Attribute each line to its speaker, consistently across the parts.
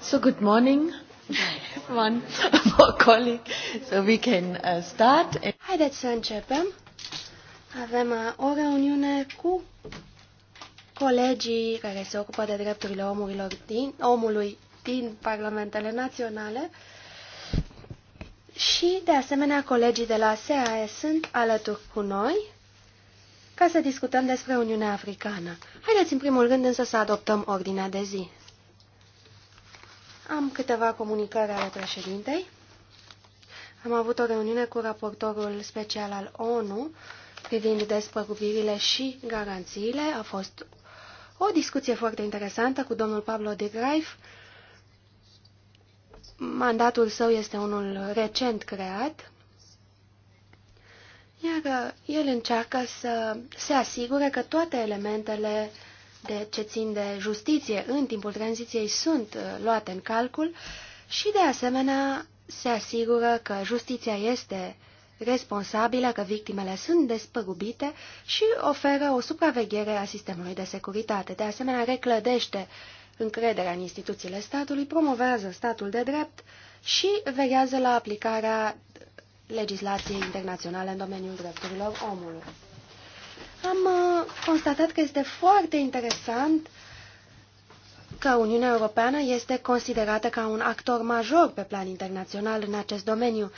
Speaker 1: So good morning, one
Speaker 2: more colleague, so we can uh, start. Haideți să începem. Avem uh, o reuniune cu colegii care se ocupă de drepturile omurilor din, omului din parlamentele naționale și, de asemenea, colegii de la SAE sunt alături cu noi ca să discutăm despre Uniunea Africană. Haideți, în primul rând, însă să adoptăm ordinea de zi. Am câteva comunicări ale președintei. Am avut o reuniune cu raportorul special al ONU privind despăgubirile și garanțiile. A fost o discuție foarte interesantă cu domnul Pablo de Graif. Mandatul său este unul recent creat, iar el încearcă să se asigure că toate elementele uh, de ce țin de justiție în timpul tranziției sunt uh, luate în calcul și, de asemenea, se asigură că justiția este responsabilă, că victimele sunt despăgubite și oferă o supraveghere a sistemului de securitate. De asemenea, reclădește încrederea în instituțiile statului, promovează statul de drept și vechează la aplicarea legislației internaționale în domeniul drepturilor omului am uh, constatat că este foarte interesant că Uniunea Europeană este considerată ca un actor major pe plan internațional în acest domeniu,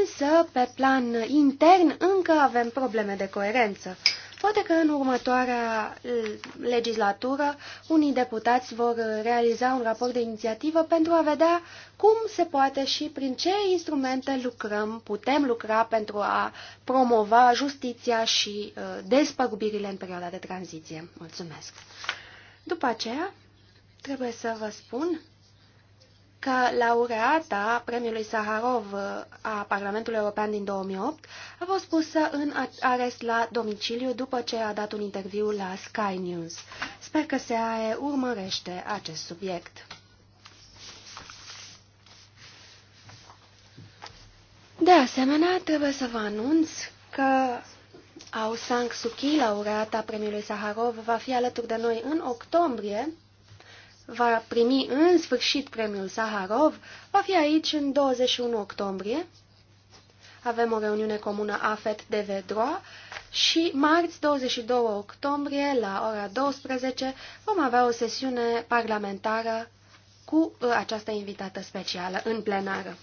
Speaker 2: însă pe plan intern încă avem probleme de coerență. Poate că în următoarea eh, legislatură unii deputați vor eh, realiza un raport de inițiativă pentru a vedea cum se poate și prin ce instrumente lucrăm, putem lucra pentru a promova justiția și eh, despăgubirile în perioada de tranziție. Mulțumesc! După aceea, trebuie să vă spun că laureata premiului Saharov uh, a Parlamentului European din 2008 a fost pusă în arest la domiciliu după ce a dat un interviu la Sky News. Sper că aie urmărește acest subiect. De asemenea, trebuie să vă anunț că Aung San Suu Kyi, laureata premiului Saharov, va fi alături de noi în octombrie va primi în sfârșit premiul Saharov, va fi aici în 21 octombrie. Avem o reuniune comună AFET de Vedroa și marți 22 octombrie la ora 12 vom avea o sesiune parlamentară cu uh, această invitată specială în plenară.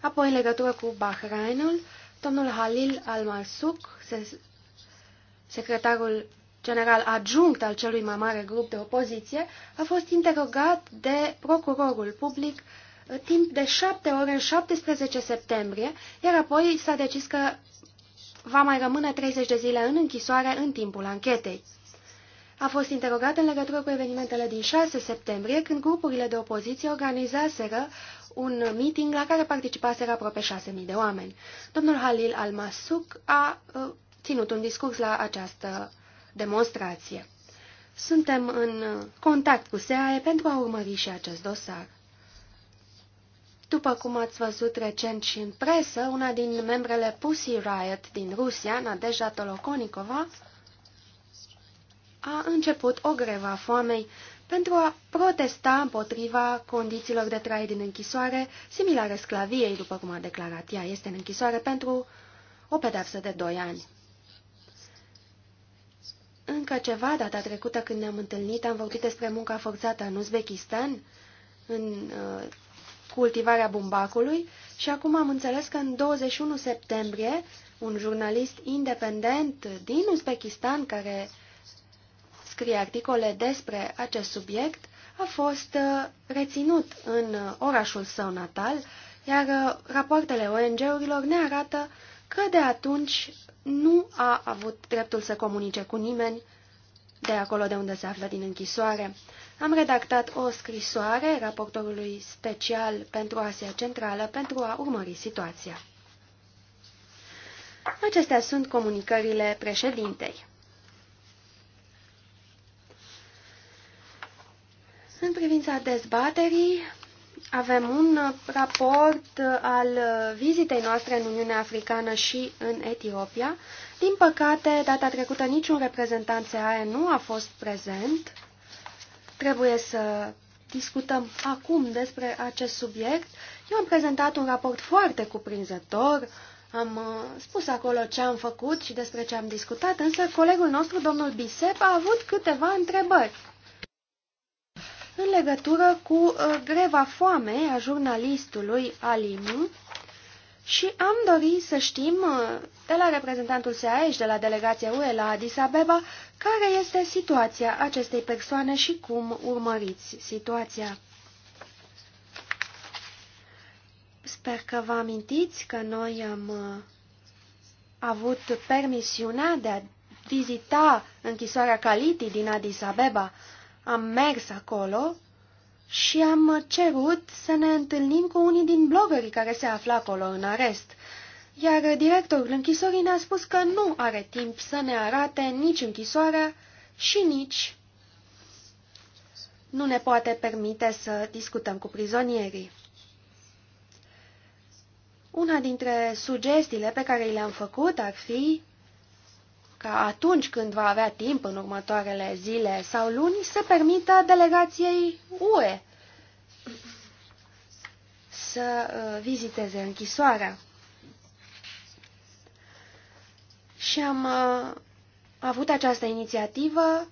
Speaker 2: Apoi, în legătură cu Bahrainul, domnul Halil Al-Marsuk, secretarul general adjunct al celui mai mare grup de opoziție, a fost interogat de procurorul public uh, timp de șapte ore în 17 septembrie, iar apoi s-a decis că va mai rămâne 30 de zile în închisoare în timpul anchetei. A fost interogat în legătură cu evenimentele din 6 septembrie, când grupurile de opoziție organizaseră un meeting la care participaseră aproape 6.000 de oameni. Domnul Halil al-Masuk a uh, ținut un discurs la această demonstrație. Suntem în contact cu SEAE pentru a urmări și acest dosar. După cum ați văzut recent și în presă, una din membrele Pussy Riot din Rusia, Nadeja Tolokonikova, a început o grevă a foamei pentru a protesta împotriva condițiilor de trai din închisoare, similare sclaviei, după cum a declarat ea, este în închisoare pentru o pedeapsă de 2 ani. Încă ceva, data trecută când ne-am întâlnit, am vorbit despre munca forțată în Uzbekistan, în uh, cultivarea bumbacului și acum am înțeles că în 21 septembrie un jurnalist independent din Uzbekistan care scrie articole despre acest subiect a fost uh, reținut în uh, orașul său natal, iar uh, rapoartele ONG-urilor ne arată uh, că de atunci nu a avut dreptul să comunice cu nimeni de acolo de unde se află din închisoare. Am redactat o scrisoare raportorului special pentru Asia Centrală pentru a urmări situația. Acestea sunt comunicările președintei. În privința dezbaterii, avem un raport al vizitei noastre în Uniunea Africană și în Etiopia. Din păcate, data trecută niciun reprezentant SAE nu a fost prezent. Trebuie să discutăm acum despre acest subiect. Eu am prezentat un raport foarte cuprinzător, am uh, spus acolo ce am făcut și despre ce am discutat, însă colegul nostru, domnul Bisep, a avut câteva întrebări în legătură cu uh, greva foamei a jurnalistului Alimu și am dorit să știm uh, de la reprezentantul SEAEJ de la delegația UE la Addis Abeba care este situația acestei persoane și cum urmăriți situația. Sper că vă amintiți că noi am uh, avut permisiunea de a vizita închisoarea Caliti din Addis Abeba, am mers acolo și am cerut să ne întâlnim cu unii din blogării care se află acolo în arest. Iar directorul închisorii ne-a spus că nu are timp să ne arate nici închisoarea și nici nu ne poate permite să discutăm cu prizonierii. Una dintre sugestiile pe care le-am făcut ar fi ca atunci când va avea timp în următoarele zile sau luni să permită delegației UE să uh, viziteze închisoarea. Și am uh, avut această inițiativă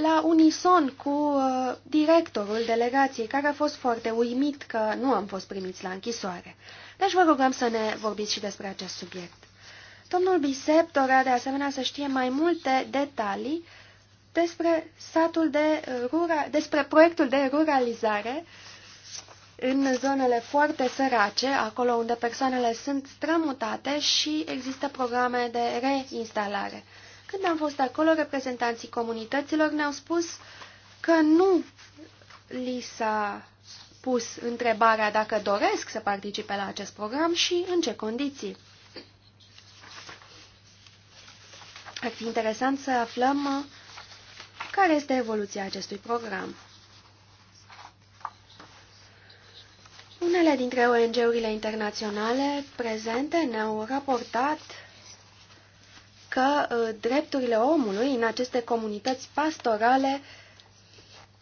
Speaker 2: la unison cu uh, directorul delegației, care a fost foarte uimit că nu am fost primiți la închisoare. Deci vă rugăm să ne vorbiți și despre acest subiect. Domnul Bisep dorea de asemenea să știe mai multe detalii despre, satul de uh, rura, despre proiectul de ruralizare în zonele foarte sărace, acolo unde persoanele sunt strămutate și există programe de reinstalare. Când am fost acolo, reprezentanții comunităților ne-au spus că nu li s-a pus întrebarea dacă doresc să participe la acest program și în ce condiții. Ar fi interesant să aflăm care este evoluția acestui program. Unele dintre ONG-urile internaționale prezente ne-au raportat că uh, drepturile omului în aceste comunități pastorale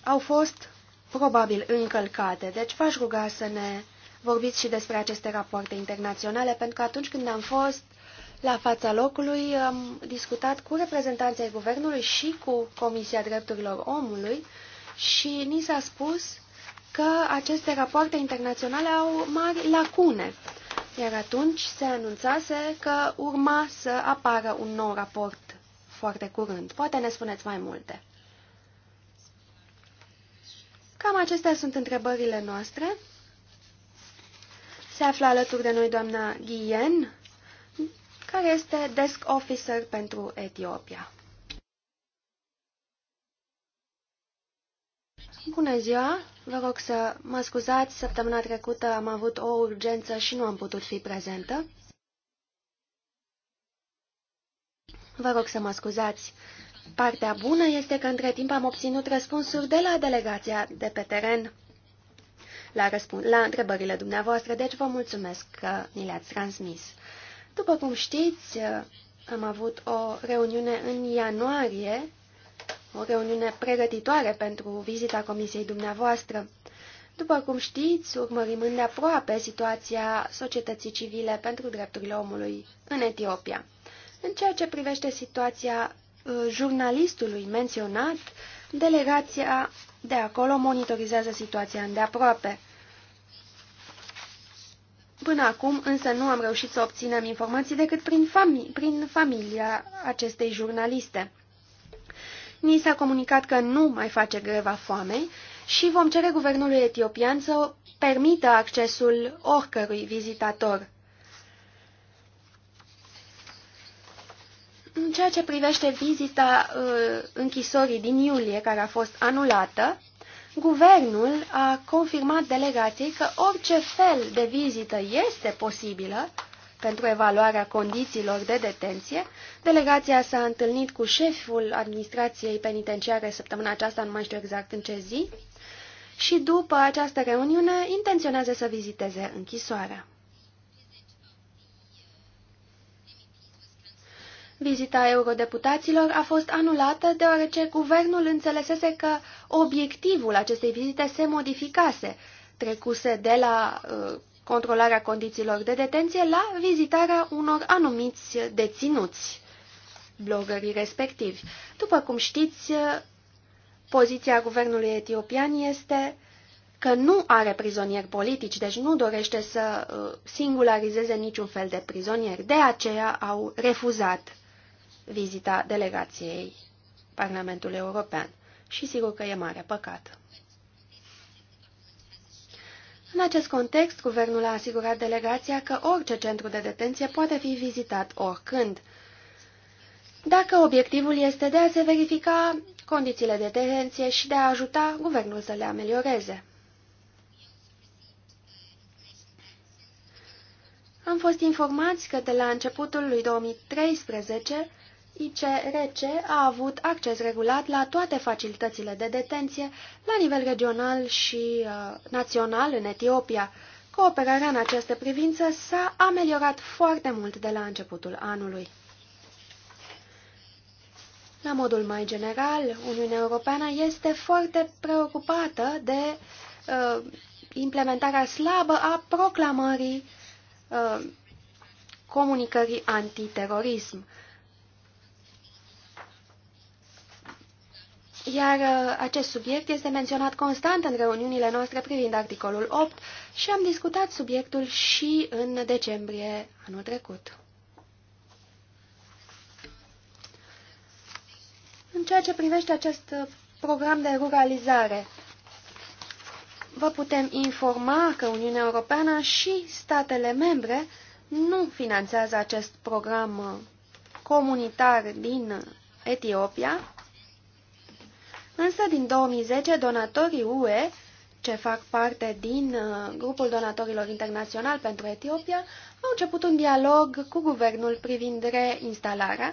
Speaker 2: au fost probabil încălcate. Deci v-aș ruga să ne vorbiți și despre aceste rapoarte internaționale, pentru că atunci când am fost la fața locului am discutat cu reprezentanții guvernului și cu Comisia Drepturilor Omului și ni s-a spus că aceste rapoarte internaționale au mari lacune iar atunci se anunțase că urma să apară un nou raport foarte curând. Poate ne spuneți mai multe. Cam acestea sunt întrebările noastre. Se află alături de noi doamna Guillen, care este desk officer pentru Etiopia. Bună ziua! Vă rog să mă scuzați, săptămâna trecută am avut o urgență și nu am putut fi prezentă. Vă rog să mă scuzați. Partea bună este că între timp am obținut răspunsuri de la delegația de pe teren la, la întrebările dumneavoastră, deci vă mulțumesc că ni le-ați transmis. După cum știți, am avut o reuniune în ianuarie o reuniune pregătitoare pentru vizita comisiei dumneavoastră. După cum știți, urmărim îndeaproape situația societății civile pentru drepturile omului în Etiopia. În ceea ce privește situația uh, jurnalistului menționat, delegația de acolo monitorizează situația îndeaproape. Până acum însă nu am reușit să obținem informații decât prin, fami prin familia acestei jurnaliste. Ni s-a comunicat că nu mai face greva foamei și vom cere guvernului etiopian să permită accesul oricărui vizitator. În ceea ce privește vizita uh, închisorii din iulie, care a fost anulată, guvernul a confirmat delegației că orice fel de vizită este posibilă, pentru evaluarea condițiilor de detenție. Delegația s-a întâlnit cu șeful administrației penitenciare săptămâna aceasta, nu mai știu exact în ce zi, și după această reuniune intenționează să viziteze închisoarea. Vizita eurodeputaților a fost anulată deoarece guvernul înțelesese că obiectivul acestei vizite se modificase, trecuse de la uh, controlarea condițiilor de detenție la vizitarea unor anumiți deținuți, blogării respectivi. După cum știți, poziția guvernului etiopian este că nu are prizonieri politici, deci nu dorește să uh, singularizeze niciun fel de prizonieri. De aceea au refuzat vizita delegației Parlamentului European. Și sigur că e mare păcat. În acest context, guvernul a asigurat delegația că orice centru de detenție poate fi vizitat oricând. Dacă obiectivul este de a se verifica condițiile de detenție și de a ajuta guvernul să le amelioreze. Am fost informați că de la începutul lui 2013 ICRC a avut acces regulat la toate facilitățile de detenție la nivel regional și uh, național în Etiopia. Cooperarea în această privință s-a ameliorat foarte mult de la începutul anului. La modul mai general, Uniunea Europeană este foarte preocupată de uh, implementarea slabă a proclamării uh, comunicării antiterorism. Uh, Iar uh, acest subiect este menționat constant în reuniunile noastre privind articolul 8 și am discutat subiectul și în decembrie anul trecut. În ceea ce privește acest program de ruralizare, vă putem informa că Uniunea Europeană și statele membre nu finanțează acest program comunitar din Etiopia, Însă, din 2010, donatorii UE, ce fac parte din uh, grupul donatorilor internațional pentru Etiopia, au început un dialog cu guvernul privind reinstalarea,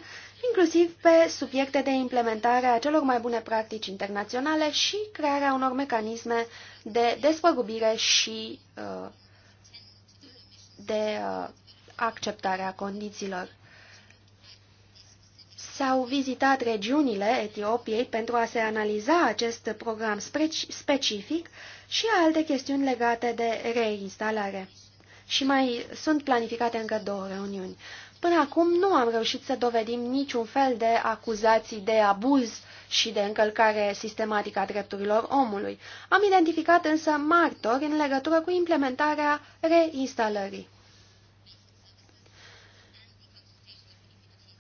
Speaker 2: inclusiv pe subiecte de implementare a celor mai bune practici internaționale și crearea unor mecanisme de despăgubire și uh, de uh, acceptarea condițiilor s-au vizitat regiunile Etiopiei pentru a se analiza acest program specific și alte chestiuni legate de reinstalare. Și mai sunt planificate încă două reuniuni. Până acum nu am reușit să dovedim niciun fel de acuzații de abuz și de încălcare sistematică a drepturilor omului. Am identificat însă martori în legătură cu implementarea reinstalării.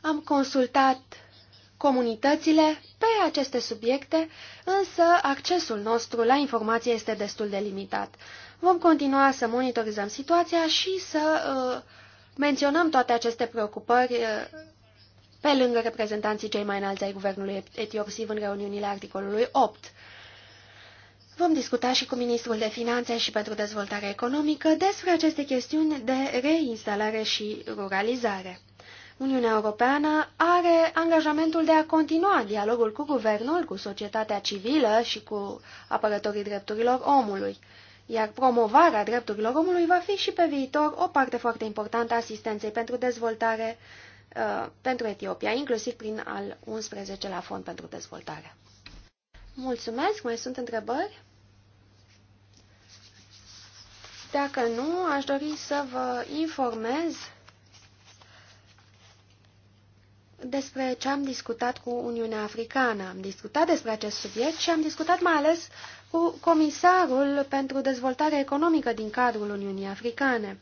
Speaker 2: Am consultat comunitățile pe aceste subiecte, însă accesul nostru la informație este destul de limitat. Vom continua să monitorizăm situația și să uh, menționăm toate aceste preocupări uh, pe lângă reprezentanții cei mai înalți ai guvernului etiopsiv în reuniunile articolului 8. Vom discuta și cu Ministrul de Finanțe și pentru Dezvoltare Economică despre aceste chestiuni de reinstalare și ruralizare. Uniunea Europeană are angajamentul de a continua dialogul cu guvernul, cu societatea civilă și cu apărătorii drepturilor omului, iar promovarea drepturilor omului va fi și pe viitor o parte foarte importantă a asistenței pentru dezvoltare uh, pentru Etiopia, inclusiv prin al 11-lea Fond pentru Dezvoltare. Mulțumesc, mai sunt întrebări? Dacă nu, aș dori să vă informez despre ce am discutat cu Uniunea Africană. Am discutat despre acest subiect și am discutat mai ales cu comisarul pentru dezvoltare economică din cadrul Uniunii Africane.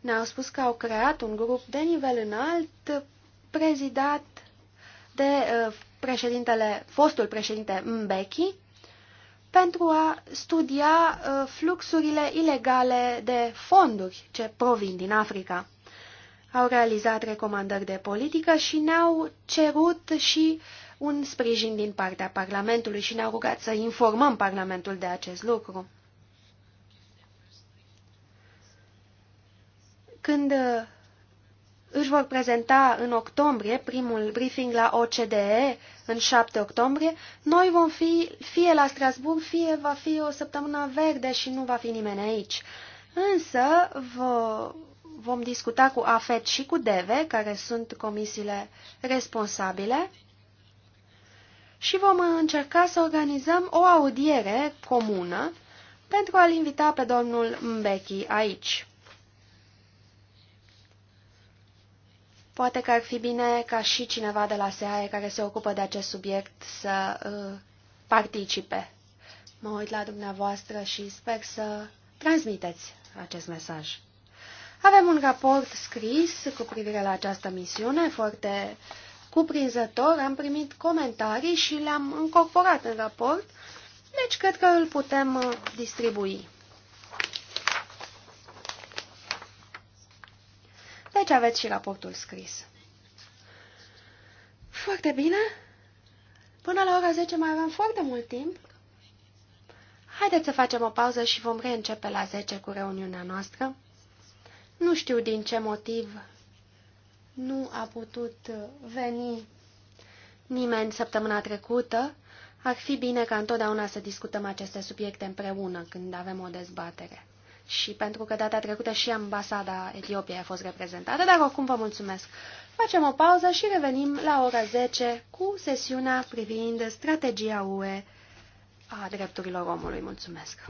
Speaker 2: Ne-au spus că au creat un grup de nivel înalt prezidat de uh, președintele, fostul președinte Mbeki pentru a studia uh, fluxurile ilegale de fonduri ce provin din Africa au realizat recomandări de politică și ne-au cerut și un sprijin din partea Parlamentului și ne-au rugat să informăm Parlamentul de acest lucru. Când uh, își vor prezenta în octombrie primul briefing la OCDE, în 7 octombrie, noi vom fi fie la Strasburg, fie va fi o săptămână verde și nu va fi nimeni aici. Însă vă vom discuta cu AFET și cu DEVE, care sunt comisiile responsabile, și vom încerca să organizăm o audiere comună pentru a-l invita pe domnul Mbeki aici. Poate că ar fi bine ca și cineva de la SEAE care se ocupă de acest subiect să uh, participe. Mă uit la dumneavoastră și sper să transmiteți acest mesaj. Avem un raport scris cu privire la această misiune, foarte cuprinzător. Am primit comentarii și le-am incorporat în raport, deci cred că îl putem uh, distribui. Deci aveți și raportul scris. Foarte bine. Până la ora 10 mai avem foarte mult timp. Haideți să facem o pauză și vom reîncepe la 10 cu reuniunea noastră. Nu știu din ce motiv nu a putut veni nimeni săptămâna trecută. Ar fi bine ca întotdeauna să discutăm aceste subiecte împreună când avem o dezbatere. Și pentru că data trecută și ambasada Etiopiei a fost reprezentată, dar oricum vă mulțumesc. Facem o pauză și revenim la ora 10 cu sesiunea privind strategia UE a drepturilor omului. Mulțumesc!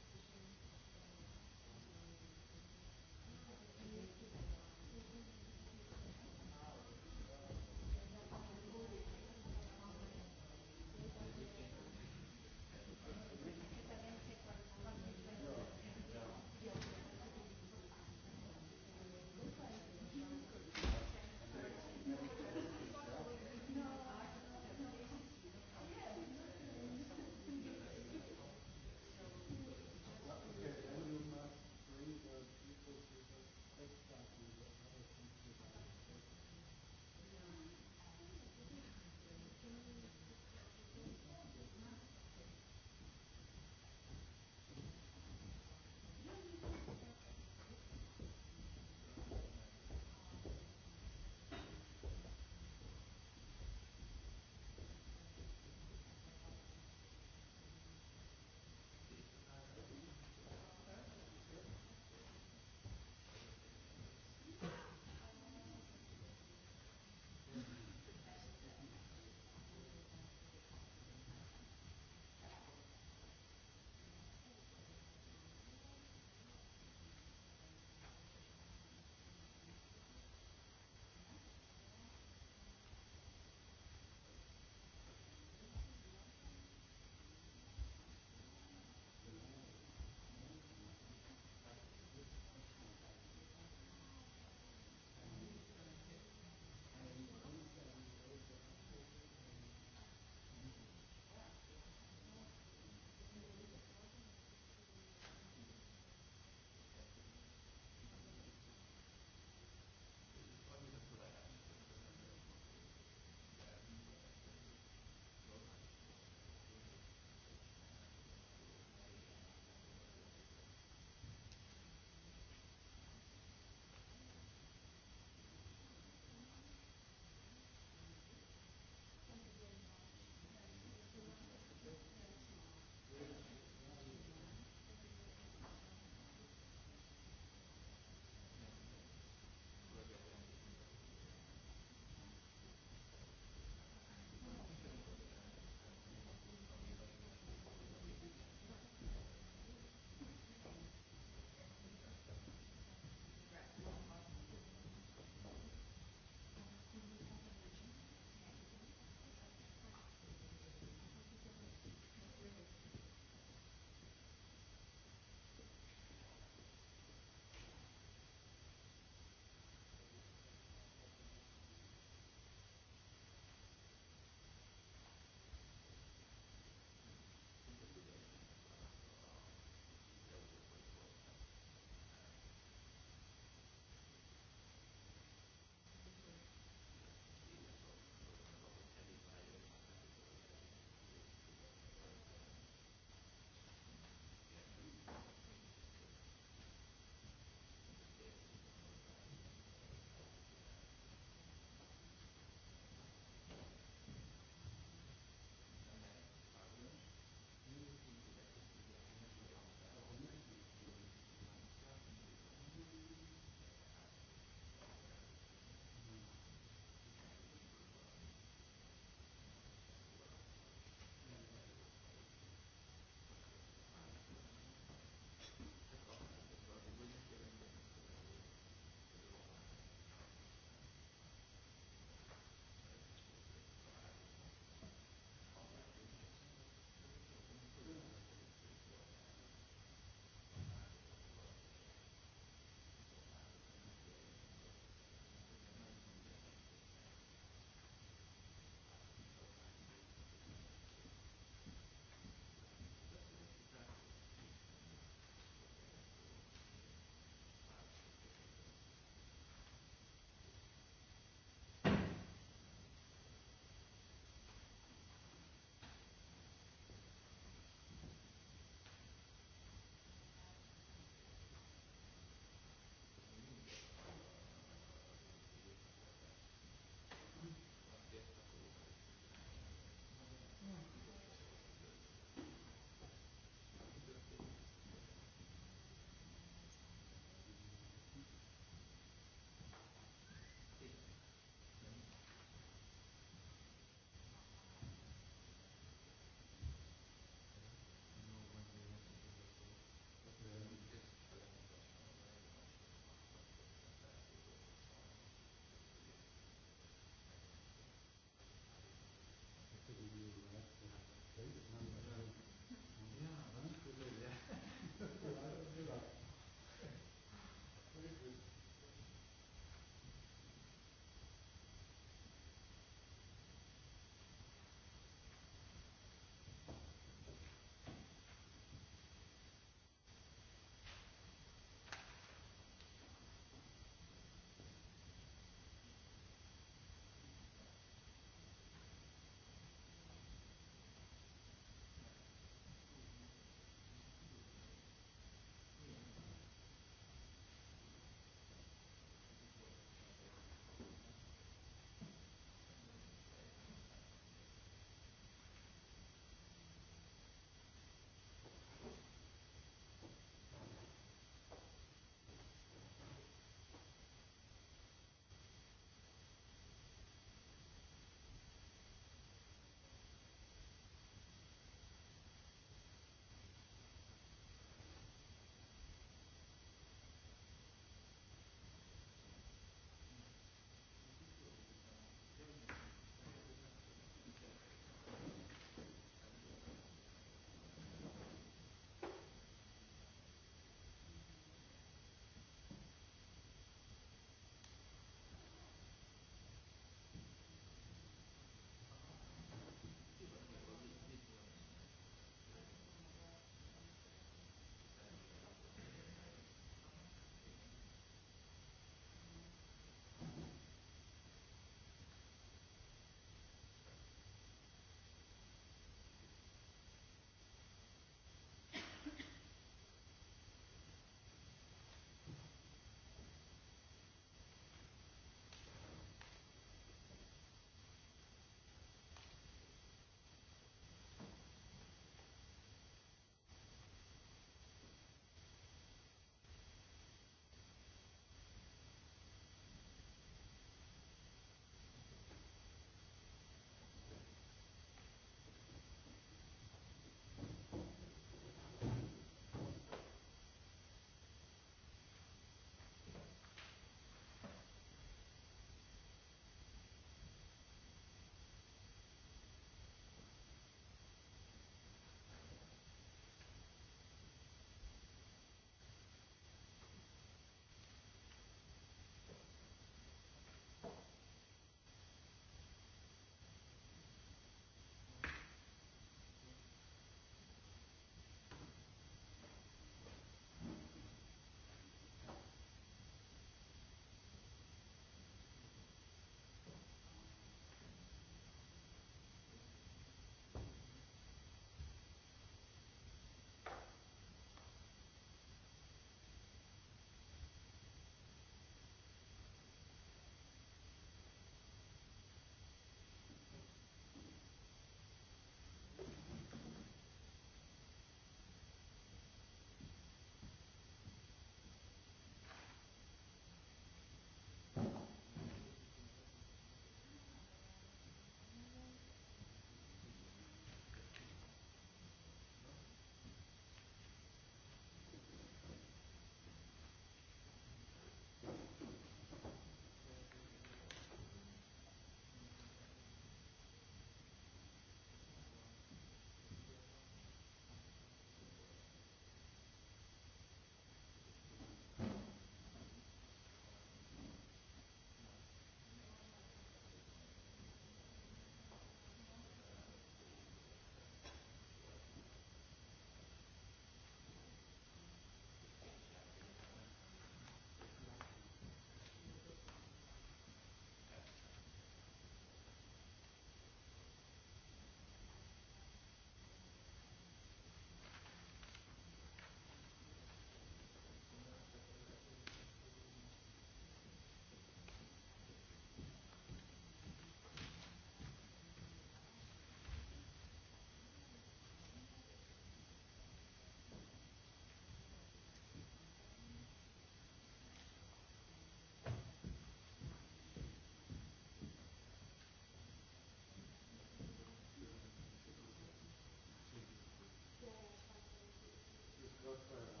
Speaker 1: prayer.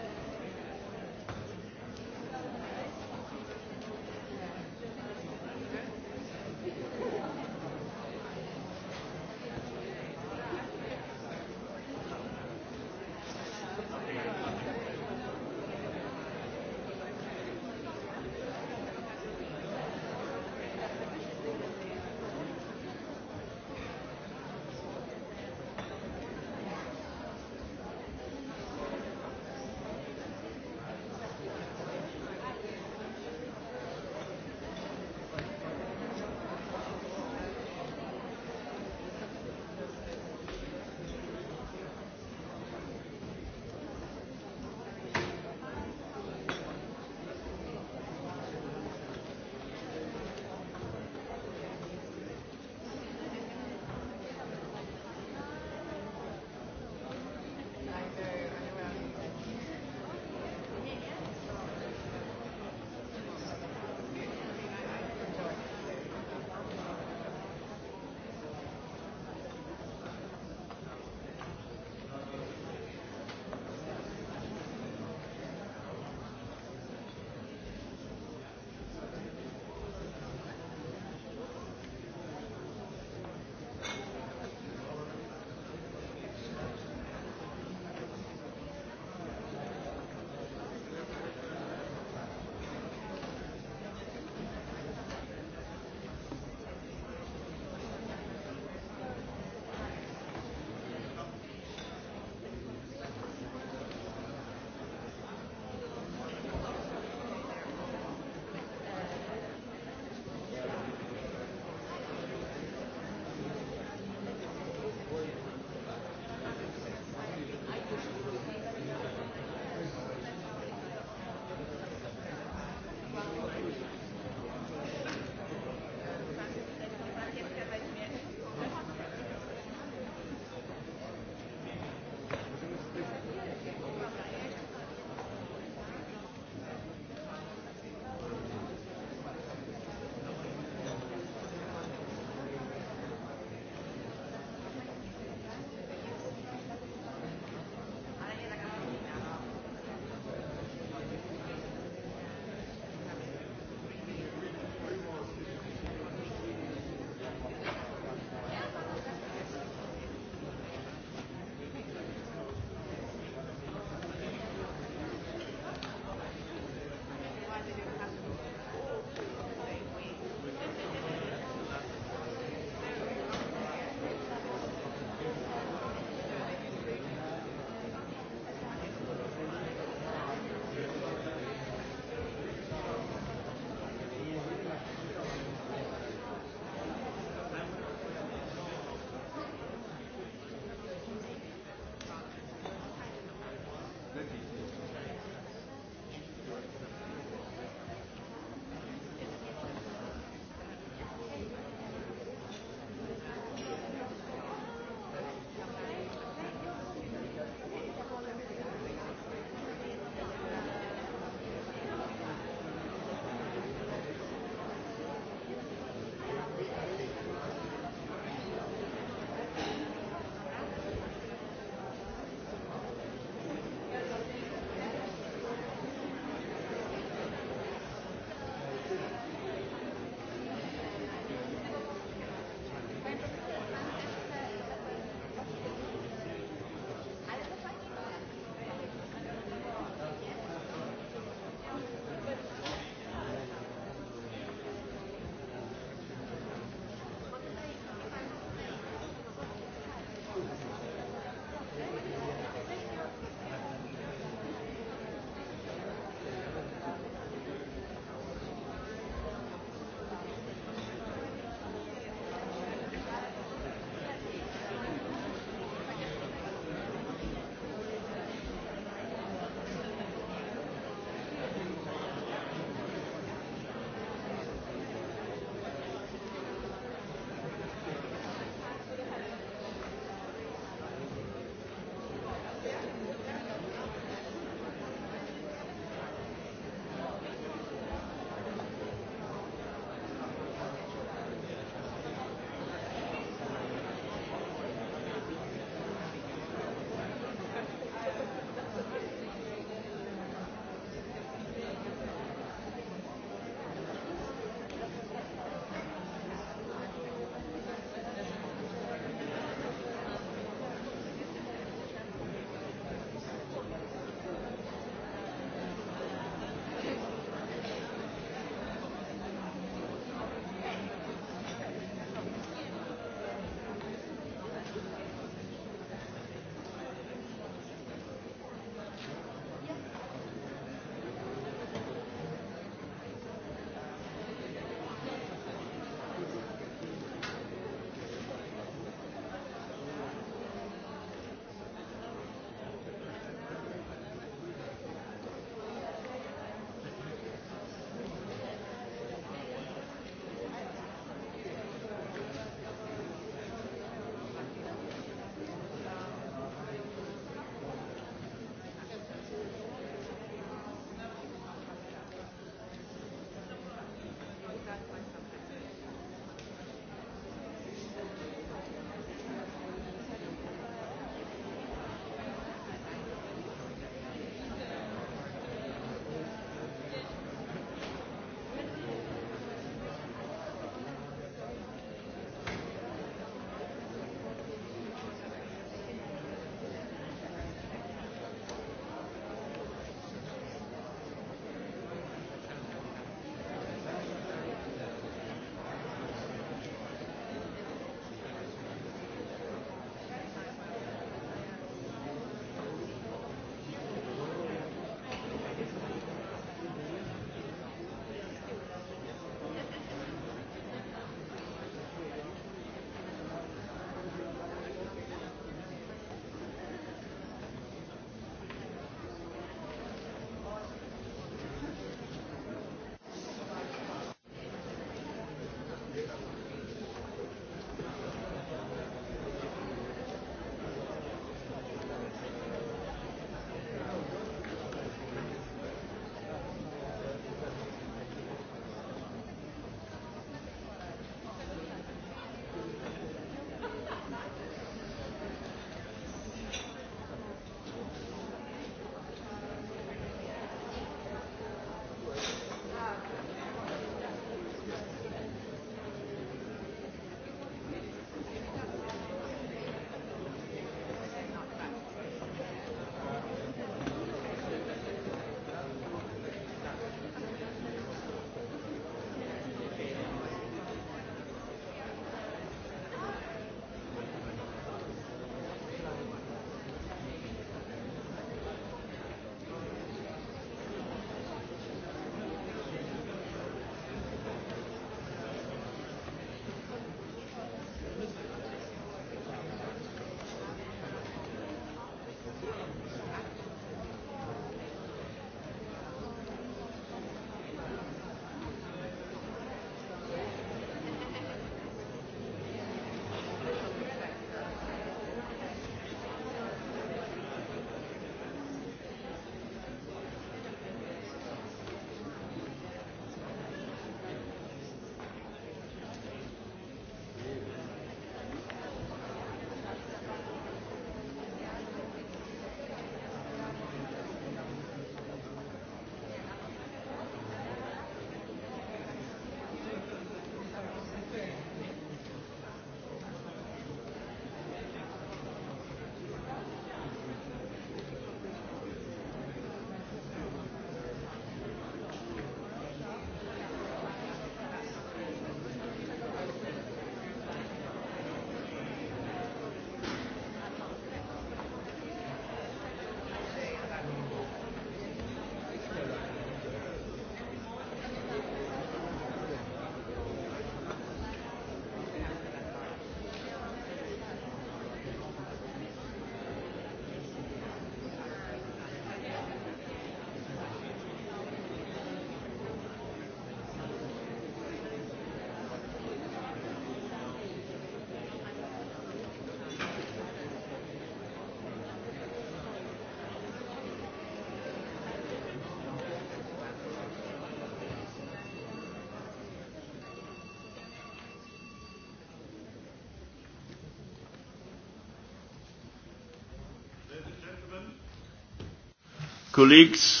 Speaker 1: Colleagues.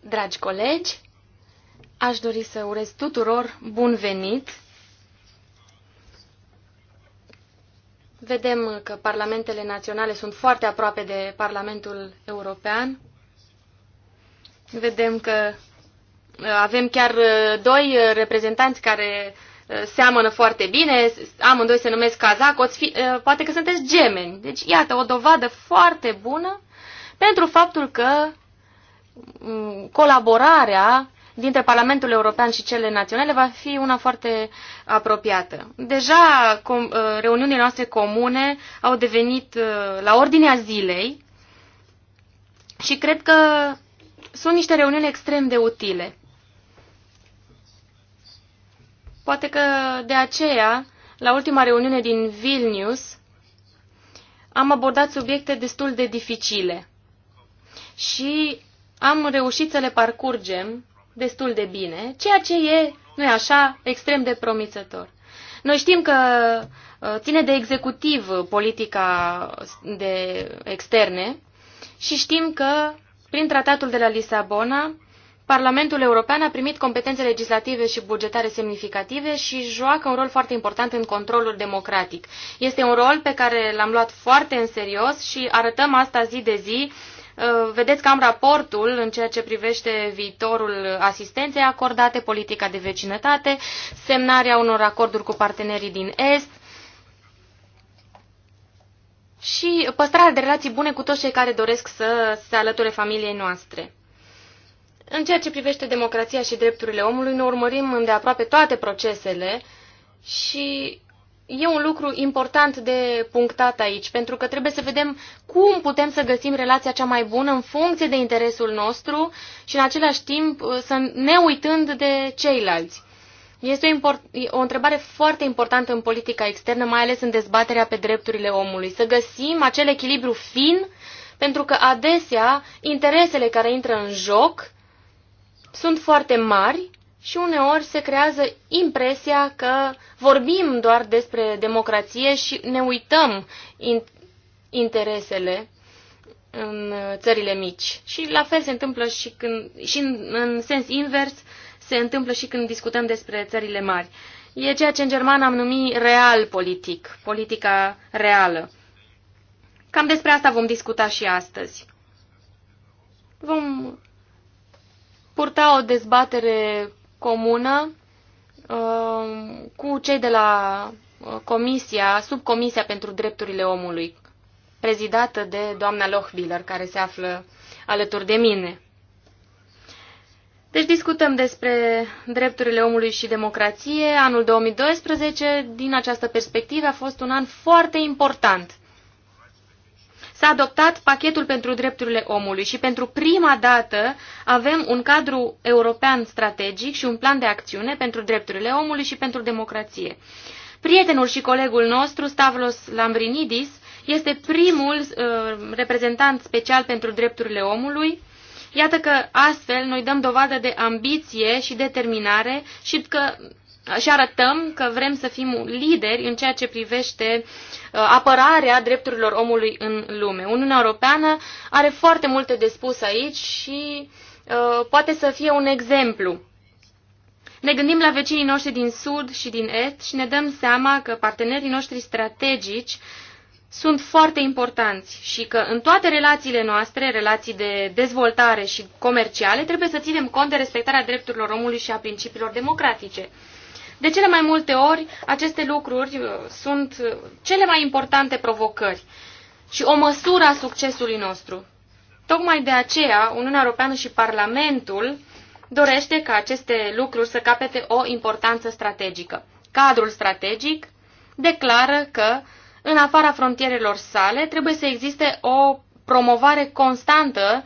Speaker 3: Dragi colegi, aș dori să urez tuturor bun venit. Vedem că parlamentele naționale sunt foarte aproape de Parlamentul European. Vedem că uh, avem chiar uh, doi uh, reprezentanți care seamănă foarte bine, amândoi se numesc Kazak, fi, poate că sunteți gemeni. Deci, iată, o dovadă foarte bună pentru faptul că mm, colaborarea dintre Parlamentul European și cele naționale va fi una foarte apropiată. Deja com, uh, reuniunile noastre comune au devenit uh, la ordinea zilei și cred că sunt niște reuniuni extrem de utile. Poate că de aceea, la ultima reuniune din Vilnius, am abordat subiecte destul de dificile și am reușit să le parcurgem destul de bine, ceea ce e, nu e așa, extrem de promițător. Noi știm că uh, ține de executiv politica de externe și știm că prin tratatul de la Lisabona Parlamentul European a primit competențe legislative și bugetare semnificative și joacă un rol foarte important în controlul democratic. Este un rol pe care l-am luat foarte în serios și arătăm asta zi de zi Uh, vedeți că am raportul în ceea ce privește viitorul asistenței acordate, politica de vecinătate, semnarea unor acorduri cu partenerii din Est și păstrarea de relații bune cu toți cei care doresc să se alăture familiei noastre. În ceea ce privește democrația și drepturile omului, ne urmărim îndeaproape toate procesele și e un lucru important de punctat aici, pentru că trebuie să vedem cum putem să găsim relația cea mai bună în funcție de interesul nostru și în același timp să ne uitând de ceilalți. Este o, import, o întrebare foarte importantă în politica externă, mai ales în dezbaterea pe drepturile omului. Să găsim acel echilibru fin, pentru că adesea interesele care intră în joc sunt foarte mari și uneori se creează impresia că vorbim doar despre democrație și ne uităm interesele în țările mici. Și la fel se întâmplă și, când, și în, în sens invers se întâmplă și când discutăm despre țările mari. E ceea ce în german am numit real politic, politica reală. Cam despre asta vom discuta și astăzi. Vom purta o dezbatere comună uh, cu cei de la uh, comisia, subcomisia pentru drepturile omului, prezidată de doamna Lochbiller, care se află alături de mine. Deci discutăm despre drepturile omului și democrație. Anul 2012, din această perspectivă, a fost un an foarte important – s-a adoptat pachetul pentru drepturile omului și pentru prima dată avem un cadru european strategic și un plan de acțiune pentru drepturile omului și pentru democrație. Prietenul și colegul nostru, Stavros Lambrinidis, este primul uh, reprezentant special pentru drepturile omului. Iată că astfel noi dăm dovadă de ambiție și determinare și că și arătăm că vrem să fim lideri în ceea ce privește uh, apărarea drepturilor omului în lume. Uniunea Europeană are foarte multe de spus aici și uh, poate să fie un exemplu. Ne gândim la vecinii noștri din sud și din est și ne dăm seama că partenerii noștri strategici sunt foarte importanți și că în toate relațiile noastre, relații de dezvoltare și comerciale, trebuie să ținem cont de respectarea drepturilor omului și a principiilor democratice. De cele mai multe ori, aceste lucruri uh, sunt uh, cele mai importante provocări și o măsură a succesului nostru. Tocmai de aceea, Uniunea Europeană și Parlamentul dorește ca aceste lucruri să capete o importanță strategică. Cadrul strategic declară că, în afara frontierelor sale, trebuie să existe o promovare constantă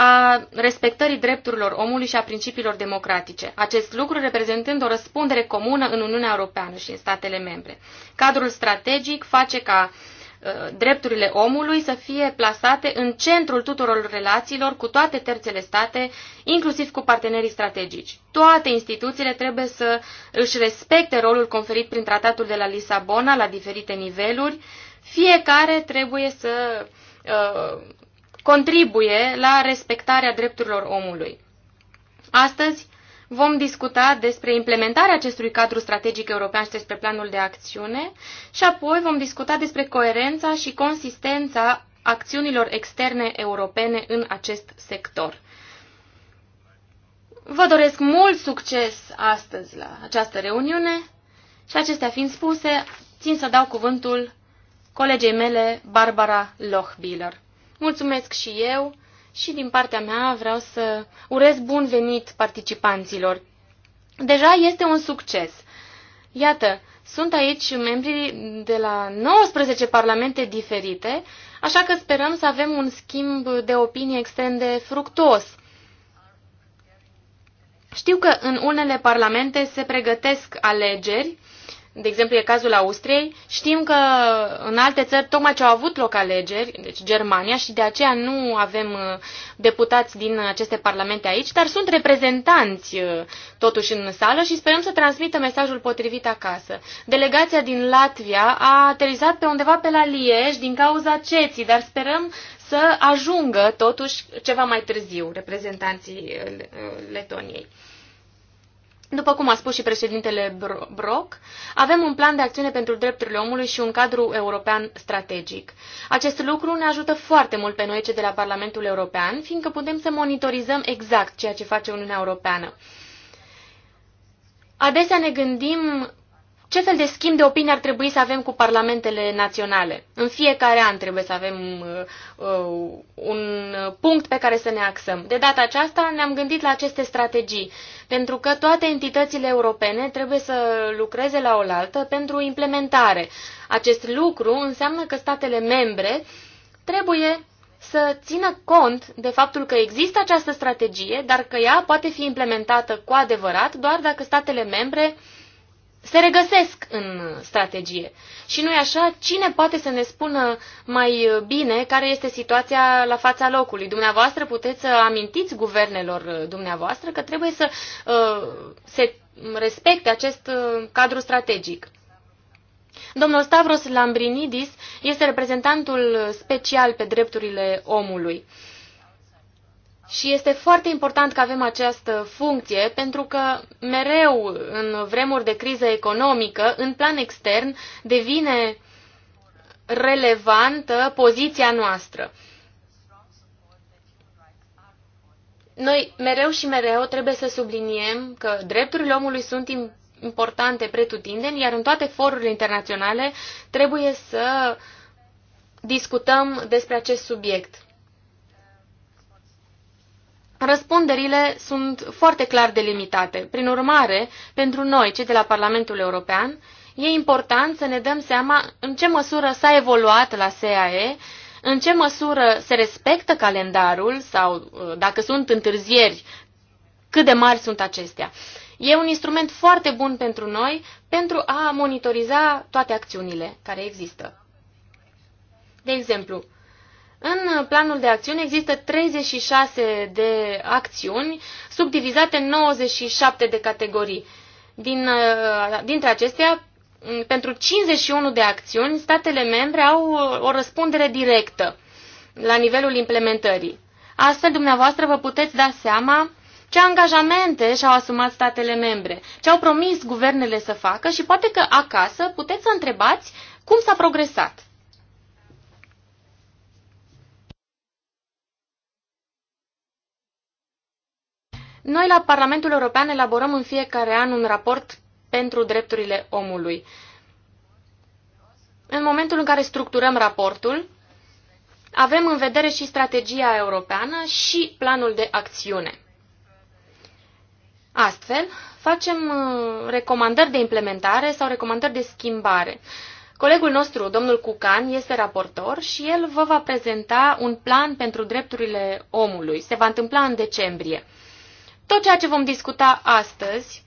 Speaker 3: a respectării drepturilor omului și a principiilor democratice, acest lucru reprezentând o răspundere comună în Uniunea Europeană și în statele membre. Cadrul strategic face ca uh, drepturile omului să fie plasate în centrul tuturor relațiilor cu toate terțele state, inclusiv cu partenerii strategici. Toate instituțiile trebuie să își respecte rolul conferit prin tratatul de la Lisabona la diferite niveluri. Fiecare trebuie să uh, contribuie la respectarea drepturilor omului. Astăzi vom discuta despre implementarea acestui cadru strategic european și despre planul de acțiune și apoi vom discuta despre coerența și consistența acțiunilor externe europene în acest sector. Vă doresc mult succes astăzi la această reuniune și acestea fiind spuse, țin să dau cuvântul colegei mele, Barbara Lochbiller. Mulțumesc și eu și din partea mea vreau să urez bun venit participanților. Deja este un succes. Iată, sunt aici membri de la 19 parlamente diferite, așa că sperăm să avem un schimb de opinie extrem de fructuos. Știu că în unele parlamente se pregătesc alegeri de exemplu e cazul Austriei, știm că în alte țări tocmai ce au avut loc alegeri, deci Germania, și de aceea nu avem uh, deputați din aceste parlamente aici, dar sunt reprezentanți uh, totuși în sală și sperăm să transmită mesajul potrivit acasă. Delegația din Latvia a aterizat pe undeva pe la Liej din cauza ceții, dar sperăm să ajungă totuși ceva mai târziu reprezentanții uh, Letoniei. După cum a spus și președintele Brock, avem un plan de acțiune pentru drepturile omului și un cadru european strategic. Acest lucru ne ajută foarte mult pe noi cei de la Parlamentul European, fiindcă putem să monitorizăm exact ceea ce face Uniunea Europeană. Adesea ne gândim ce fel de schimb de opinie ar trebui să avem cu parlamentele naționale? În fiecare an trebuie să avem uh, uh, un punct pe care să ne axăm. De data aceasta ne-am gândit la aceste strategii, pentru că toate entitățile europene trebuie să lucreze la oaltă pentru implementare. Acest lucru înseamnă că statele membre trebuie să țină cont de faptul că există această strategie, dar că ea poate fi implementată cu adevărat doar dacă statele membre se regăsesc în strategie. Și nu-i așa? Cine poate să ne spună mai bine care este situația la fața locului? Dumneavoastră puteți să amintiți guvernelor dumneavoastră că trebuie să uh, se respecte acest uh, cadru strategic. Domnul Stavros Lambrinidis este reprezentantul special pe drepturile omului. Uh, și este foarte important că avem această funcție, pentru că mereu, în vremuri de criză economică, în plan extern, devine relevantă poziția noastră. Noi mereu și mereu trebuie să subliniem că drepturile omului sunt importante pretutindeni, iar în toate forurile internaționale trebuie să discutăm despre acest subiect. Răspunderile sunt foarte clar delimitate. Prin urmare, pentru noi, cei de la Parlamentul European, e important să ne dăm seama în ce măsură s-a evoluat la SAE, în ce măsură se respectă calendarul sau, uh, dacă sunt întârzieri, cât de mari sunt acestea. E un instrument foarte bun pentru noi pentru a monitoriza toate acțiunile care există. De exemplu, în planul de acțiune există 36 de acțiuni, subdivizate în 97 de categorii. Din, uh, dintre acestea, mm, pentru 51 de acțiuni, statele membre au uh, o răspundere directă la nivelul implementării. Astfel, dumneavoastră vă puteți da seama ce angajamente și-au asumat statele membre, ce au promis guvernele să facă și poate că acasă puteți să întrebați cum s-a progresat. Noi la Parlamentul European elaborăm în fiecare an un raport pentru drepturile omului. În momentul în care structurăm raportul, avem în vedere și strategia europeană și planul de acțiune. Astfel, facem uh, recomandări de implementare sau recomandări de schimbare. Colegul nostru, domnul Cucan, este raportor și el vă va prezenta un plan pentru drepturile omului. Se va întâmpla în decembrie. Tot ceea ce vom discuta astăzi,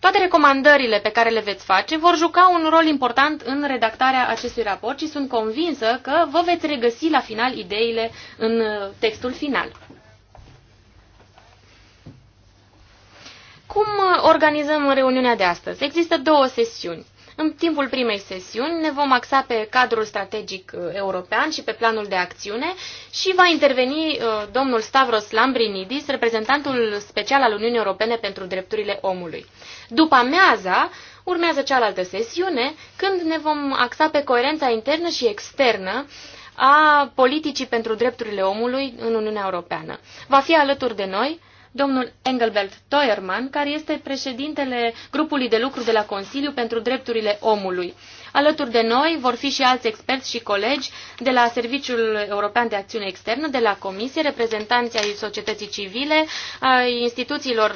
Speaker 3: toate recomandările pe care le veți face, vor juca un rol important în redactarea acestui raport și sunt convinsă că vă veți regăsi la final ideile în uh, textul final. Cum uh, organizăm reuniunea de astăzi? Există două sesiuni. În timpul primei sesiuni ne vom axa pe cadrul strategic uh, european și pe planul de acțiune și va interveni uh, domnul Stavros Lambrinidis, reprezentantul special al Uniunii Europene pentru Drepturile Omului. După amiaza, urmează cealaltă sesiune, când ne vom axa pe coerența internă și externă a politicii pentru drepturile omului în Uniunea Europeană. Va fi alături de noi domnul Engelbert Teuermann, care este președintele grupului de lucru de la Consiliu pentru Drepturile Omului. Alături de noi vor fi și alți experți și colegi de la Serviciul European de Acțiune Externă, de la Comisie, reprezentanții ai societății civile, ai instituțiilor,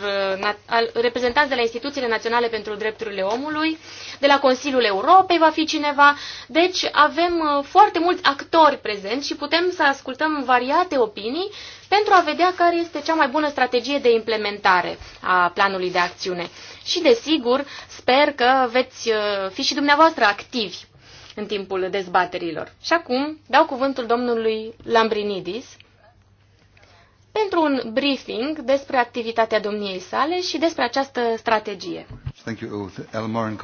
Speaker 3: reprezentanți de la instituțiile naționale pentru drepturile omului, de la Consiliul Europei va fi cineva. Deci avem uh, foarte mulți actori prezenți și putem să ascultăm variate opinii pentru a vedea care este cea mai bună strategie de implementare a planului de acțiune. Și, desigur, sper că veți uh, fi și dumneavoastră activi în timpul dezbaterilor. Și acum dau cuvântul domnului Lambrinidis pentru un briefing despre activitatea domniei sale
Speaker 4: și despre această strategie.
Speaker 1: Thank you, Elmar.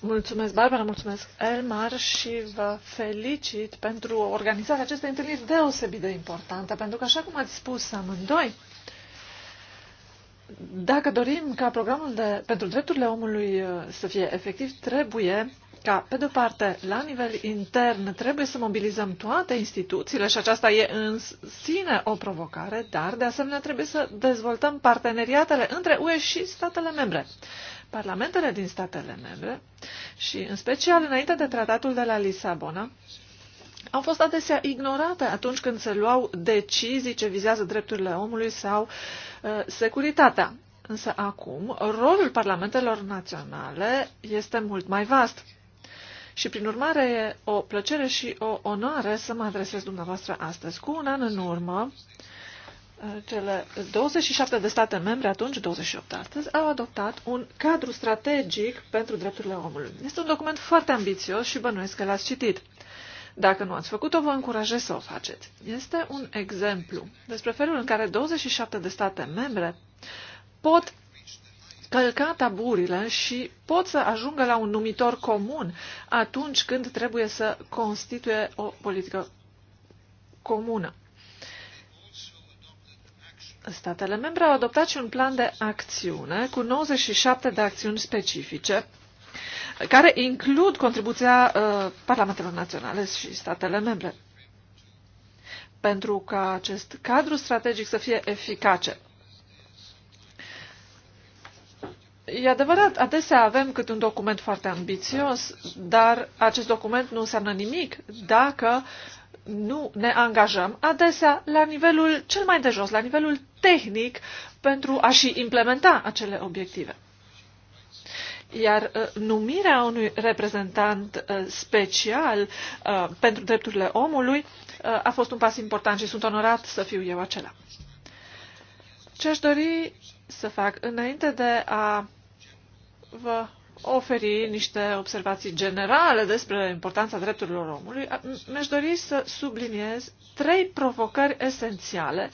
Speaker 4: Mulțumesc, Barbara, mulțumesc, Elmar, și vă felicit pentru organizarea acestei întâlniri deosebit de importantă, pentru că, așa cum ați spus amândoi, dacă dorim ca programul de, pentru drepturile omului uh, să fie efectiv, trebuie ca, pe de o parte, la nivel intern, trebuie să mobilizăm toate instituțiile și aceasta e în sine o provocare, dar, de asemenea, trebuie să dezvoltăm parteneriatele între UE și statele membre. Parlamentele din statele membre și, în special, înainte de tratatul de la Lisabona, au fost adesea ignorate atunci când se luau decizii ce vizează drepturile omului sau uh, securitatea. Însă acum, rolul parlamentelor naționale este mult mai vast. Și, prin urmare, e o plăcere și o onoare să mă adresez dumneavoastră astăzi. Cu un an în urmă, cele 27 de state membre, atunci 28 astăzi, au adoptat un cadru strategic pentru drepturile omului. Este un document foarte ambițios și bănuiesc că l-ați citit. Dacă nu ați făcut-o, vă încurajez să o faceți. Este un exemplu despre felul în care 27 de state membre pot călca taburile și pot să ajungă la un numitor comun atunci când trebuie să constituie o politică comună. Statele membre au adoptat și un plan de acțiune cu 97 de acțiuni specifice care includ contribuția uh, Parlamentelor Naționale și statele membre pentru ca acest cadru strategic să fie eficace. E adevărat, adesea avem cât un document foarte ambițios, dar acest document nu înseamnă nimic dacă nu ne angajăm adesea la nivelul cel mai de jos, la nivelul tehnic, pentru a și implementa acele obiective. Iar uh, numirea unui reprezentant uh, special uh, pentru drepturile omului a fost un pas important și sunt onorat să fiu eu acela. Ce aș dori să fac înainte de a vă oferi niște observații generale despre importanța drepturilor omului, mi-aș dori să subliniez trei provocări esențiale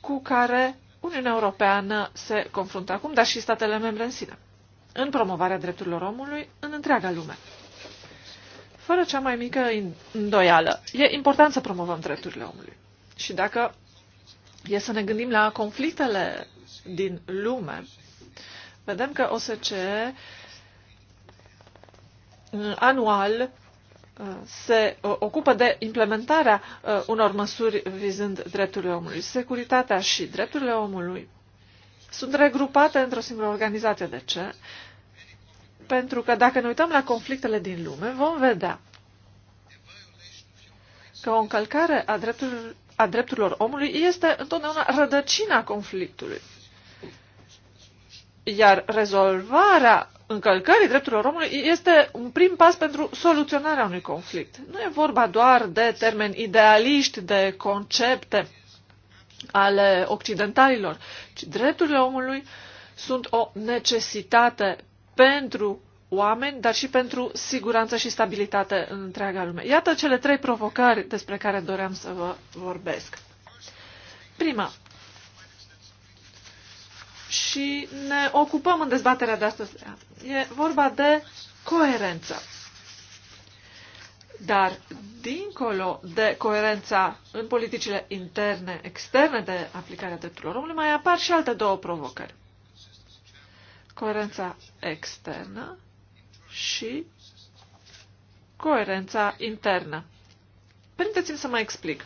Speaker 4: cu care Uniunea Europeană se confruntă acum, dar și statele membre în sine, în promovarea drepturilor omului în întreaga lume. Fără cea mai mică îndoială, e important să promovăm drepturile omului. Și dacă e să ne gândim la conflictele din lume, vedem că OSCE anual uh, se uh, ocupă de implementarea uh, unor măsuri vizând drepturile omului. Securitatea și drepturile omului sunt regrupate într-o singură organizație. De ce? Pentru că dacă ne uităm la conflictele din lume, vom vedea că o încălcare a, dreptul, a drepturilor omului este întotdeauna rădăcina conflictului. Iar rezolvarea încălcării drepturilor omului este un prim pas pentru soluționarea unui conflict. Nu e vorba doar de termeni idealiști, de concepte ale occidentalilor, ci drepturile omului sunt o necesitate pentru oameni, dar și pentru siguranță și stabilitate în întreaga lume. Iată cele trei provocări despre care doream să vă vorbesc. Prima. Și ne ocupăm în dezbaterea de astăzi E vorba de coerență. Dar, dincolo de coerența în politicile interne, externe de aplicarea drepturilor omului, mai apar și alte două provocări. Coerența externă și coerența internă. Permiteți-mi să mă explic.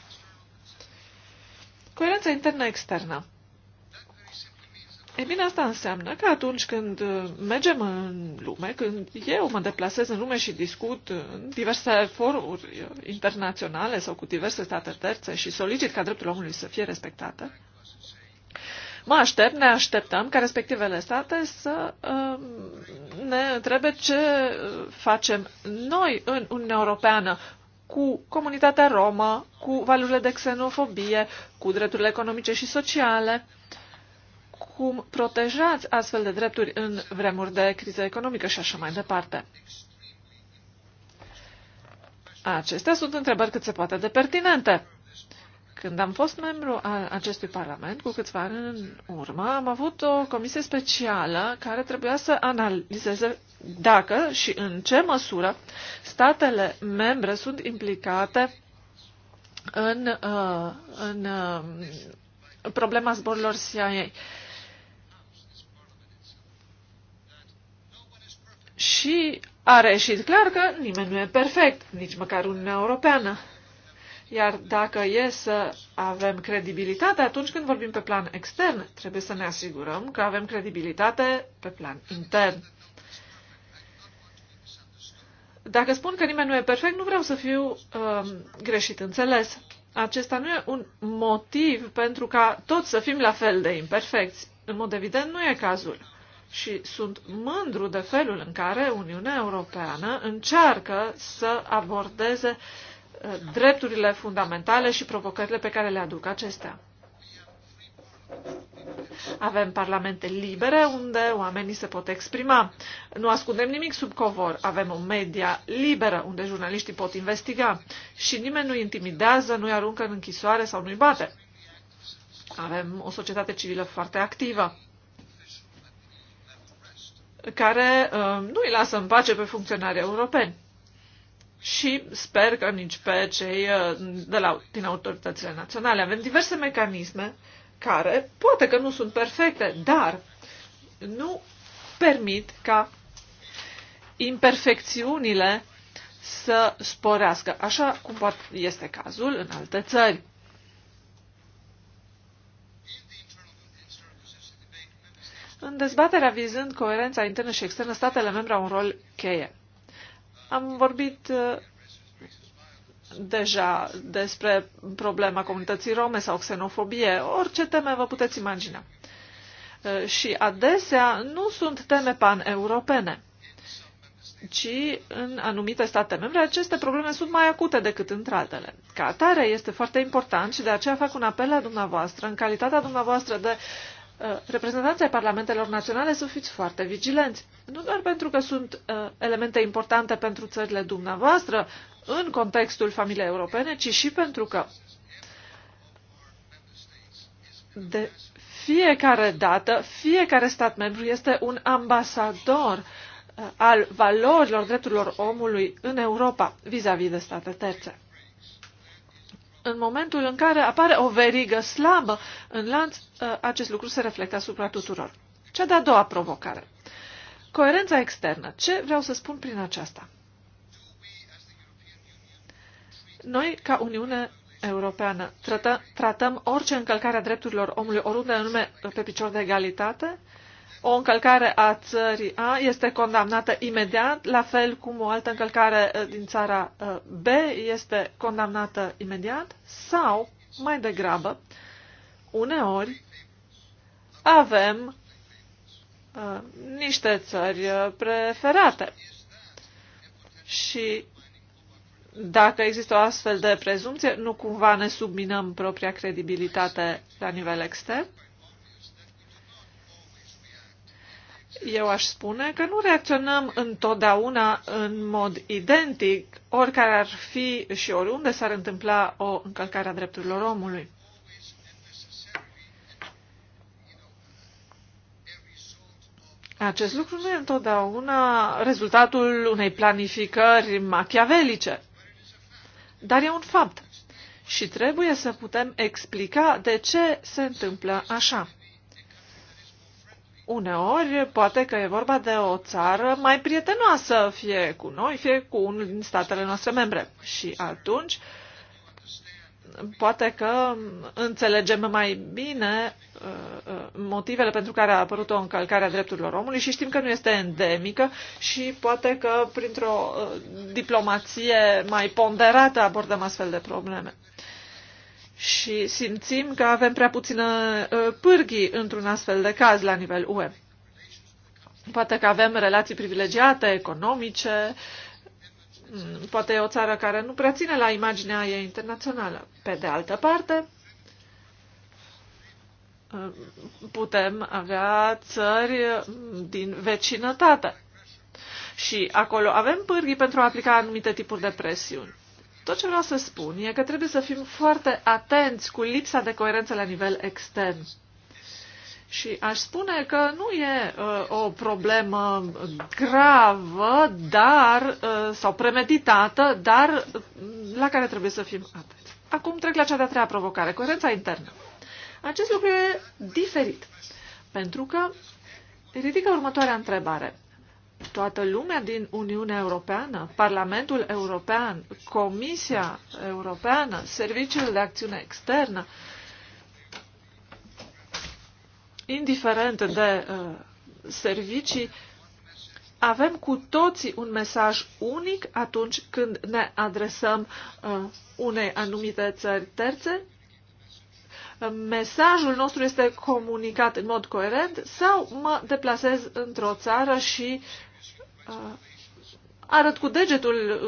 Speaker 4: Coerența internă-externă. E bine, asta înseamnă că atunci când uh, mergem în lume, când eu mă deplasez în lume și discut în diverse foruri uh, internaționale sau cu diverse state terțe și solicit ca dreptul omului să fie respectată, mă aștept, ne așteptăm ca respectivele state să um, ne întrebe ce uh, facem noi în Uniunea Europeană cu comunitatea romă, cu valurile de xenofobie, cu drepturile economice și sociale cum protejați astfel de drepturi în vremuri de criză economică și așa mai departe. Acestea sunt întrebări cât se poate de pertinente. Când am fost membru al acestui Parlament, cu câțiva ani în urmă, am avut o comisie specială care trebuia să analizeze dacă și în ce măsură statele membre sunt implicate în, uh, în uh, problema zborilor CIA. Și a reieșit clar că nimeni nu e perfect, nici măcar Uniunea Europeană. Iar dacă e să avem credibilitate atunci când vorbim pe plan extern, trebuie să ne asigurăm că avem credibilitate pe plan intern. Dacă spun că nimeni nu e perfect, nu vreau să fiu um, greșit înțeles. Acesta nu e un motiv pentru ca toți să fim la fel de imperfecți. În mod evident, nu e cazul și sunt mândru de felul în care Uniunea Europeană încearcă să abordeze uh, drepturile fundamentale și provocările pe care le aduc acestea. Avem parlamente libere unde oamenii se pot exprima. Nu ascundem nimic sub covor. Avem o media liberă unde jurnaliștii pot investiga și nimeni nu intimidează, nu-i aruncă în închisoare sau nu-i bate. Avem o societate civilă foarte activă care uh, nu îi lasă în pace pe funcționarii europeni. Și sper că nici pe cei uh, de la, din autoritățile naționale. Avem diverse mecanisme care poate că nu sunt perfecte, dar nu permit ca imperfecțiunile să sporească, așa cum poate este cazul în alte țări. În dezbaterea vizând coerența internă și externă, statele membre au un rol cheie. Am vorbit uh, deja despre problema comunității rome sau xenofobie, orice teme vă puteți imagina. Uh, și adesea nu sunt teme pan-europene, ci în anumite state membre aceste probleme sunt mai acute decât în altele. Ca atare este foarte important și de aceea fac un apel la dumneavoastră, în calitatea dumneavoastră de Uh, reprezentanții ai parlamentelor naționale să fiți foarte vigilenți. Nu doar pentru că sunt uh, elemente importante pentru țările dumneavoastră în contextul familiei europene, ci și pentru că de fiecare dată, fiecare stat membru este un ambasador uh, al valorilor drepturilor omului în Europa vis-a-vis -vis de state terțe în momentul în care apare o verigă slabă în lanț, ă, acest lucru se reflectă asupra tuturor. Cea de-a doua provocare. Coerența externă. Ce vreau să spun prin aceasta? Noi, ca Uniune Europeană, tratăm orice încălcare a drepturilor omului oriunde anume pe picior de egalitate? Uh, o încălcare a țării A este condamnată imediat, la fel cum o altă încălcare uh, din țara uh, B este condamnată imediat, sau, mai degrabă, uneori avem uh, niște țări uh, preferate. Și dacă există o astfel de prezumție, nu cumva ne subminăm propria credibilitate la nivel extern. Eu aș spune că nu reacționăm întotdeauna în mod identic, oricare ar fi și oriunde s-ar întâmpla o încălcare a drepturilor omului. Acest lucru nu e întotdeauna rezultatul unei planificări machiavelice, dar e un fapt și trebuie să putem explica de ce se întâmplă așa. Uneori, poate că e vorba de o țară mai prietenoasă, fie cu noi, fie cu unul din statele noastre membre. Și atunci, poate că înțelegem mai bine uh, uh, motivele pentru care a apărut o încălcare a drepturilor omului și știm că nu este endemică și poate că printr-o uh, diplomație mai ponderată abordăm astfel de probleme și simțim că avem prea puțină ă, pârghii într-un astfel de caz la nivel UE. Poate că avem relații privilegiate, economice, mm, poate e o țară care nu prea ține la imaginea ei internațională. Pe de altă parte, ă, putem avea țări din vecinătate. Și acolo avem pârghii pentru a aplica anumite tipuri de presiuni. Tot ce vreau să spun e că trebuie să fim foarte atenți cu lipsa de coerență la nivel extern. Și aș spune că nu e uh, o problemă gravă, dar uh, sau premeditată, dar uh, la care trebuie să fim atenți. Acum trec la cea de-a treia provocare, coerența internă. Acest lucru e diferit, pentru că ridică următoarea întrebare toată lumea din Uniunea Europeană, Parlamentul European, Comisia Europeană, Serviciul de Acțiune Externă, indiferent de uh, servicii, avem cu toții un mesaj unic atunci când ne adresăm uh, unei anumite țări terțe. Mesajul nostru este comunicat în mod coerent sau mă deplasez într-o țară și uh, arăt cu degetul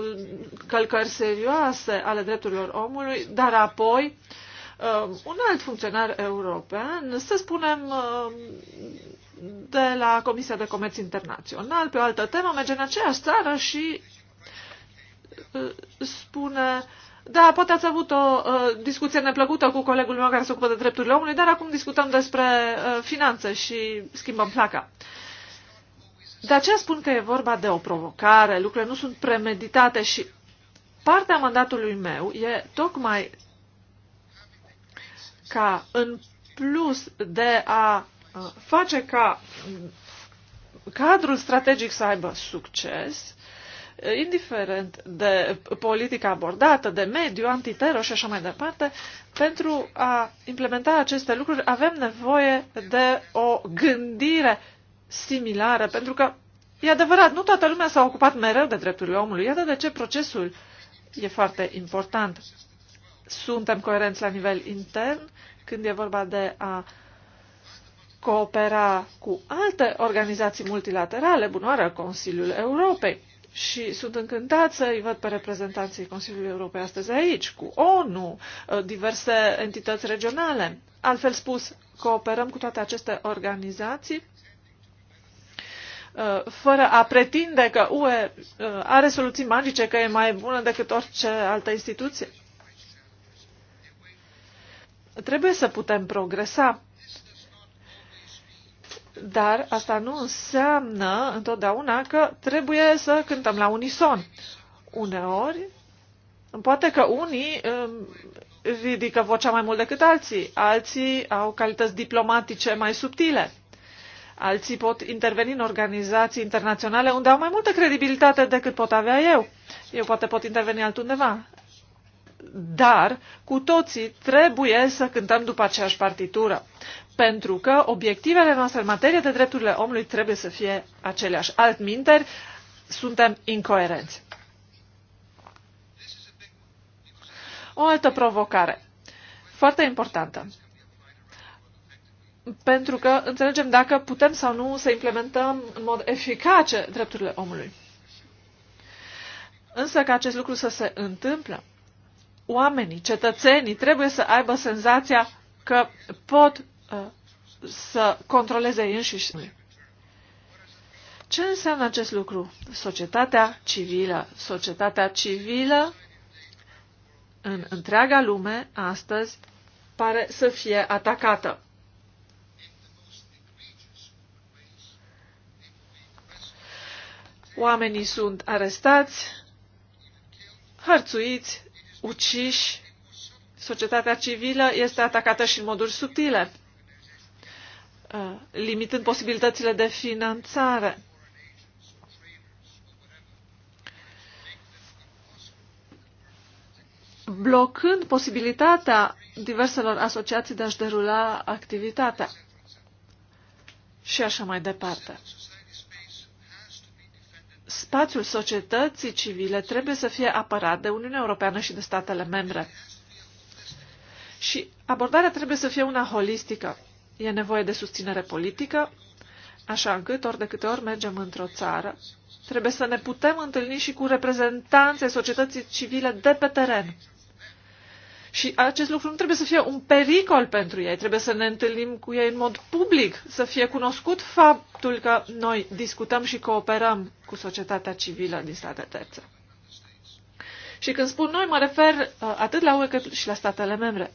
Speaker 4: călcări serioase ale drepturilor omului, dar apoi un alt funcționar european, să spunem, de la Comisia de Comerț Internațional, pe o altă temă, merge în aceeași țară și spune da, poate ați avut o uh, discuție neplăcută cu colegul meu care se ocupă de drepturile omului, dar acum discutăm despre uh, finanțe și schimbăm placa. Uh, de aceea spun că e vorba de o provocare, lucrurile nu sunt premeditate și partea mandatului meu e tocmai ca în plus de a uh, face ca cadrul strategic să aibă succes, uh, indiferent de politica abordată, de mediu, antitero și așa mai departe, pentru a implementa aceste lucruri avem nevoie de o gândire similară, pentru că e adevărat, nu toată lumea s-a ocupat mereu de drepturile omului. Iată de ce procesul e foarte important. Suntem coerenți la nivel intern când e vorba de a coopera cu alte organizații multilaterale, bunoară Consiliul Europei. Și sunt încântat să îi văd pe reprezentanții Consiliului Europei astăzi aici, cu ONU, diverse entități regionale. Altfel spus, cooperăm cu toate aceste organizații Uh, fără a pretinde că UE uh, are soluții magice, că e mai bună decât orice altă instituție. Trebuie să putem progresa. Dar asta nu înseamnă întotdeauna că trebuie să cântăm la unison. Uneori, poate că unii um, ridică vocea mai mult decât alții, alții au calități diplomatice mai subtile Alții pot interveni în organizații internaționale unde au mai multă credibilitate decât pot avea eu. Eu poate pot interveni altundeva. Dar cu toții trebuie să cântăm după aceeași partitură, pentru că obiectivele noastre în materie de drepturile omului trebuie să fie aceleași. Altminteri, suntem incoerenți. O altă provocare, foarte importantă pentru că înțelegem dacă putem sau nu să implementăm în mod eficace drepturile omului. Însă ca acest lucru să se întâmple, oamenii, cetățenii trebuie să aibă senzația că pot uh, să controleze ei înșiși. Ce înseamnă acest lucru? Societatea civilă. Societatea civilă în întreaga lume astăzi pare să fie atacată. Oamenii sunt arestați, hărțuiți, uciși. Societatea civilă este atacată și în moduri subtile, uh, limitând posibilitățile de finanțare. blocând posibilitatea diverselor asociații de a-și derula activitatea și așa mai departe spațiul societății civile trebuie să fie apărat de Uniunea Europeană și de statele membre. Și abordarea trebuie să fie una holistică. E nevoie de susținere politică, așa încât ori de câte ori mergem într-o țară, trebuie să ne putem întâlni și cu reprezentanțe societății civile de pe teren. Și acest lucru nu trebuie să fie un pericol pentru ei, trebuie să ne întâlnim cu ei în mod public, să fie cunoscut faptul că noi discutăm și cooperăm cu societatea civilă din state terțe. Și când spun noi, mă refer uh, atât la UE cât și la statele membre.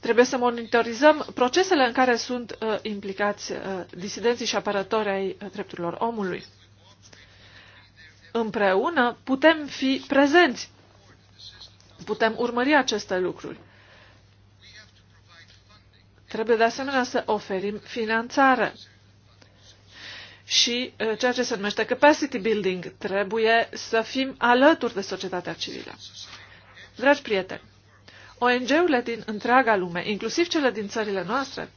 Speaker 4: Trebuie să monitorizăm procesele în care sunt uh, implicați uh, disidenții și apărători ai uh, drepturilor omului. Împreună putem fi prezenți putem urmări aceste lucruri. Trebuie de asemenea să oferim finanțare. Și uh, ceea ce se numește capacity building, trebuie să fim alături de societatea civilă. Dragi prieteni, ONG-urile din întreaga lume, inclusiv cele din țările noastre,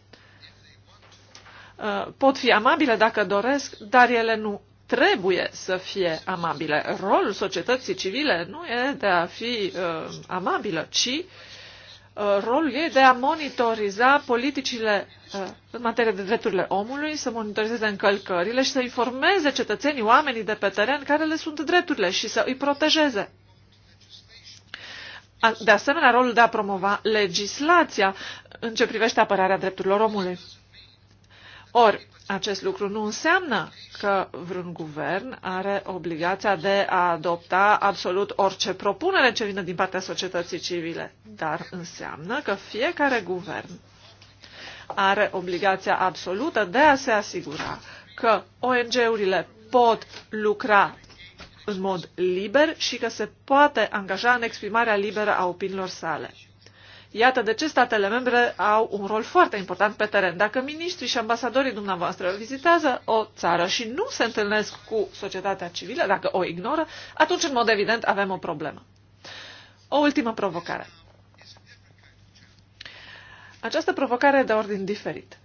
Speaker 4: uh, pot fi amabile dacă doresc, dar ele nu trebuie să fie amabile. Rolul societății civile nu e de a fi uh, amabilă, ci uh, rolul ei de a monitoriza politicile uh, în materie de drepturile omului, să monitorizeze încălcările și să informeze cetățenii, oamenii de pe teren care le sunt drepturile și să îi protejeze. De asemenea, rolul de a promova legislația în ce privește apărarea drepturilor omului. Ori, acest lucru nu înseamnă că vreun guvern are obligația de a adopta absolut orice propunere ce vine din partea societății civile, dar înseamnă că fiecare guvern are obligația absolută de a se asigura că ONG-urile pot lucra în mod liber și că se poate angaja în exprimarea liberă a opiniilor sale. Iată de ce statele membre au un rol foarte important pe teren. Dacă miniștrii și ambasadorii dumneavoastră vizitează o țară și nu se întâlnesc cu societatea civilă, dacă o ignoră, atunci, în mod evident, avem o problemă. O ultimă provocare. Această provocare de ordin diferit.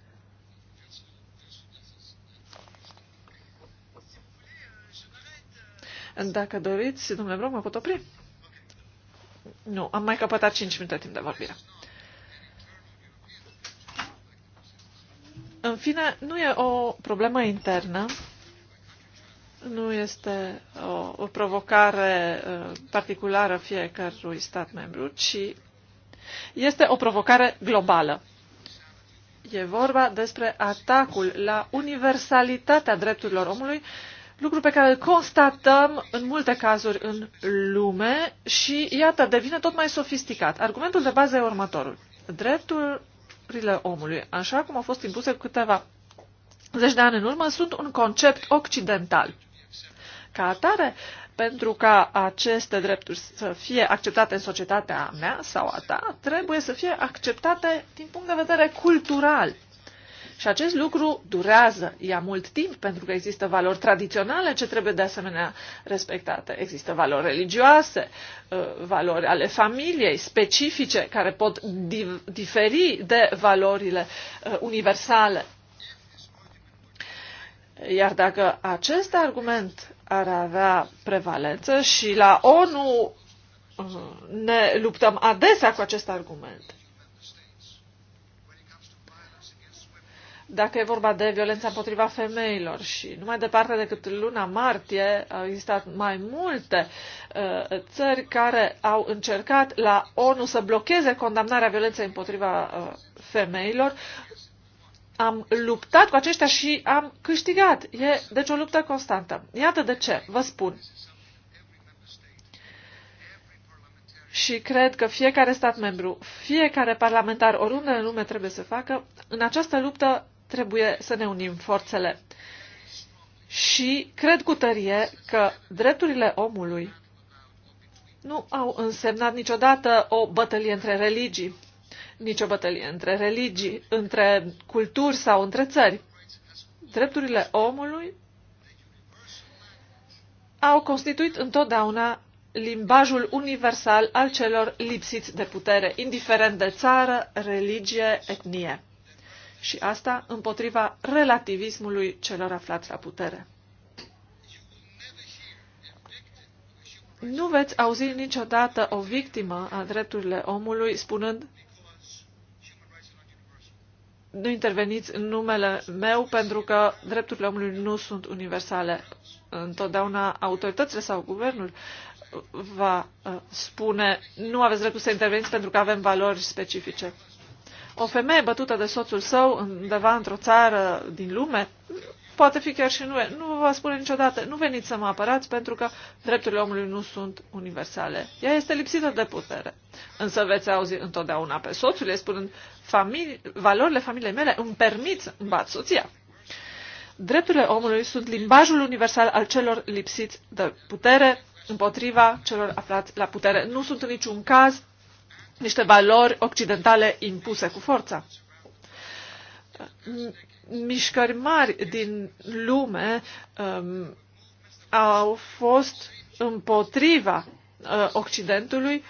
Speaker 4: Dacă doriți, domnule Brom, mă pot opri? Nu, am mai căpătat 5 minute timp de vorbire. În fine, nu e o problemă internă, nu este o, o provocare uh, particulară fiecărui stat membru, ci este o provocare globală. E vorba despre atacul la universalitatea drepturilor omului uh, lucru pe care îl constatăm în multe cazuri în lume și, iată, devine tot mai sofisticat. Argumentul de bază e următorul. Drepturile omului, așa cum au fost impuse câteva zeci de ani în urmă, sunt un concept occidental. Ca atare, pentru ca aceste drepturi să fie acceptate în societatea mea sau a ta, trebuie să fie acceptate din punct de vedere cultural și acest lucru durează, ia mult timp, pentru că există valori tradiționale ce trebuie de asemenea respectate. Există valori religioase, uh, valori ale familiei specifice care pot diferi de valorile uh, universale. Iar dacă acest argument ar avea prevalență și la ONU uh, ne luptăm adesea cu acest argument, dacă e vorba de violența împotriva femeilor și nu mai departe decât luna martie au existat mai multe uh, țări care au încercat la ONU să blocheze condamnarea violenței împotriva uh, femeilor. Am luptat cu aceștia și am câștigat. E, deci, o luptă constantă. Iată de ce, vă spun. și cred că fiecare stat membru, fiecare parlamentar, oriunde în lume trebuie să facă, în această luptă Trebuie să ne unim forțele. Și cred cu tărie că drepturile omului nu au însemnat niciodată o bătălie între religii, nicio bătălie între religii, între culturi sau între țări. Drepturile omului au constituit întotdeauna limbajul universal al celor lipsiți de putere, indiferent de țară, religie, etnie și asta împotriva relativismului celor aflați la putere. Nu veți auzi niciodată o victimă a drepturile omului spunând nu interveniți în numele meu pentru că drepturile omului nu sunt universale. Întotdeauna autoritățile sau guvernul va uh, spune nu aveți dreptul să interveniți pentru că avem valori specifice. O femeie bătută de soțul său undeva într-o țară din lume, poate fi chiar și nu e. Nu vă spune niciodată, nu veniți să mă apărați pentru că drepturile omului nu sunt universale. Ea este lipsită de putere. Însă veți auzi întotdeauna pe soțul ei spunând, famili- valorile familiei mele îmi permit să bat soția. Drepturile omului sunt limbajul universal al celor lipsiți de putere împotriva celor aflați la putere. Nu sunt în niciun caz niște valori occidentale impuse cu forța. Mișcări mari din lume um, au fost împotriva uh, Occidentului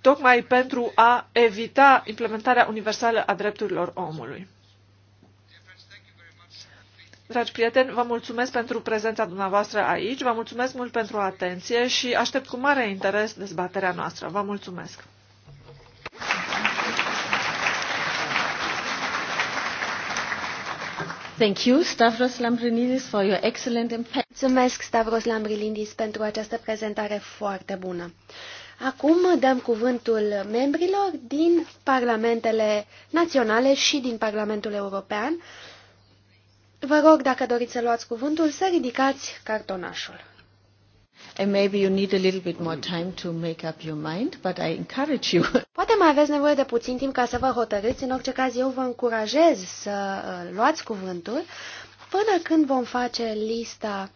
Speaker 4: tocmai pentru a evita implementarea universală a drepturilor omului. Dragi prieteni, vă mulțumesc pentru prezența dumneavoastră aici, vă mulțumesc mult pentru atenție și aștept cu mare interes dezbaterea noastră. Vă mulțumesc!
Speaker 2: Thank you, Stavros Lambrinidis, for your excellent Mulțumesc, Stavros Lambrinidis, pentru această prezentare foarte bună. Acum dăm cuvântul membrilor din parlamentele naționale și din Parlamentul European Vă rog, dacă doriți să luați cuvântul, să ridicați cartonașul.
Speaker 4: And maybe you need a little bit more time to make up your mind, but I encourage you.
Speaker 2: Poate mai aveți nevoie de puțin timp ca să vă hotărâți. În orice caz, eu vă încurajez să uh, luați cuvântul până când vom face lista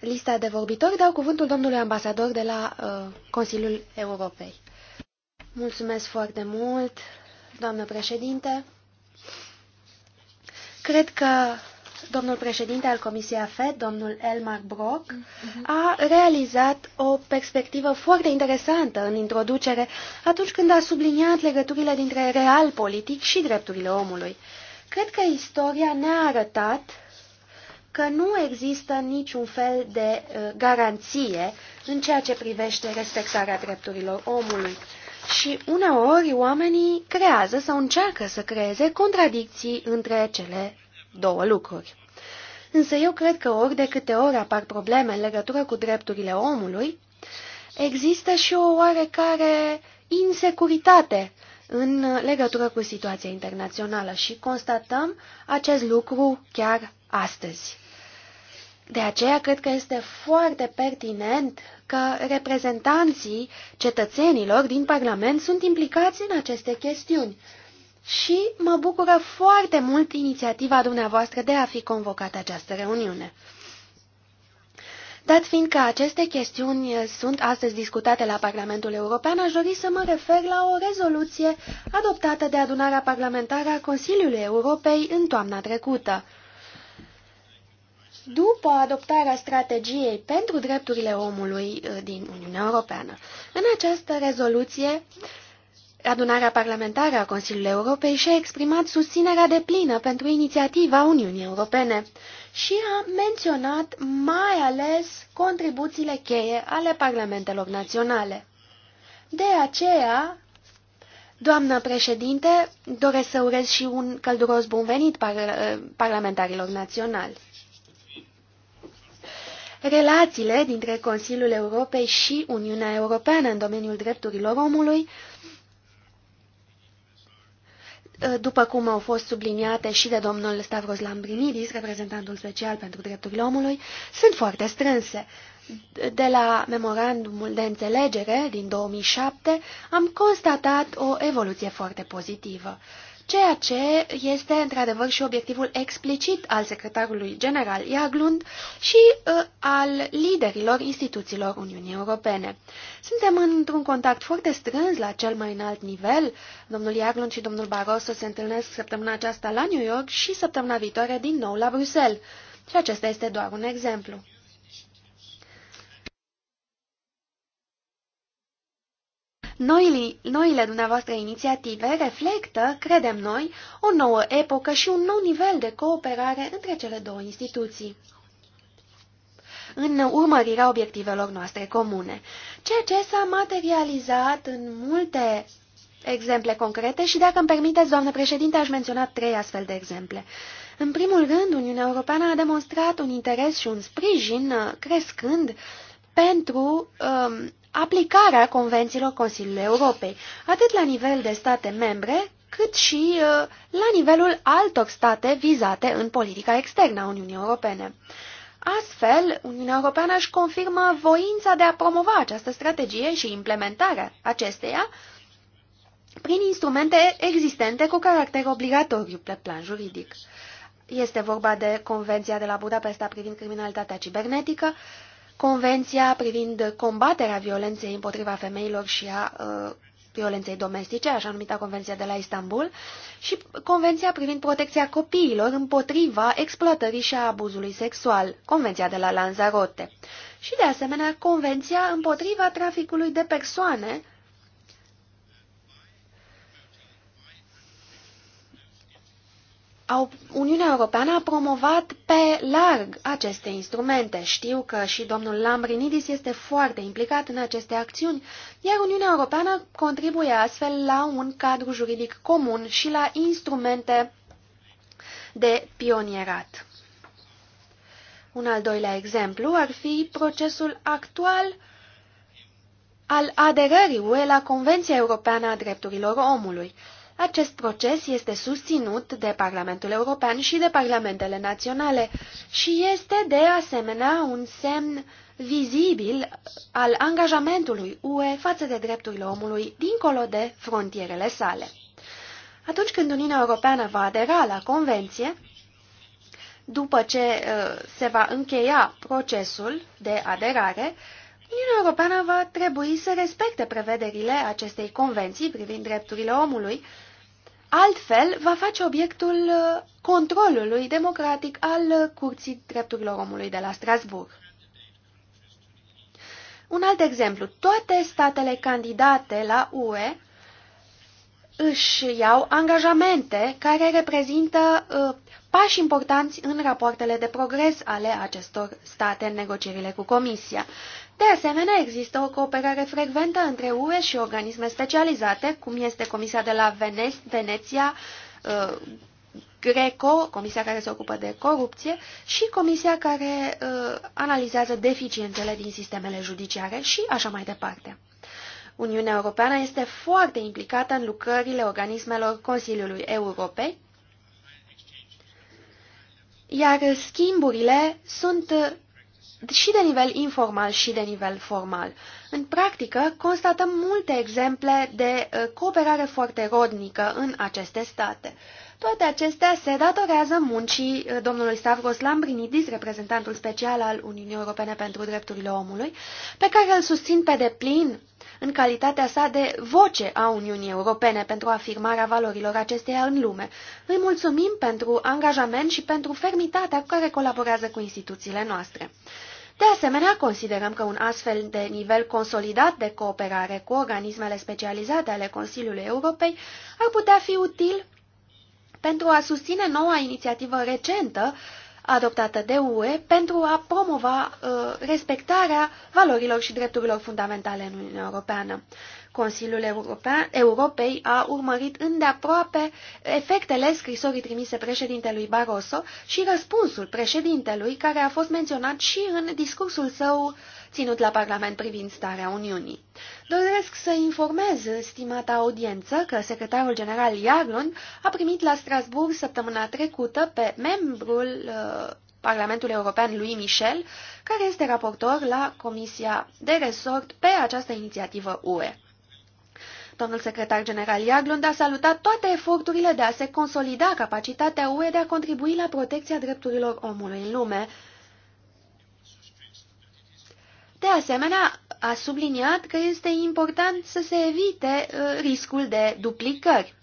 Speaker 2: lista de vorbitori, dau cuvântul domnului ambasador de la uh, Consiliul Europei. Mulțumesc foarte mult, doamnă președinte. Cred că domnul președinte al Comisiei AFED, domnul Elmar Brock, mhm. a realizat o perspectivă foarte interesantă în introducere atunci când a subliniat legăturile dintre real politic și drepturile omului. Cred că istoria ne-a arătat că nu există niciun fel de uh, garanție în ceea ce privește respectarea drepturilor omului. Și uneori oamenii creează sau încearcă să creeze contradicții între cele două lucruri. Însă eu cred că ori de câte ori apar probleme în legătură cu drepturile omului, există și o oarecare insecuritate în legătură cu situația internațională și constatăm acest lucru chiar astăzi. De aceea cred că este foarte pertinent că reprezentanții cetățenilor din Parlament sunt implicați în aceste chestiuni. Și mă bucură foarte mult inițiativa dumneavoastră de a fi convocat această reuniune. Dat fiind că aceste chestiuni sunt astăzi discutate la Parlamentul European, aș dori să mă refer la o rezoluție adoptată de adunarea parlamentară a Consiliului Europei în toamna trecută după adoptarea strategiei pentru drepturile omului uh, din Uniunea Europeană. În această rezoluție, adunarea parlamentară a Consiliului Europei și-a exprimat susținerea deplină pentru inițiativa Uniunii Europene și a menționat mai ales contribuțiile cheie ale parlamentelor naționale. De aceea, Doamnă președinte, doresc să urez și un călduros bun venit par uh, parlamentarilor naționali relațiile dintre Consiliul Europei și Uniunea Europeană în domeniul drepturilor omului, după cum au fost subliniate și de domnul Stavros Lambrinidis, reprezentantul special pentru drepturile omului, sunt foarte strânse. De la memorandumul de înțelegere din 2007 am constatat o evoluție foarte pozitivă ceea ce este într-adevăr și obiectivul explicit al secretarului general Iaglund și uh, al liderilor instituțiilor Uniunii Europene. Suntem într-un contact foarte strâns la cel mai înalt nivel. Domnul Iaglund și domnul Barroso se întâlnesc săptămâna aceasta la New York și săptămâna viitoare din nou la Bruxelles. Și acesta este doar un exemplu. Noile, noile dumneavoastră inițiative reflectă, credem noi, o nouă epocă și un nou nivel de cooperare între cele două instituții în urmărirea obiectivelor noastre comune, ceea ce s-a materializat în multe exemple concrete și, dacă îmi permiteți, doamnă președinte, aș menționa trei astfel de exemple. În primul rând, Uniunea Europeană a demonstrat un interes și un sprijin crescând pentru um, aplicarea convențiilor Consiliului Europei, atât la nivel de state membre, cât și uh, la nivelul altor state vizate în politica externă a Uniunii Europene. Astfel, Uniunea Europeană își confirmă voința de a promova această strategie și implementarea acesteia prin instrumente existente cu caracter obligatoriu pe plan juridic. Este vorba de Convenția de la Budapesta privind criminalitatea cibernetică, Convenția privind combaterea violenței împotriva femeilor și a uh, violenței domestice, așa numită Convenția de la Istanbul, și Convenția privind protecția copiilor împotriva exploatării și a abuzului sexual, Convenția de la Lanzarote, și de asemenea Convenția împotriva traficului de persoane, au, Uniunea Europeană a promovat pe larg aceste instrumente. Știu că și domnul Lambrinidis este foarte implicat în aceste acțiuni, iar Uniunea Europeană contribuie astfel la un cadru juridic comun și la instrumente de pionierat. Un al doilea exemplu ar fi procesul actual al aderării UE la Convenția Europeană a Drepturilor Omului. Acest proces este susținut de Parlamentul European și de Parlamentele Naționale și este, de asemenea, un semn vizibil al angajamentului UE față de drepturile omului dincolo de frontierele sale. Atunci când Uniunea Europeană va adera la Convenție, după ce uh, se va încheia procesul de aderare, Uniunea Europeană va trebui să respecte prevederile acestei convenții privind drepturile omului Altfel, va face obiectul uh, controlului democratic al uh, Curții Drepturilor Omului de la Strasburg. Un alt exemplu. Toate statele candidate la UE își iau angajamente care reprezintă uh, pași importanți în rapoartele de progres ale acestor state în negocierile cu Comisia. De asemenea, există o cooperare frecventă între UE și organisme specializate, cum este Comisia de la Vene Veneția, uh, Greco, comisia care se ocupă de corupție, și comisia care uh, analizează deficiențele din sistemele judiciare și așa mai departe. Uniunea Europeană este foarte implicată în lucrările organismelor Consiliului Europei, iar schimburile sunt și de nivel informal și de nivel formal. În practică, constatăm multe exemple de uh, cooperare foarte rodnică în aceste state. Toate acestea se datorează muncii uh, domnului Stavros Lambrinidis, reprezentantul special al Uniunii Europene pentru Drepturile Omului, pe care îl susțin pe deplin în calitatea sa de voce a Uniunii Europene pentru afirmarea valorilor acesteia în lume. Îi mulțumim pentru angajament și pentru fermitatea cu care colaborează cu instituțiile noastre. De asemenea, considerăm că un astfel de nivel consolidat de cooperare cu organismele specializate ale Consiliului Europei ar putea fi util pentru a susține noua inițiativă recentă adoptată de UE pentru a promova uh, respectarea valorilor și drepturilor fundamentale în Uniunea Europeană. Consiliul European, Europei a urmărit îndeaproape efectele scrisorii trimise președintelui Barroso și răspunsul președintelui care a fost menționat și în discursul său ținut la Parlament privind starea Uniunii. Doresc să informez stimata audiență că secretarul general Iaglund a primit la Strasburg săptămâna trecută pe membrul uh, Parlamentului European lui Michel, care este raportor la Comisia de Resort pe această inițiativă UE. Domnul secretar general Iaglund a salutat toate eforturile de a se consolida capacitatea UE de a contribui la protecția drepturilor omului în lume. De asemenea, a subliniat că este important să se evite uh, riscul de duplicări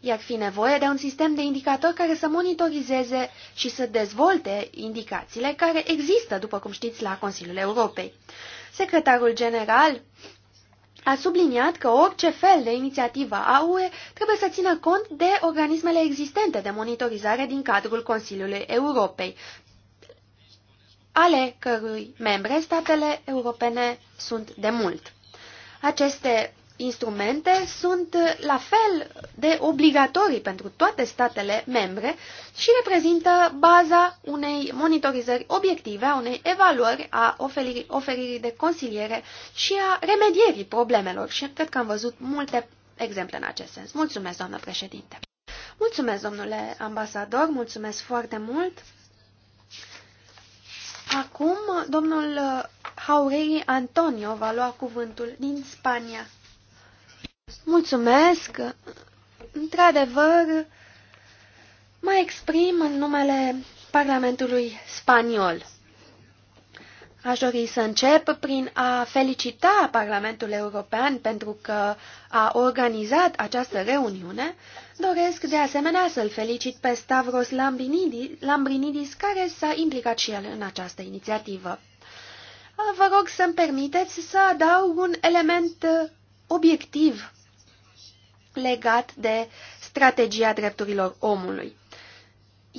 Speaker 2: iar fi nevoie de un sistem de indicatori care să monitorizeze și să dezvolte indicațiile care există, după cum știți, la Consiliul Europei. Secretarul general a subliniat că orice fel de inițiativă a UE trebuie să țină cont de organismele existente de monitorizare din cadrul Consiliului Europei, ale cărui membre statele europene sunt de mult. Aceste instrumente sunt la fel de obligatorii pentru toate statele membre și reprezintă baza unei monitorizări obiective, a unei evaluări a oferirii, oferirii de consiliere și a remedierii problemelor. Și cred că am văzut multe exemple în acest sens. Mulțumesc, doamnă președinte! Mulțumesc, domnule ambasador, mulțumesc foarte mult! Acum, domnul Jauregui Antonio va lua cuvântul din Spania. Mulțumesc! Într-adevăr, mă exprim în numele Parlamentului Spaniol. Aș dori să încep prin a felicita Parlamentul European pentru că a organizat această reuniune. Doresc de asemenea să-l felicit pe Stavros Lambrinidis, Lambrinidis care s-a implicat și el în această inițiativă. Vă rog să-mi permiteți să adaug un element obiectiv legat de strategia drepturilor omului.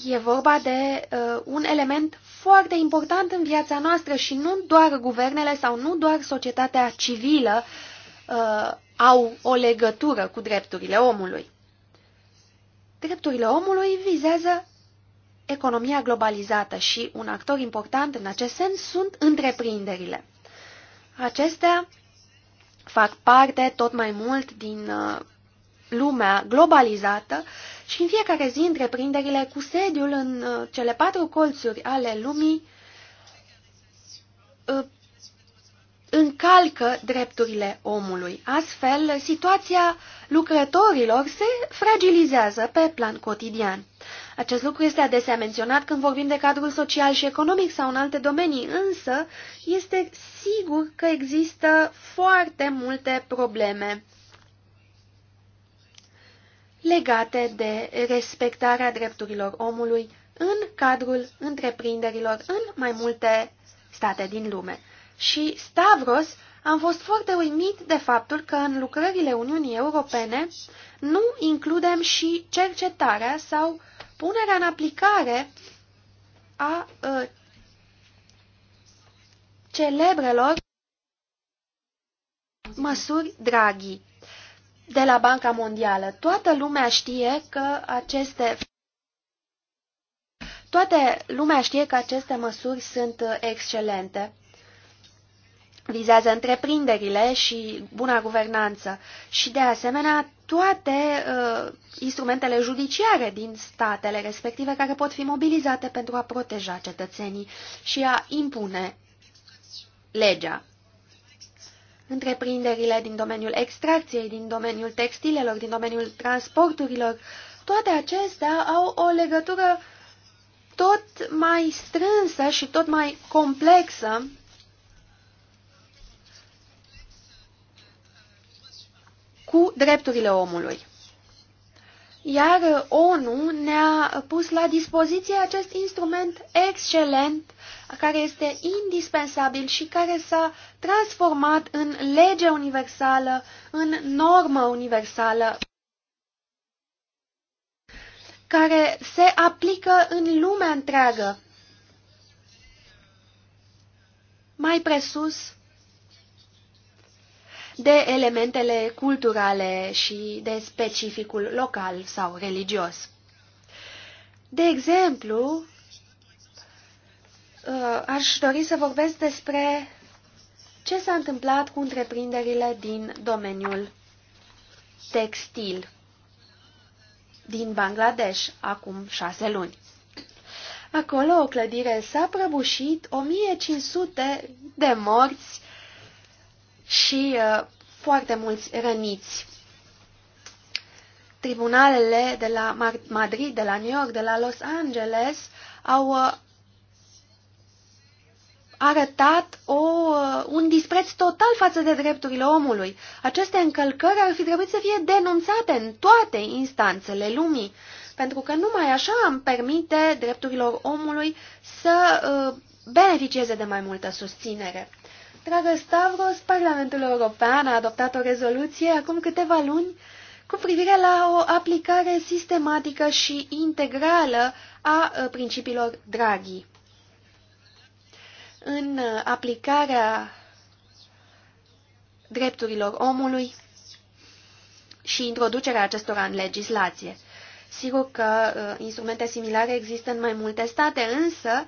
Speaker 2: E vorba de uh, un element foarte important în viața noastră și nu doar guvernele sau nu doar societatea civilă uh, au o legătură cu drepturile omului. Drepturile omului vizează economia globalizată și un actor important în acest sens sunt întreprinderile. Acestea fac parte tot mai mult din uh, lumea globalizată și în fiecare zi întreprinderile cu sediul în uh, cele patru colțuri ale lumii uh, încalcă drepturile omului. Astfel, situația lucrătorilor se fragilizează pe plan cotidian. Acest lucru este adesea menționat când vorbim de cadrul social și economic sau în alte domenii, însă este sigur că există foarte multe probleme legate de respectarea drepturilor omului în cadrul întreprinderilor în mai multe state din lume. Și Stavros am fost foarte uimit de faptul că în lucrările Uniunii Europene nu includem și cercetarea sau punerea în aplicare a ă, celebrelor măsuri draghii de la Banca Mondială. Toată lumea știe că aceste... Toată lumea știe că aceste măsuri sunt excelente. Vizează întreprinderile și buna guvernanță și, de asemenea, toate uh, instrumentele judiciare din statele respective care pot fi mobilizate pentru a proteja cetățenii și a impune legea. Întreprinderile din domeniul extracției, din domeniul textilelor, din domeniul transporturilor, toate acestea au o legătură tot mai strânsă și tot mai complexă cu drepturile omului. Iar ONU ne-a pus la dispoziție acest instrument excelent care este indispensabil și care s-a transformat în lege universală, în normă universală care se aplică în lumea întreagă. Mai presus, de elementele culturale și de specificul local sau religios. De exemplu, uh, aș dori să vorbesc despre ce s-a întâmplat cu întreprinderile din domeniul textil din Bangladesh acum șase luni. Acolo o clădire s-a prăbușit, 1500 de morți, și uh, foarte mulți răniți. Tribunalele de la Madrid, de la New York, de la Los Angeles au uh, arătat o, uh, un dispreț total față de drepturile omului. Aceste încălcări ar fi trebuit să fie denunțate în toate instanțele lumii, pentru că numai așa am permite drepturilor omului să uh, beneficieze de mai multă susținere. Dragă Stavros, Parlamentul European a adoptat o rezoluție acum câteva luni cu privire la o aplicare sistematică și integrală a uh, principiilor Draghi. În uh, aplicarea drepturilor omului și introducerea acestora în legislație. Sigur că uh, instrumente similare există în mai multe state, însă uh,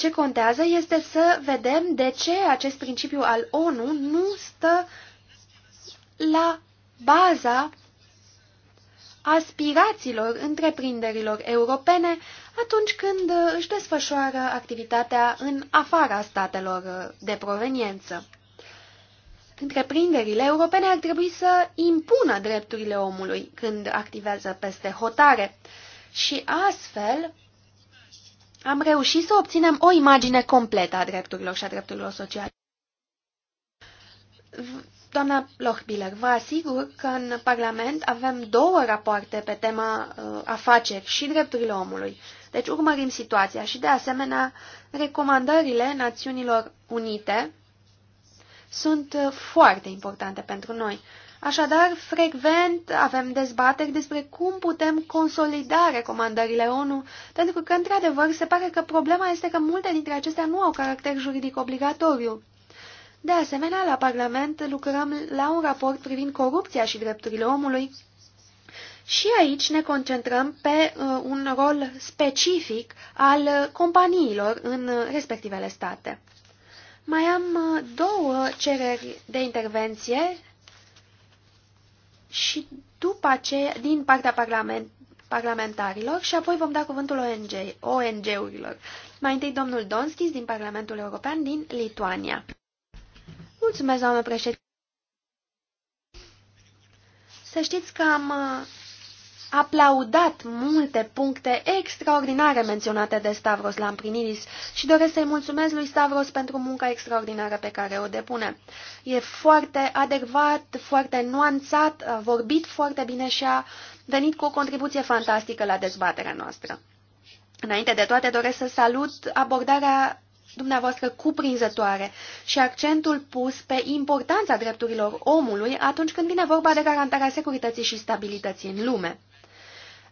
Speaker 2: ce contează este să vedem de ce acest principiu al ONU nu stă la baza aspirațiilor întreprinderilor europene atunci când își desfășoară activitatea în afara statelor de proveniență. Întreprinderile europene ar trebui să impună drepturile omului când activează peste hotare și astfel am reușit să obținem o imagine completă a drepturilor și a drepturilor sociale. Doamna Lochbiller, vă asigur că în Parlament avem două rapoarte pe tema uh, afaceri și drepturile omului. Deci urmărim situația și, de asemenea, recomandările Națiunilor Unite sunt uh, foarte importante pentru noi. Așadar, frecvent avem dezbateri despre cum putem consolida recomandările ONU, pentru că, într-adevăr, se pare că problema este că multe dintre acestea nu au caracter juridic obligatoriu. De asemenea, la Parlament lucrăm la un raport privind corupția și drepturile omului și aici ne concentrăm pe uh, un rol specific al companiilor în respectivele state. Mai am uh, două cereri de intervenție și după aceea din partea parlament, parlamentarilor și apoi vom da cuvântul ONG-urilor. Mai întâi domnul Donskis din Parlamentul European din Lituania. Mulțumesc, doamnă președinte. Să știți că am aplaudat multe puncte extraordinare menționate de Stavros Lamprinidis și doresc să-i mulțumesc lui Stavros pentru munca extraordinară pe care o depune. E foarte adecvat, foarte nuanțat, a vorbit foarte bine și a venit cu o contribuție fantastică la dezbaterea noastră. Înainte de toate, doresc să salut abordarea dumneavoastră cuprinzătoare și accentul pus pe importanța drepturilor omului atunci când vine vorba de garantarea securității și stabilității în lume.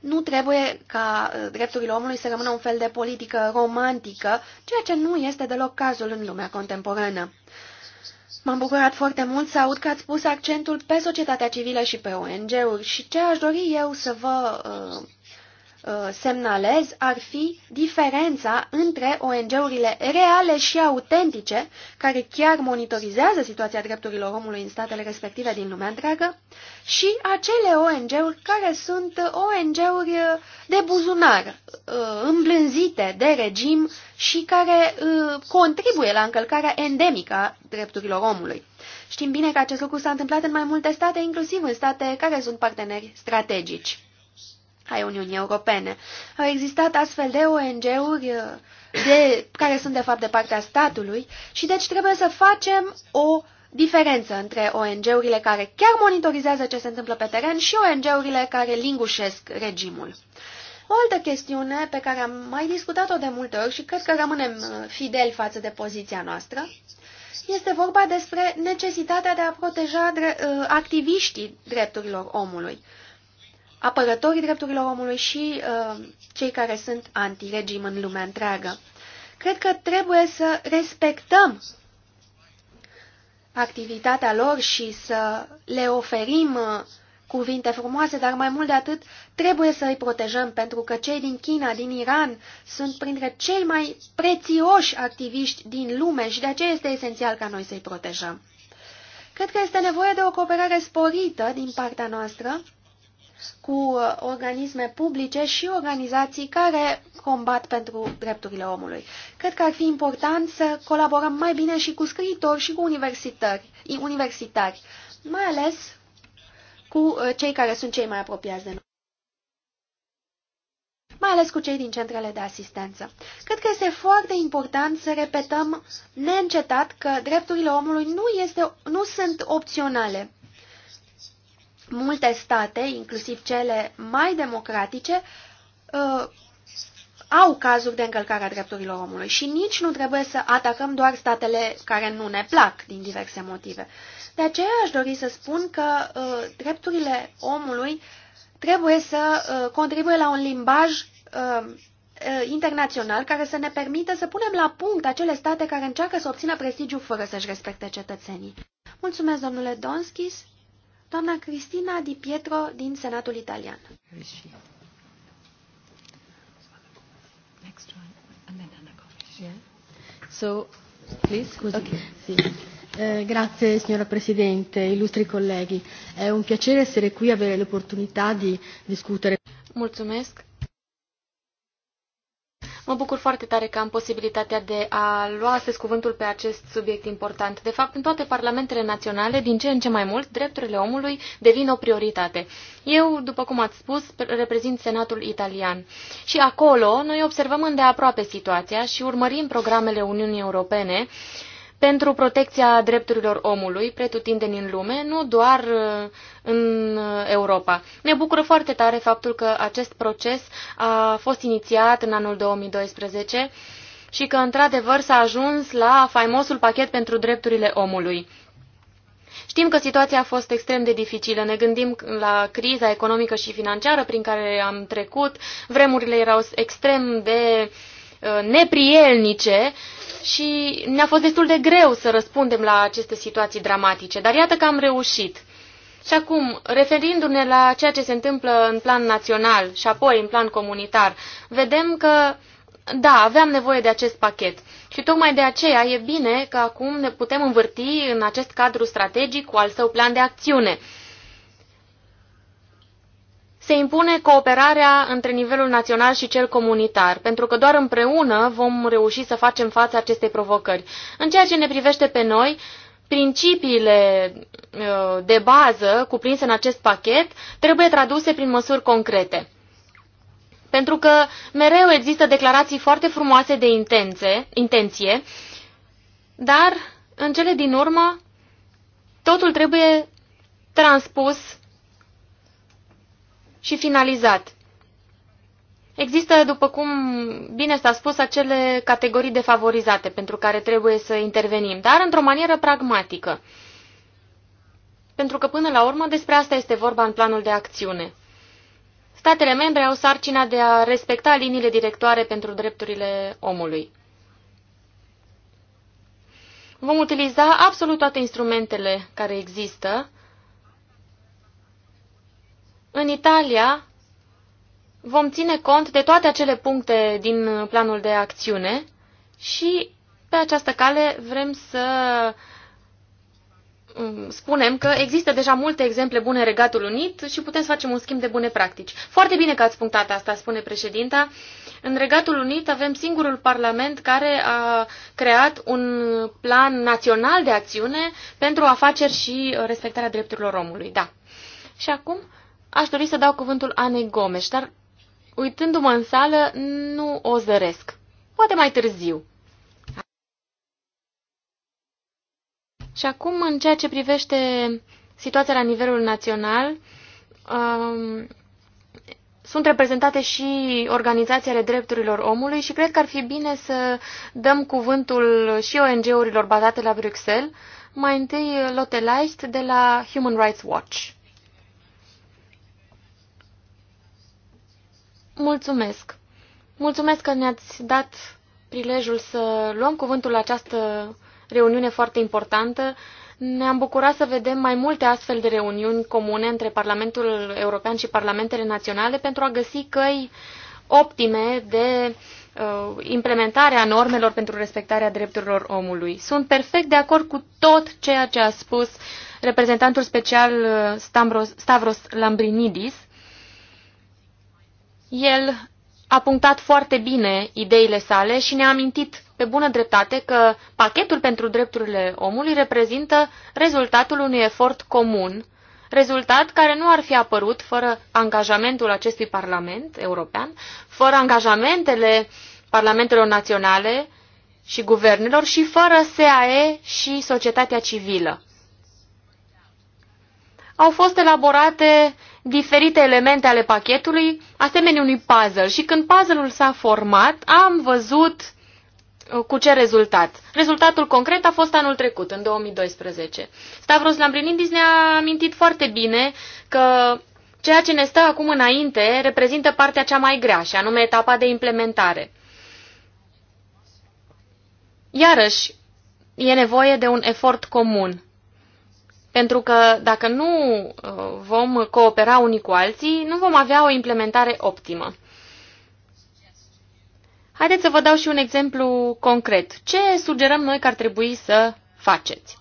Speaker 2: Nu trebuie ca uh, drepturile omului să rămână un fel de politică romantică, ceea ce nu este deloc cazul în lumea contemporană. M-am bucurat foarte mult să aud că ați pus accentul pe societatea civilă și pe ONG-uri și ce aș dori eu să vă uh, Uh, semnalez ar fi diferența între ONG-urile reale și autentice, care chiar monitorizează situația drepturilor omului în statele respective din lumea întreagă, și acele ONG-uri care sunt ONG-uri de buzunar, uh, îmblânzite de regim și care uh, contribuie la încălcarea endemică a drepturilor omului. Știm bine că acest lucru s-a întâmplat în mai multe state, inclusiv în state care sunt parteneri strategici ai Uniunii Europene. Au existat astfel de ONG-uri uh, de, care sunt de fapt de partea statului și deci trebuie să facem o diferență între ONG-urile care chiar monitorizează ce se întâmplă pe teren și ONG-urile care lingușesc regimul. O altă chestiune pe care am mai discutat-o de multe ori și cred că rămânem uh, fideli față de poziția noastră este vorba despre necesitatea de a proteja dre uh, activiștii drepturilor omului apărătorii drepturilor omului și uh, cei care sunt anti-regim în lumea întreagă. Cred că trebuie să respectăm activitatea lor și să le oferim uh, cuvinte frumoase, dar mai mult de atât trebuie să îi protejăm, pentru că cei din China, din Iran, sunt printre cei mai prețioși activiști din lume și de aceea este esențial ca noi să-i protejăm. Cred că este nevoie de o cooperare sporită din partea noastră cu uh, organisme publice și organizații care combat pentru drepturile omului. Cred că ar fi important să colaborăm mai bine și cu scriitori și cu universitari, universitari mai ales cu uh, cei care sunt cei mai apropiați de noi mai ales cu cei din centrele de asistență. Cred că este foarte important să repetăm neîncetat că drepturile omului nu, este, nu sunt opționale. Multe state, inclusiv cele mai democratice, uh, au cazuri de încălcare a drepturilor omului și nici nu trebuie să atacăm doar statele care nu ne plac din diverse motive. De aceea aș dori să spun că uh, drepturile omului trebuie să uh, contribuie la un limbaj uh, uh, internațional care să ne permită să punem la punct acele state care încearcă să obțină prestigiu fără să-și respecte cetățenii. Mulțumesc, domnule Donskis doamna Cristina Di Pietro din Senatul Italian. Eh? Eh, grazie signora Presidente, illustri colleghi. È un piacere essere
Speaker 3: qui e avere l'opportunità di discutere. Mulțumesc. Mă bucur foarte tare că am posibilitatea de a lua astăzi cuvântul pe acest subiect important. De fapt, în toate parlamentele naționale, din ce în ce mai mult, drepturile omului devin o prioritate. Eu, după cum ați spus, reprezint Senatul italian. Și acolo noi observăm îndeaproape situația și urmărim programele Uniunii Europene uh, pentru protecția drepturilor omului pretutindeni în lume, nu doar uh, în uh, Europa. Ne bucură foarte tare faptul că acest proces a fost inițiat în anul 2012 și că, într-adevăr, s-a ajuns la faimosul pachet pentru drepturile omului. Știm că situația a fost extrem de dificilă. Ne gândim la criza economică și financiară prin care am trecut. Vremurile erau extrem de uh, Uh, neprielnice și ne-a fost destul de greu să răspundem la aceste situații dramatice, dar iată că am reușit. Și acum, referindu-ne la ceea ce se întâmplă în plan național și apoi în plan comunitar, vedem că, da, aveam nevoie de acest pachet. Și tocmai de aceea e bine că acum ne putem învârti în acest cadru strategic cu al său plan de acțiune – se impune cooperarea între nivelul național și cel comunitar, pentru că doar împreună vom reuși să facem față acestei provocări. În ceea ce ne privește pe noi, principiile uh, de bază cuprinse în acest pachet trebuie traduse prin măsuri concrete. Pentru că mereu există declarații foarte frumoase de intențe, intenție, dar în cele din urmă totul trebuie transpus și finalizat. Există, după cum bine s-a spus, acele categorii defavorizate pentru care trebuie să intervenim, dar într-o manieră pragmatică. Pentru că, până la urmă, despre asta este vorba în planul de acțiune. Statele membre au sarcina de a respecta liniile directoare pentru drepturile omului. Vom utiliza absolut toate instrumentele care există în Italia vom ține cont de toate acele puncte din planul de acțiune și pe această cale vrem să um, spunem că există deja multe exemple bune în Regatul Unit și putem să facem un schimb de bune practici. Foarte bine că ați punctat asta, spune președinta. În Regatul Unit avem singurul parlament care a creat un plan național de acțiune pentru afaceri și respectarea drepturilor omului. Da. Și acum Aș dori să dau cuvântul Anei Gomes, dar uitându-mă în sală, nu o zăresc. Poate mai târziu. Și acum, în ceea ce privește situația la nivelul național, um, sunt reprezentate și organizațiile drepturilor omului și cred că ar fi bine să dăm cuvântul și ONG-urilor bazate la Bruxelles, mai întâi Lotte Leist de la Human Rights Watch. Mulțumesc! Mulțumesc că ne-ați dat prilejul să luăm cuvântul la această reuniune foarte importantă. Ne-am bucurat să vedem mai multe astfel de reuniuni comune între Parlamentul European și Parlamentele Naționale pentru a găsi căi optime de uh, implementarea normelor pentru respectarea drepturilor omului. Sunt perfect de acord cu tot ceea ce a spus reprezentantul special uh, Stavros, Stavros Lambrinidis el a punctat foarte bine ideile sale și ne-a amintit pe bună dreptate că pachetul pentru drepturile omului reprezintă rezultatul unui efort comun, rezultat care nu ar fi apărut fără angajamentul acestui Parlament european, fără angajamentele parlamentelor naționale și guvernelor și fără SAE și societatea civilă au fost elaborate diferite elemente ale pachetului, asemenea unui puzzle. Și când puzzle-ul s-a format, am văzut uh, cu ce rezultat. Rezultatul concret a fost anul trecut, în 2012. Stavros Lambrinidis ne-a amintit foarte bine că ceea ce ne stă acum înainte reprezintă partea cea mai grea, și anume etapa de implementare. Iarăși, e nevoie de un efort comun. Pentru că dacă nu uh, vom coopera unii cu alții, nu vom avea o implementare optimă. Haideți să vă dau și un exemplu concret. Ce sugerăm noi că ar trebui să faceți?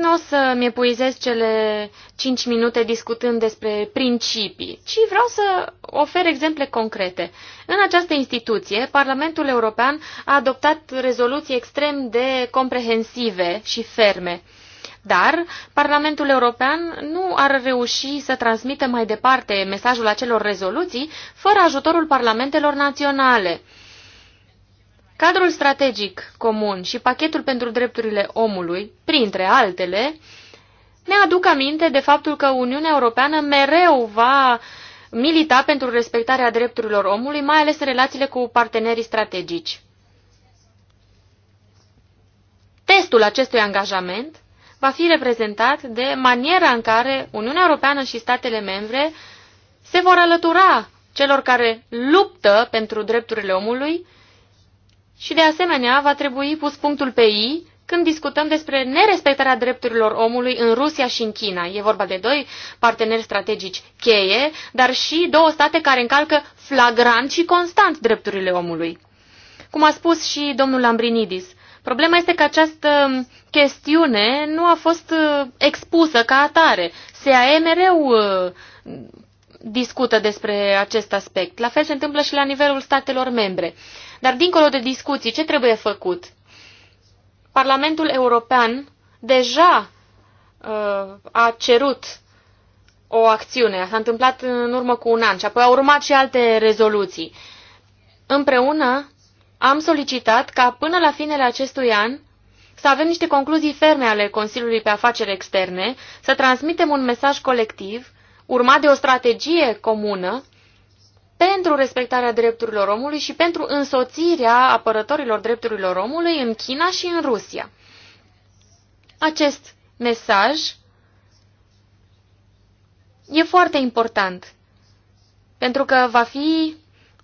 Speaker 3: Nu o să-mi epuizez cele cinci minute discutând despre principii, ci vreau să ofer exemple concrete. În această instituție, Parlamentul European a adoptat rezoluții extrem de comprehensive și ferme. Dar Parlamentul European nu ar reuși să transmită mai departe mesajul acelor rezoluții fără ajutorul parlamentelor naționale. Cadrul strategic comun și pachetul pentru drepturile omului, printre altele, ne aduc aminte de faptul că Uniunea Europeană mereu va milita pentru respectarea drepturilor omului, mai ales în relațiile cu partenerii strategici. Testul acestui angajament va fi reprezentat de maniera în care Uniunea Europeană și statele membre se vor alătura celor care luptă pentru drepturile omului și de asemenea va trebui pus punctul pe I când discutăm despre nerespectarea drepturilor omului în Rusia și în China. E vorba de doi parteneri strategici cheie, dar și două state care încalcă flagrant și constant drepturile omului. Cum a spus și domnul Lambrinidis, problema este că această chestiune nu a fost uh, expusă ca atare. SAE mereu uh, discută despre acest aspect. La fel se întâmplă și la nivelul statelor membre. Dar dincolo de discuții, ce trebuie făcut? Parlamentul European deja uh, a cerut o acțiune. S-a întâmplat în urmă cu un an și apoi au urmat și alte rezoluții. Împreună am solicitat ca până la finele acestui an să avem niște concluzii ferme ale Consiliului pe afaceri externe, să transmitem un mesaj colectiv, urmat de o strategie comună pentru respectarea drepturilor omului și pentru însoțirea apărătorilor drepturilor omului în China și în Rusia. Acest mesaj e foarte important, pentru că va fi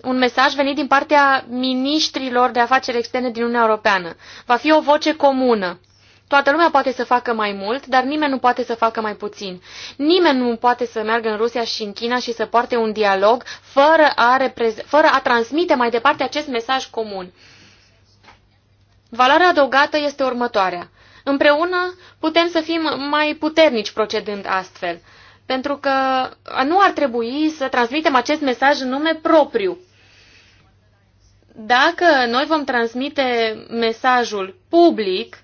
Speaker 3: un mesaj venit din partea ministrilor de afaceri externe din Uniunea Europeană. Va fi o voce comună. Toată lumea poate să facă mai mult, dar nimeni nu poate să facă mai puțin. Nimeni nu poate să meargă în Rusia și în China și să poarte un dialog fără a, fără a transmite mai departe acest mesaj comun. Valoarea adăugată este următoarea. Împreună putem să fim mai puternici procedând astfel, pentru că nu ar trebui să transmitem acest mesaj în nume propriu. Dacă noi vom transmite mesajul public,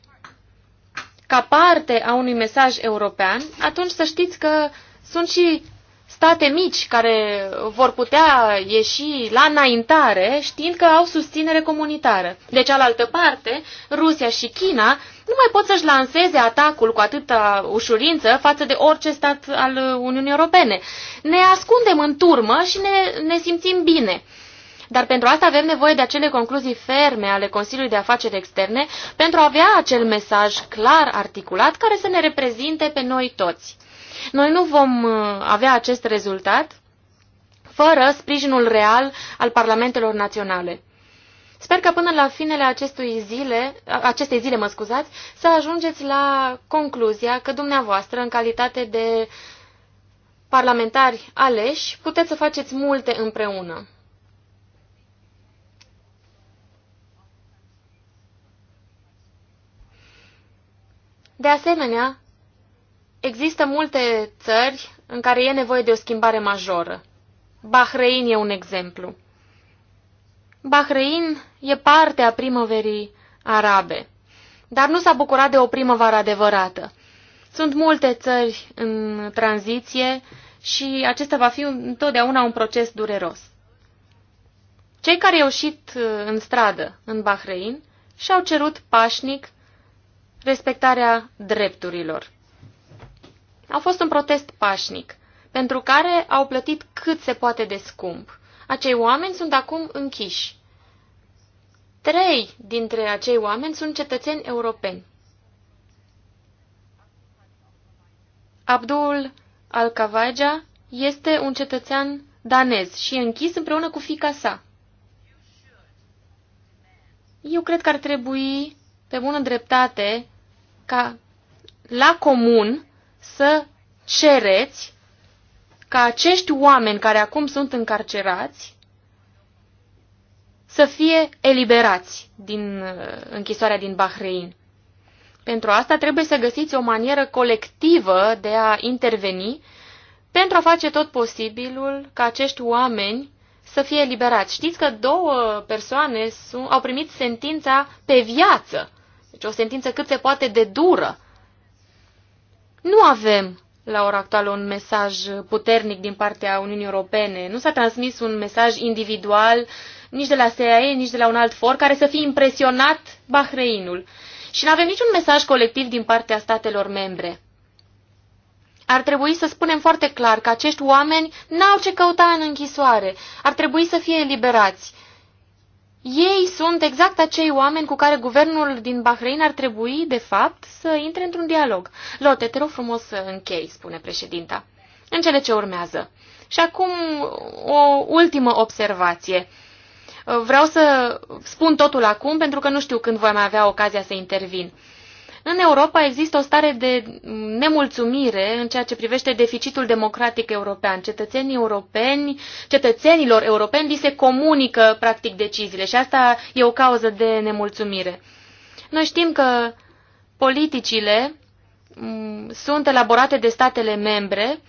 Speaker 3: ca parte a unui mesaj european, atunci să știți că sunt și state mici care vor putea ieși la înaintare știind că au susținere comunitară. De cealaltă parte, Rusia și China nu mai pot să-și lanseze atacul cu atâta ușurință față de orice stat al Uniunii Europene. Ne ascundem în turmă și ne, ne simțim bine. Dar pentru asta avem nevoie de acele concluzii ferme ale Consiliului de Afaceri Externe pentru a avea acel mesaj clar articulat care să ne reprezinte pe noi toți. Noi nu vom uh, avea acest rezultat fără sprijinul real al parlamentelor naționale. Sper că până la finele acestui zile, acestei zile, mă scuzați, să ajungeți la concluzia că dumneavoastră, în calitate de parlamentari aleși, puteți să faceți multe împreună. De asemenea, există multe țări în care e nevoie de o schimbare majoră. Bahrein e un exemplu. Bahrein e parte a primăverii arabe, dar nu s-a bucurat de o primăvară adevărată. Sunt multe țări în tranziție și acesta va fi întotdeauna un proces dureros. Cei care au ieșit uh, în stradă în Bahrein și-au cerut pașnic respectarea drepturilor. A fost un protest pașnic, pentru care au plătit cât se poate de scump. Acei oameni sunt acum închiși. Trei dintre acei oameni sunt cetățeni europeni. Abdul Al-Kavaja este un cetățean danez și e închis împreună cu fica sa. Eu cred că ar trebui pe bună dreptate ca la comun să cereți ca acești oameni care acum sunt încarcerați să fie eliberați din uh, închisoarea din Bahrein. Pentru asta trebuie să găsiți o manieră colectivă de a interveni pentru a face tot posibilul ca acești oameni să fie eliberați. Știți că două persoane au primit sentința pe viață deci o sentință cât se poate de dură. Nu avem la ora actuală un mesaj puternic din partea Uniunii Europene. Nu s-a transmis un mesaj individual nici de la CIA nici de la un alt for, care să fie impresionat Bahreinul. Și nu avem niciun mesaj colectiv din partea statelor membre. Ar trebui să spunem foarte clar că acești oameni n-au ce căuta în închisoare. Ar trebui să fie eliberați. Ei sunt exact acei oameni cu care guvernul din Bahrein ar trebui, de fapt, să intre într-un dialog. Lote, te rog frumos să închei, spune președinta. În cele ce urmează. Și acum o ultimă observație. Vreau să spun totul acum pentru că nu știu când voi mai avea ocazia să intervin. În Europa există o stare de nemulțumire în ceea ce privește deficitul democratic european. Cetățenii europeni, cetățenilor europeni li se comunică practic deciziile și asta e o cauză de nemulțumire. Noi știm că politicile mm, sunt elaborate de statele membre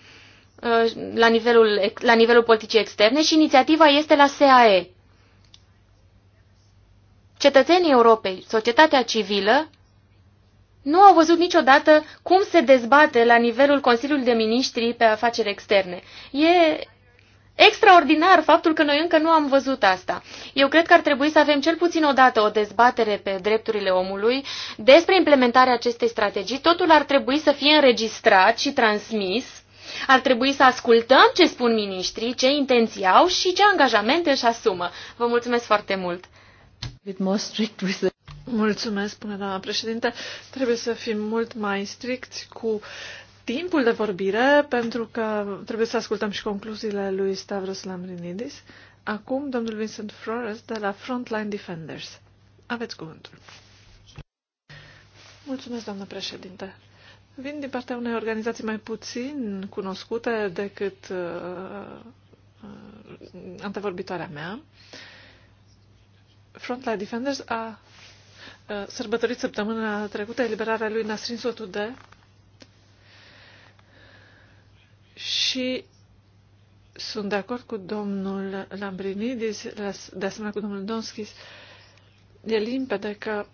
Speaker 3: uh, la nivelul, la nivelul politicii externe și inițiativa este la SAE. Cetățenii Europei, societatea civilă, nu au văzut niciodată cum se dezbate la nivelul Consiliului de Ministri pe afaceri externe. E extraordinar faptul că noi încă nu am văzut asta. Eu cred că ar trebui să avem cel puțin o dată o dezbatere pe drepturile omului despre implementarea acestei strategii. Totul ar trebui să fie înregistrat și transmis. Ar trebui să ascultăm ce spun ministrii, ce intenții au și ce angajamente
Speaker 4: își asumă. Vă mulțumesc foarte mult! Mulțumesc, până doamna președinte. Trebuie să fim mult mai stricți cu timpul de vorbire, pentru că trebuie să ascultăm și concluziile lui Stavros Lambrinidis. Acum, domnul Vincent Flores de la Frontline Defenders. Aveți cuvântul. Mulțumesc, doamnă președinte. Vin din partea unei organizații mai puțin cunoscute decât uh, uh, antevorbitoarea mea. Frontline Defenders a Uh, sărbătorit săptămâna trecută eliberarea lui Nasrin Sotude și sunt de acord cu domnul Lambrinidis, de asemenea cu domnul Donskis. E limpede că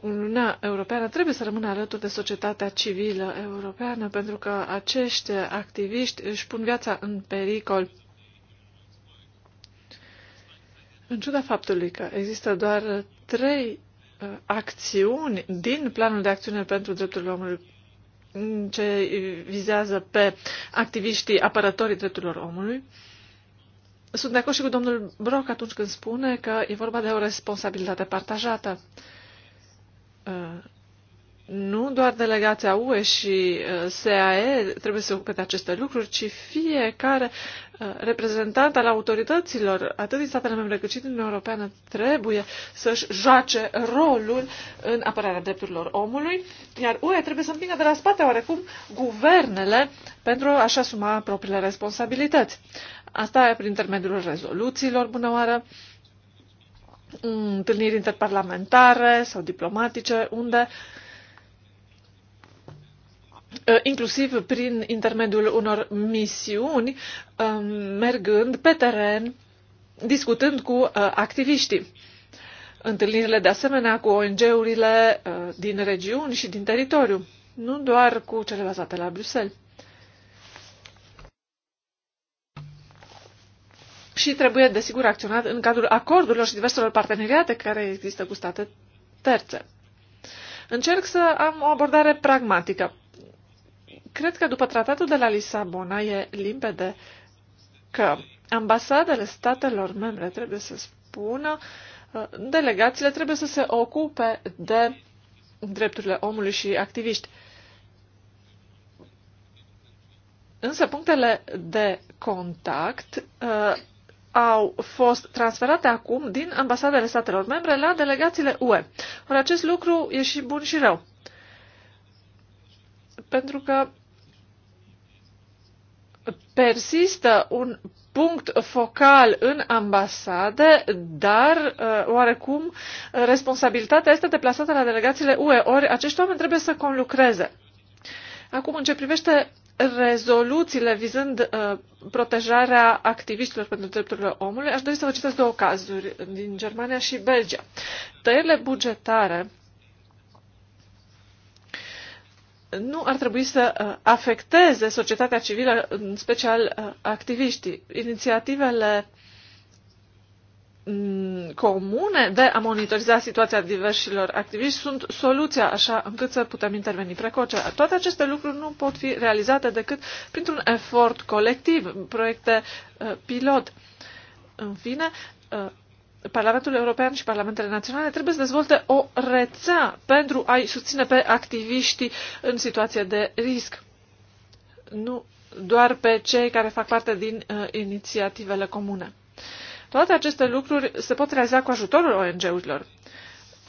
Speaker 4: Uniunea Europeană trebuie să rămână alături de societatea civilă europeană pentru că acești activiști își pun viața în pericol. În ciuda faptului că există doar trei Uh, acțiuni din planul de acțiune pentru drepturile omului mm, ce vizează pe activiștii apărătorii drepturilor omului. Sunt de acord și cu domnul Brock atunci când spune că e vorba de o responsabilitate partajată uh, nu doar delegația UE și uh, SAE trebuie să ocupe de aceste lucruri, ci fiecare uh, reprezentant al autorităților, atât din statele membre cât și din Europeană, trebuie să-și joace rolul în apărarea drepturilor omului, iar UE trebuie să împingă de la spate oarecum guvernele pentru a-și asuma propriile responsabilități. Asta e prin intermediul rezoluțiilor, bună oară, întâlniri interparlamentare sau diplomatice, unde uh, Eh, inclusiv prin intermediul unor misiuni, ehm, mergând pe teren, discutând cu eh, activiștii. Întâlnirile de asemenea cu ONG-urile eh, din regiuni și din teritoriu, nu doar cu cele bazate la Bruxelles. Și trebuie, desigur, acționat în cadrul acordurilor și diverselor parteneriate care există cu state terțe. Încerc să am o abordare pragmatică Cred că după tratatul de la Lisabona e limpede că ambasadele statelor membre trebuie să spună, uh, delegațiile trebuie să se ocupe de drepturile omului și activiști. Însă punctele de contact uh, au fost transferate acum din ambasadele statelor membre la delegațiile UE. Ori acest lucru e și bun și rău. Pentru că persistă un punct focal în ambasade, dar uh, oarecum responsabilitatea este deplasată la delegațiile UE, ori acești oameni trebuie să conlucreze. Acum, în ce privește rezoluțiile vizând uh, protejarea activiștilor pentru drepturile omului, aș dori să vă citesc două cazuri din Germania și Belgia. Tăierile bugetare nu ar trebui să uh, afecteze societatea civilă, în special uh, activiștii. Inițiativele mm, comune de a monitoriza situația diversilor activiști sunt soluția așa încât să putem interveni precoce. Toate aceste lucruri nu pot fi realizate decât printr-un efort colectiv, proiecte uh, pilot. În fine, Parlamentul European și Parlamentele Naționale trebuie să dezvolte o rețea pentru a-i susține pe activiștii în situație de risc. Nu doar pe cei care fac parte din uh, inițiativele comune. Toate aceste lucruri se pot realiza cu ajutorul ONG-urilor.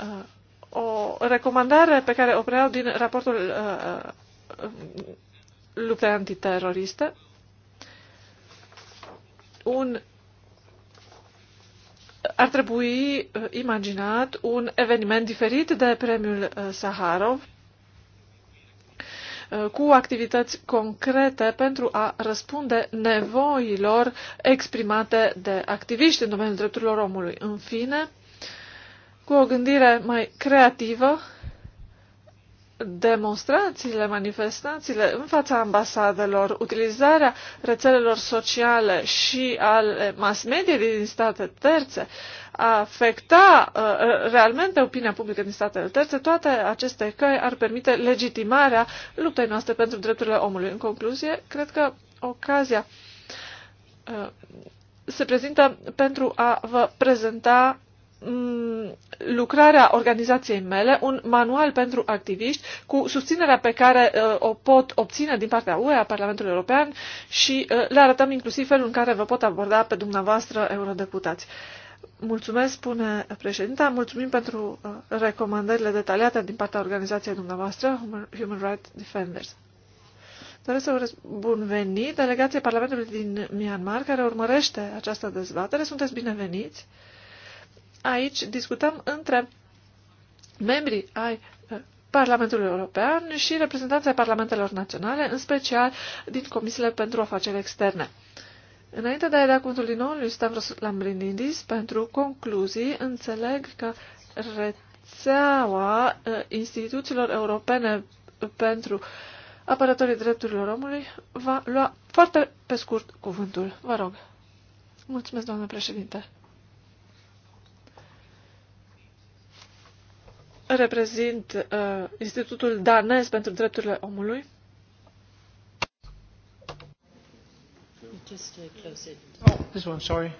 Speaker 4: Uh, o recomandare pe care o preiau din raportul uh, uh luptei antiteroriste, un ar trebui uh, imaginat un eveniment diferit de premiul uh, Saharov uh, cu activități concrete pentru a răspunde nevoilor exprimate de activiști în domeniul drepturilor omului. În fine, cu o gândire mai creativă, demonstrațiile, manifestațiile în fața ambasadelor, utilizarea rețelelor sociale și al mass media din state terțe, afecta uh, uh, realmente opinia publică din statele terțe, toate aceste căi ar permite legitimarea luptei noastre pentru drepturile omului. În concluzie, cred că ocazia uh, se prezintă pentru a vă prezenta Mm, lucrarea organizației mele, un manual pentru activiști cu susținerea pe care uh, o pot obține din partea UE a Parlamentului European și uh, le arătăm inclusiv felul în care vă pot aborda pe dumneavoastră eurodeputați. Mulțumesc, spune președinta, mulțumim pentru uh, recomandările detaliate din partea organizației dumneavoastră, Human Rights Defenders. Doresc să urez bun venit delegația Parlamentului din Myanmar care urmărește această dezbatere. Sunteți bineveniți! aici discutăm între membrii ai uh, Parlamentului European și reprezentanții Parlamentelor Naționale, în special din Comisiile pentru Afaceri Externe. Înainte de a-i da cuvântul din nou lui Stavros Lambrinidis pentru concluzii, înțeleg că rețeaua uh, instituțiilor europene pentru apărătorii drepturilor omului va lua foarte pe scurt cuvântul. Vă rog. Mulțumesc, doamnă președinte. reprezint uh, Institutul Danez pentru Drepturile Omului. Oh, this one, sorry.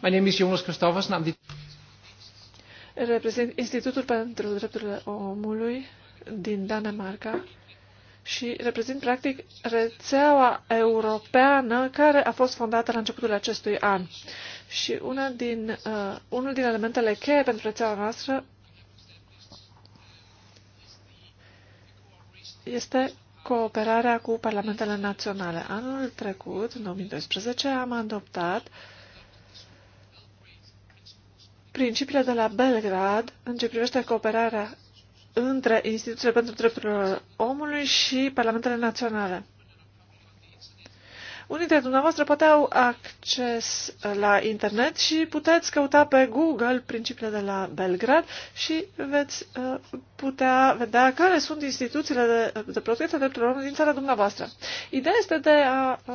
Speaker 4: My name is Jonas Christoffers I'm the... Reprezint Institutul pentru Drepturile Omului din Danemarca și reprezint practic rețeaua europeană care a fost fondată la începutul acestui an. Uh, și una din, uh, unul din elementele cheie pentru rețeaua noastră este cooperarea cu parlamentele naționale. Anul trecut, în 2012, am adoptat principiile de la Belgrad în ce privește cooperarea între instituțiile pentru drepturile omului și parlamentele naționale. Unii dintre dumneavoastră poate au acces la internet și puteți căuta pe Google principiile de la Belgrad și veți uh, putea vedea care sunt instituțiile de, de protecție a drepturilor omului din țara dumneavoastră. Ideea este de a uh,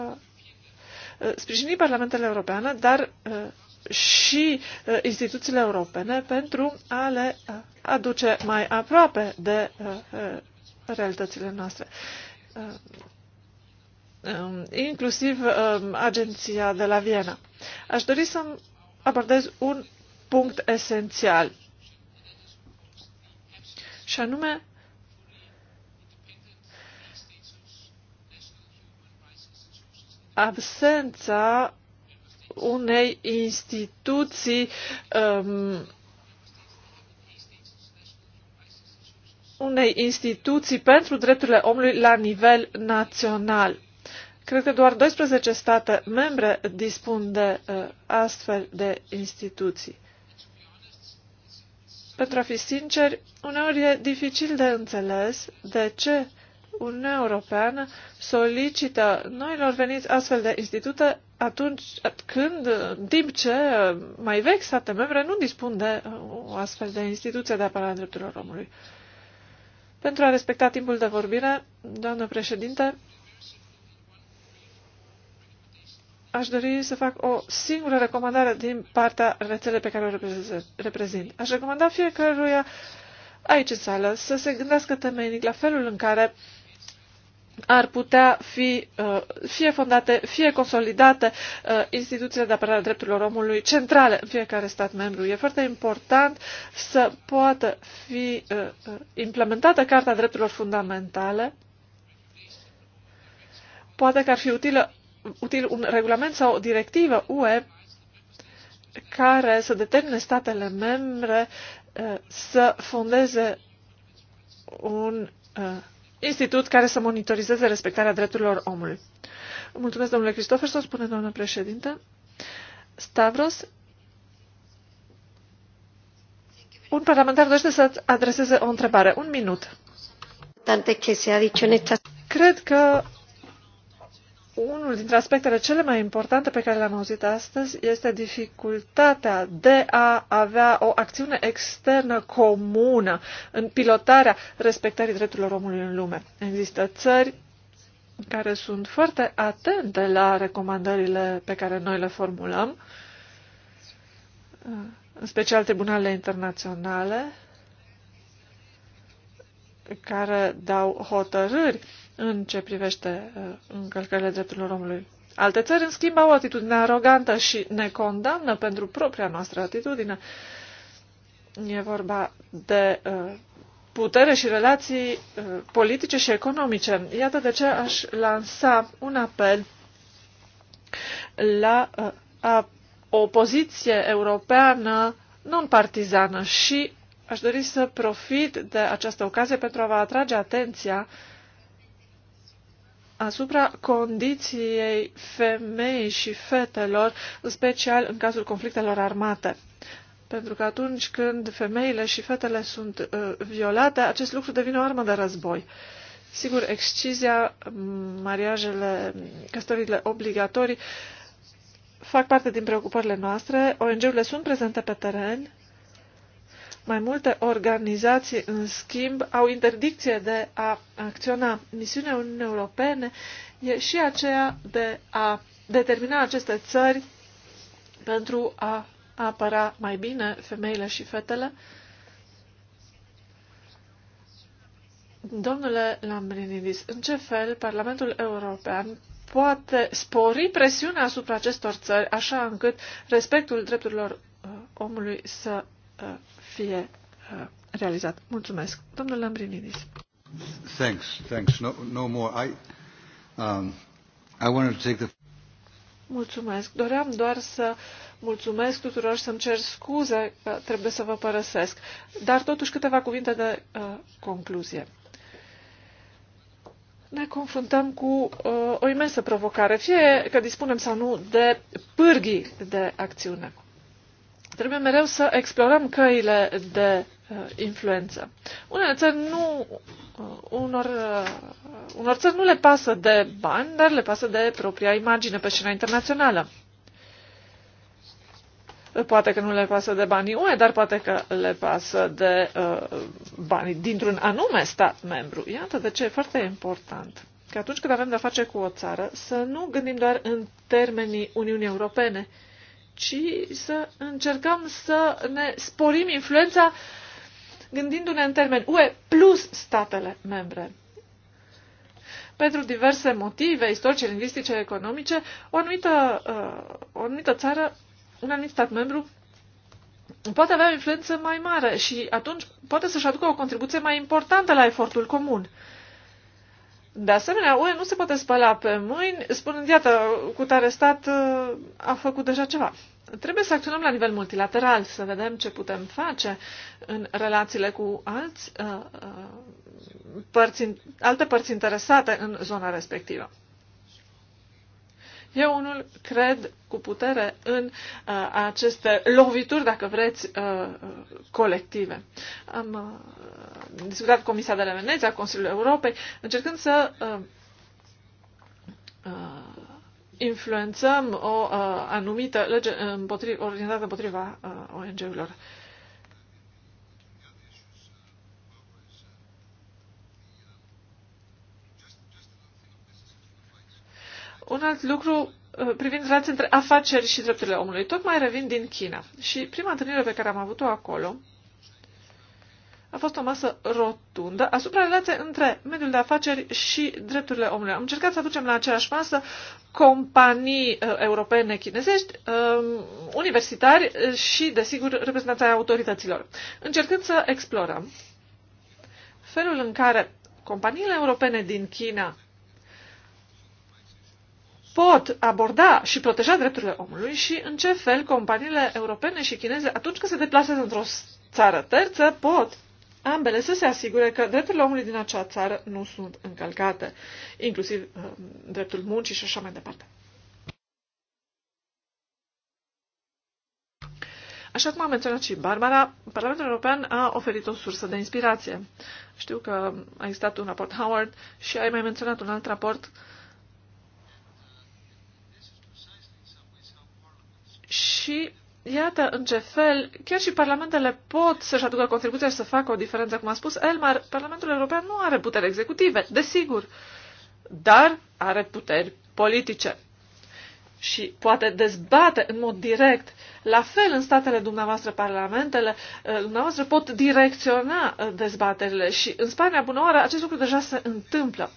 Speaker 4: uh, sprijini Parlamentele Europeană, dar și instituțiile europene pentru a le aduce mai aproape de realitățile noastre Um, inclusiv um, agenția de la Viena. Aș dori să abordez un punct esențial și anume absența unei instituții um, unei instituții pentru drepturile omului la nivel național. Cred că doar 12 state membre dispun de uh, astfel de instituții. Pentru a fi sinceri, uneori e dificil de înțeles de ce Uniunea Europeană solicită noilor veniți astfel de institute atunci când, în timp ce uh, mai vechi state membre nu dispun de uh, o astfel de instituție de apărare a drepturilor omului. Pentru a respecta timpul de vorbire, doamnă președinte, aș dori să fac o singură recomandare din partea rețelei pe care o reprezint. Aș recomanda fiecăruia aici în sală să se gândească temeinic la felul în care ar putea fi uh, fie fondate, fie consolidate uh, instituțiile de apărare a drepturilor omului centrale în fiecare stat membru. E foarte important să poată fi uh, implementată Carta Drepturilor Fundamentale. Poate că ar fi utilă util un regulament sau o directivă UE care să determine statele membre uh, să fondeze un uh, institut care să monitorizeze respectarea drepturilor omului. Mulțumesc, domnule să spune doamna președinte. Stavros, un parlamentar dorește să adreseze o întrebare. Un minut. Cred că unul dintre aspectele cele mai importante pe care le-am auzit astăzi este dificultatea de a avea o acțiune externă comună în pilotarea respectării drepturilor omului în lume. Există țări care sunt foarte atente la recomandările pe care noi le formulăm, în special tribunalele internaționale, care dau hotărâri în ce privește uh, încălcările drepturilor omului. Alte țări, în schimb, au o atitudine arogantă și ne condamnă pentru propria noastră atitudine. E vorba de uh, putere și relații uh, politice și economice. Iată de ce aș lansa un apel la uh, a, o poziție europeană non-partizană și aș dori să profit de această ocazie pentru a vă atrage atenția uh, asupra condiției femei și fetelor, în special în cazul conflictelor armate. Pentru că atunci când femeile și fetele sunt uh, violate, acest lucru devine o armă de război. Sigur, excizia, mariajele, căsătorile obligatorii fac parte din preocupările noastre. ONG-urile sunt prezente pe teren mai multe organizații, în schimb, au interdicție de a acționa. Misiunea Uniunii Europene e și aceea de a determina aceste țări pentru a apăra mai bine femeile și fetele. Domnule Lambrinidis, în ce fel Parlamentul European poate spori presiunea asupra acestor țări, așa încât respectul drepturilor uh, omului să uh, fie uh, realizat. Mulțumesc. Domnule Ambrinidis.
Speaker 1: Thanks, thanks. No, no more. I, um, I wanted to take the...
Speaker 4: Mulțumesc. Doream doar să mulțumesc tuturor și să-mi cer scuze că trebuie să vă părăsesc. Dar totuși câteva cuvinte de uh, concluzie. Ne confruntăm cu uh, o imensă provocare, fie că dispunem sau nu de pârghii de acțiune. Trebuie mereu să explorăm căile de uh, influență. Unele țări nu, uh, unor, uh, unor țări nu le pasă de bani, dar le pasă de propria imagine pe scena internațională. Poate că nu le pasă de banii UE, dar poate că le pasă de uh, banii dintr-un anume stat membru. Iată de ce e foarte important că atunci când avem de-a face cu o țară, să nu gândim doar în termenii Uniunii Europene, uh, ci să încercăm să ne sporim influența gândindu-ne în termeni UE plus statele membre. Pentru diverse motive istorice, lingvistice, economice, o anumită, uh, o anumită țară, un anumit stat membru poate avea o influență mai mare și atunci poate să-și aducă o contribuție mai importantă la efortul comun. De asemenea, UE nu se poate spăla pe mâini spunând, iată, cu tare stat uh, a făcut deja ceva. Trebuie să acționăm la nivel multilateral, să vedem ce putem face în relațiile cu alți, uh, uh, părți, alte părți interesate în zona respectivă. Eu unul cred cu putere în uh, aceste lovituri, dacă vreți, uh, uh, colective. Am uh, discutat cu Comisia de la Veneția, Consiliul Europei, încercând să uh, uh, influențăm o uh, anumită lege împotriva, orientată împotriva uh, ONG-urilor. Uh, un alt lucru uh, privind relația între afaceri și drepturile omului. Tocmai revin din China și prima întâlnire pe care am avut-o acolo a fost o masă rotundă asupra relației între mediul de afaceri și drepturile omului. Am încercat să aducem la aceeași masă companii uh, europene chinezești, uh, universitari și, desigur, reprezentanța autorităților, încercând să explorăm felul în care companiile europene din China pot aborda și proteja drepturile omului și în ce fel companiile europene și chineze, atunci când se deplasează într-o țară terță, pot ambele să se asigure că drepturile omului din acea țară nu sunt încălcate, inclusiv uh, dreptul muncii și așa mai departe. Așa cum a menționat și Barbara, Parlamentul European a oferit o sursă de inspirație. Știu că a existat un raport Howard și ai mai menționat un alt raport uh, Și iată în ce fel chiar și parlamentele pot să-și aducă contribuția și să facă o diferență. Cum a spus Elmar, Parlamentul European nu are puteri executive, desigur, dar are puteri politice și poate dezbate în mod direct. La fel, în statele dumneavoastră, parlamentele eh, dumneavoastră pot direcționa eh, dezbaterile și în Spania, bună oară, acest lucru deja se întâmplă.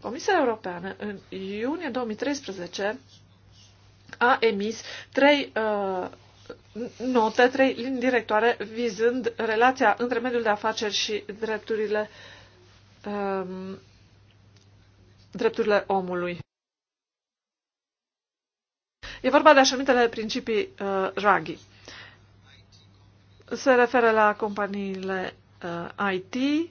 Speaker 4: Comisia Europeană, în iunie 2013, a emis trei uh, note, trei linii directoare vizând relația între mediul de afaceri și drepturile, um, drepturile omului. E vorba de așa numitele principii uh, RAGI. Se referă la companiile uh, IT, uh,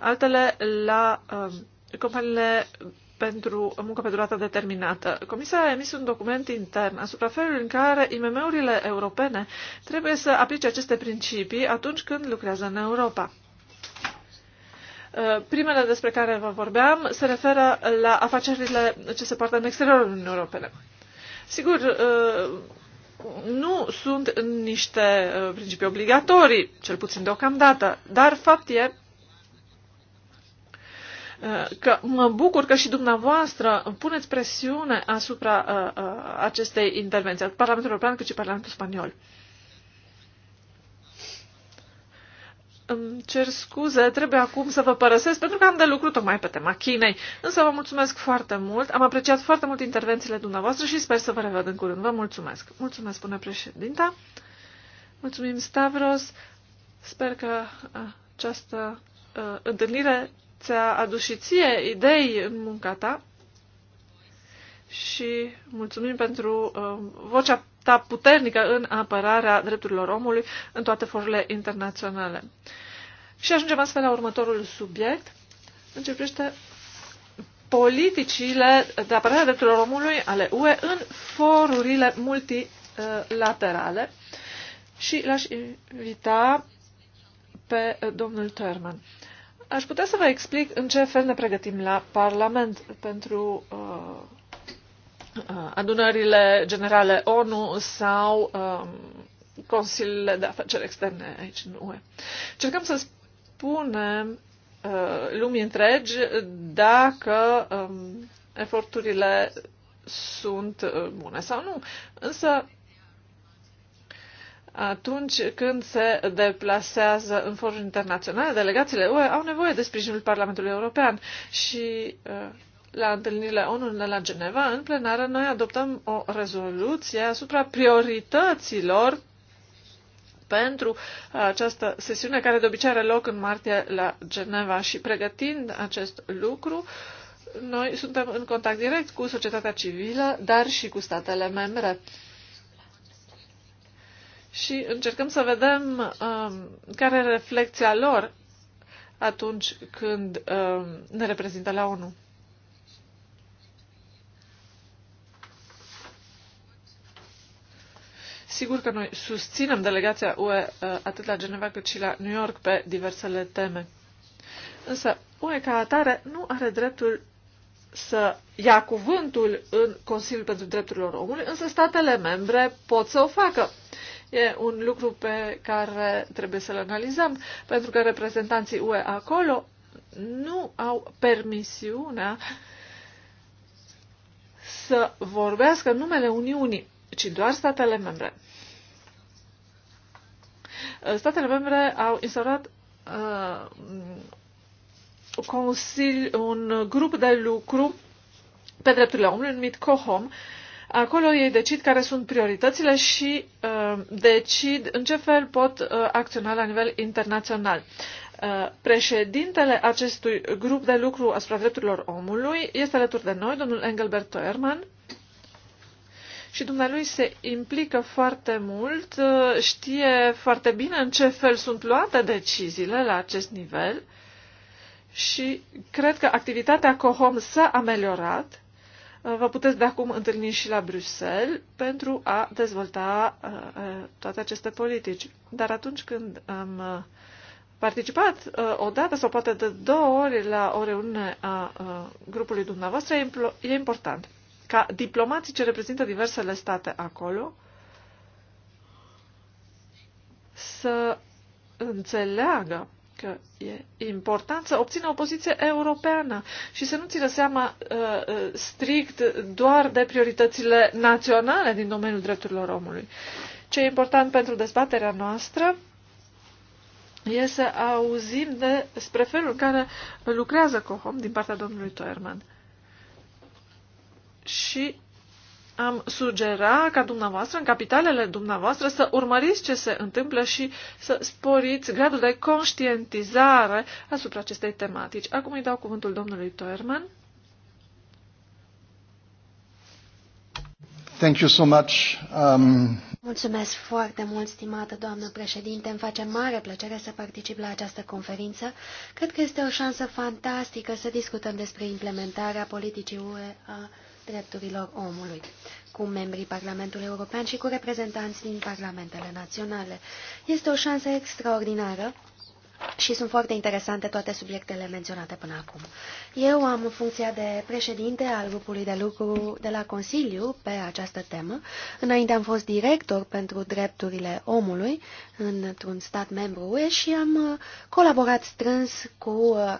Speaker 4: altele la uh, companiile pentru muncă pe durată determinată. Comisia a emis un document intern asupra felului în care IMM-urile europene trebuie să aplice aceste principii atunci când lucrează în Europa. Uh, primele despre care vă vorbeam se referă la afacerile ce se poartă în exteriorul Uniunii Europene. Sigur, uh, nu sunt niște uh, principii obligatorii, cel puțin deocamdată, dar fapt e Uh, că mă bucur că și dumneavoastră puneți presiune asupra uh, uh, acestei intervenții, atât Parlamentul European cât și Parlamentul Spaniol. Îmi cer scuze, trebuie acum să vă părăsesc pentru că am de lucru tocmai pe tema Chinei. Însă vă mulțumesc foarte mult, am apreciat foarte mult intervențiile dumneavoastră și sper să vă revăd în curând. Vă mulțumesc. Mulțumesc, spune președinta. Mulțumim, Stavros. Sper că această uh, întâlnire ți-a adus și ție idei în munca ta și mulțumim pentru uh, vocea ta puternică în apărarea drepturilor omului în toate forurile internaționale. Și ajungem astfel la următorul subiect. Începește politicile de apărare a drepturilor omului ale UE în forurile multilaterale. Și l-aș invita pe domnul Terman. Aș putea să vă explic în ce fel ne pregătim la Parlament pentru uh, uh adunările generale ONU sau uh, consiliile de afaceri externe aici în UE. Cercăm să spunem uh, lumii întregi dacă um, eforturile sunt uh, bune sau nu. Însă atunci când se deplasează în foruri internaționale, delegațiile UE au nevoie de sprijinul Parlamentului European și uh, la întâlnirile ONU de la Geneva, în plenară, noi adoptăm o rezoluție asupra priorităților pentru această sesiune care de obicei are loc în martie la Geneva și pregătind acest lucru, noi suntem în contact direct cu societatea civilă, dar și cu statele membre și încercăm să vedem um, care e reflexia lor atunci când um, ne reprezintă la ONU. Sigur că noi susținem delegația UE uh, atât la Geneva cât și la New York pe diversele teme. Însă UE ca atare nu are dreptul să ia cuvântul în Consiliul pentru Drepturile Omului, însă statele membre pot să o facă. E un lucru pe care trebuie să-l analizăm, pentru că reprezentanții UE acolo nu au permisiunea să vorbească numele Uniunii, ci doar statele membre. Statele membre au instaurat uh, un grup de lucru pe drepturile omului numit COHOM, Acolo ei decid care sunt prioritățile și uh, decid în ce fel pot uh, acționa la nivel internațional. Uh, președintele acestui grup de lucru asupra drepturilor omului este alături de noi, domnul Engelbert Toerman, și dumnealui se implică foarte mult, uh, știe foarte bine în ce fel sunt luate deciziile la acest nivel și cred că activitatea COHOM s-a ameliorat Uh, vă puteți de acum întâlni și la Bruxelles pentru a dezvolta uh, uh, toate aceste politici. Dar atunci când am participat o dată sau poate de două ori la o reuniune a grupului dumneavoastră, e important ca diplomații ce reprezintă diversele state acolo să înțeleagă că e important să obțină o poziție europeană și să nu țină seama uh, uh, strict doar de prioritățile naționale din domeniul drepturilor omului. Ce e important pentru dezbaterea noastră e să auzim despre felul în care lucrează COHOM din partea domnului Toerman. Și am sugera ca dumneavoastră, în capitalele dumneavoastră, să urmăriți ce se întâmplă și să sporiți gradul de conștientizare asupra acestei tematici. Acum îi dau cuvântul domnului Toerman.
Speaker 1: Thank you so much. Um...
Speaker 2: Mulțumesc foarte mult, stimată doamnă președinte. Îmi face mare plăcere să particip la această conferință. Cred că este o șansă fantastică să discutăm despre implementarea politicii UE a drepturilor omului, cu membrii Parlamentului European și cu reprezentanți din parlamentele naționale. Este o șansă extraordinară și sunt foarte interesante toate subiectele menționate până acum. Eu am funcția de președinte al grupului de lucru de la Consiliu pe această temă. Înainte am fost director pentru drepturile omului într-un stat membru UE și am uh, colaborat strâns cu uh,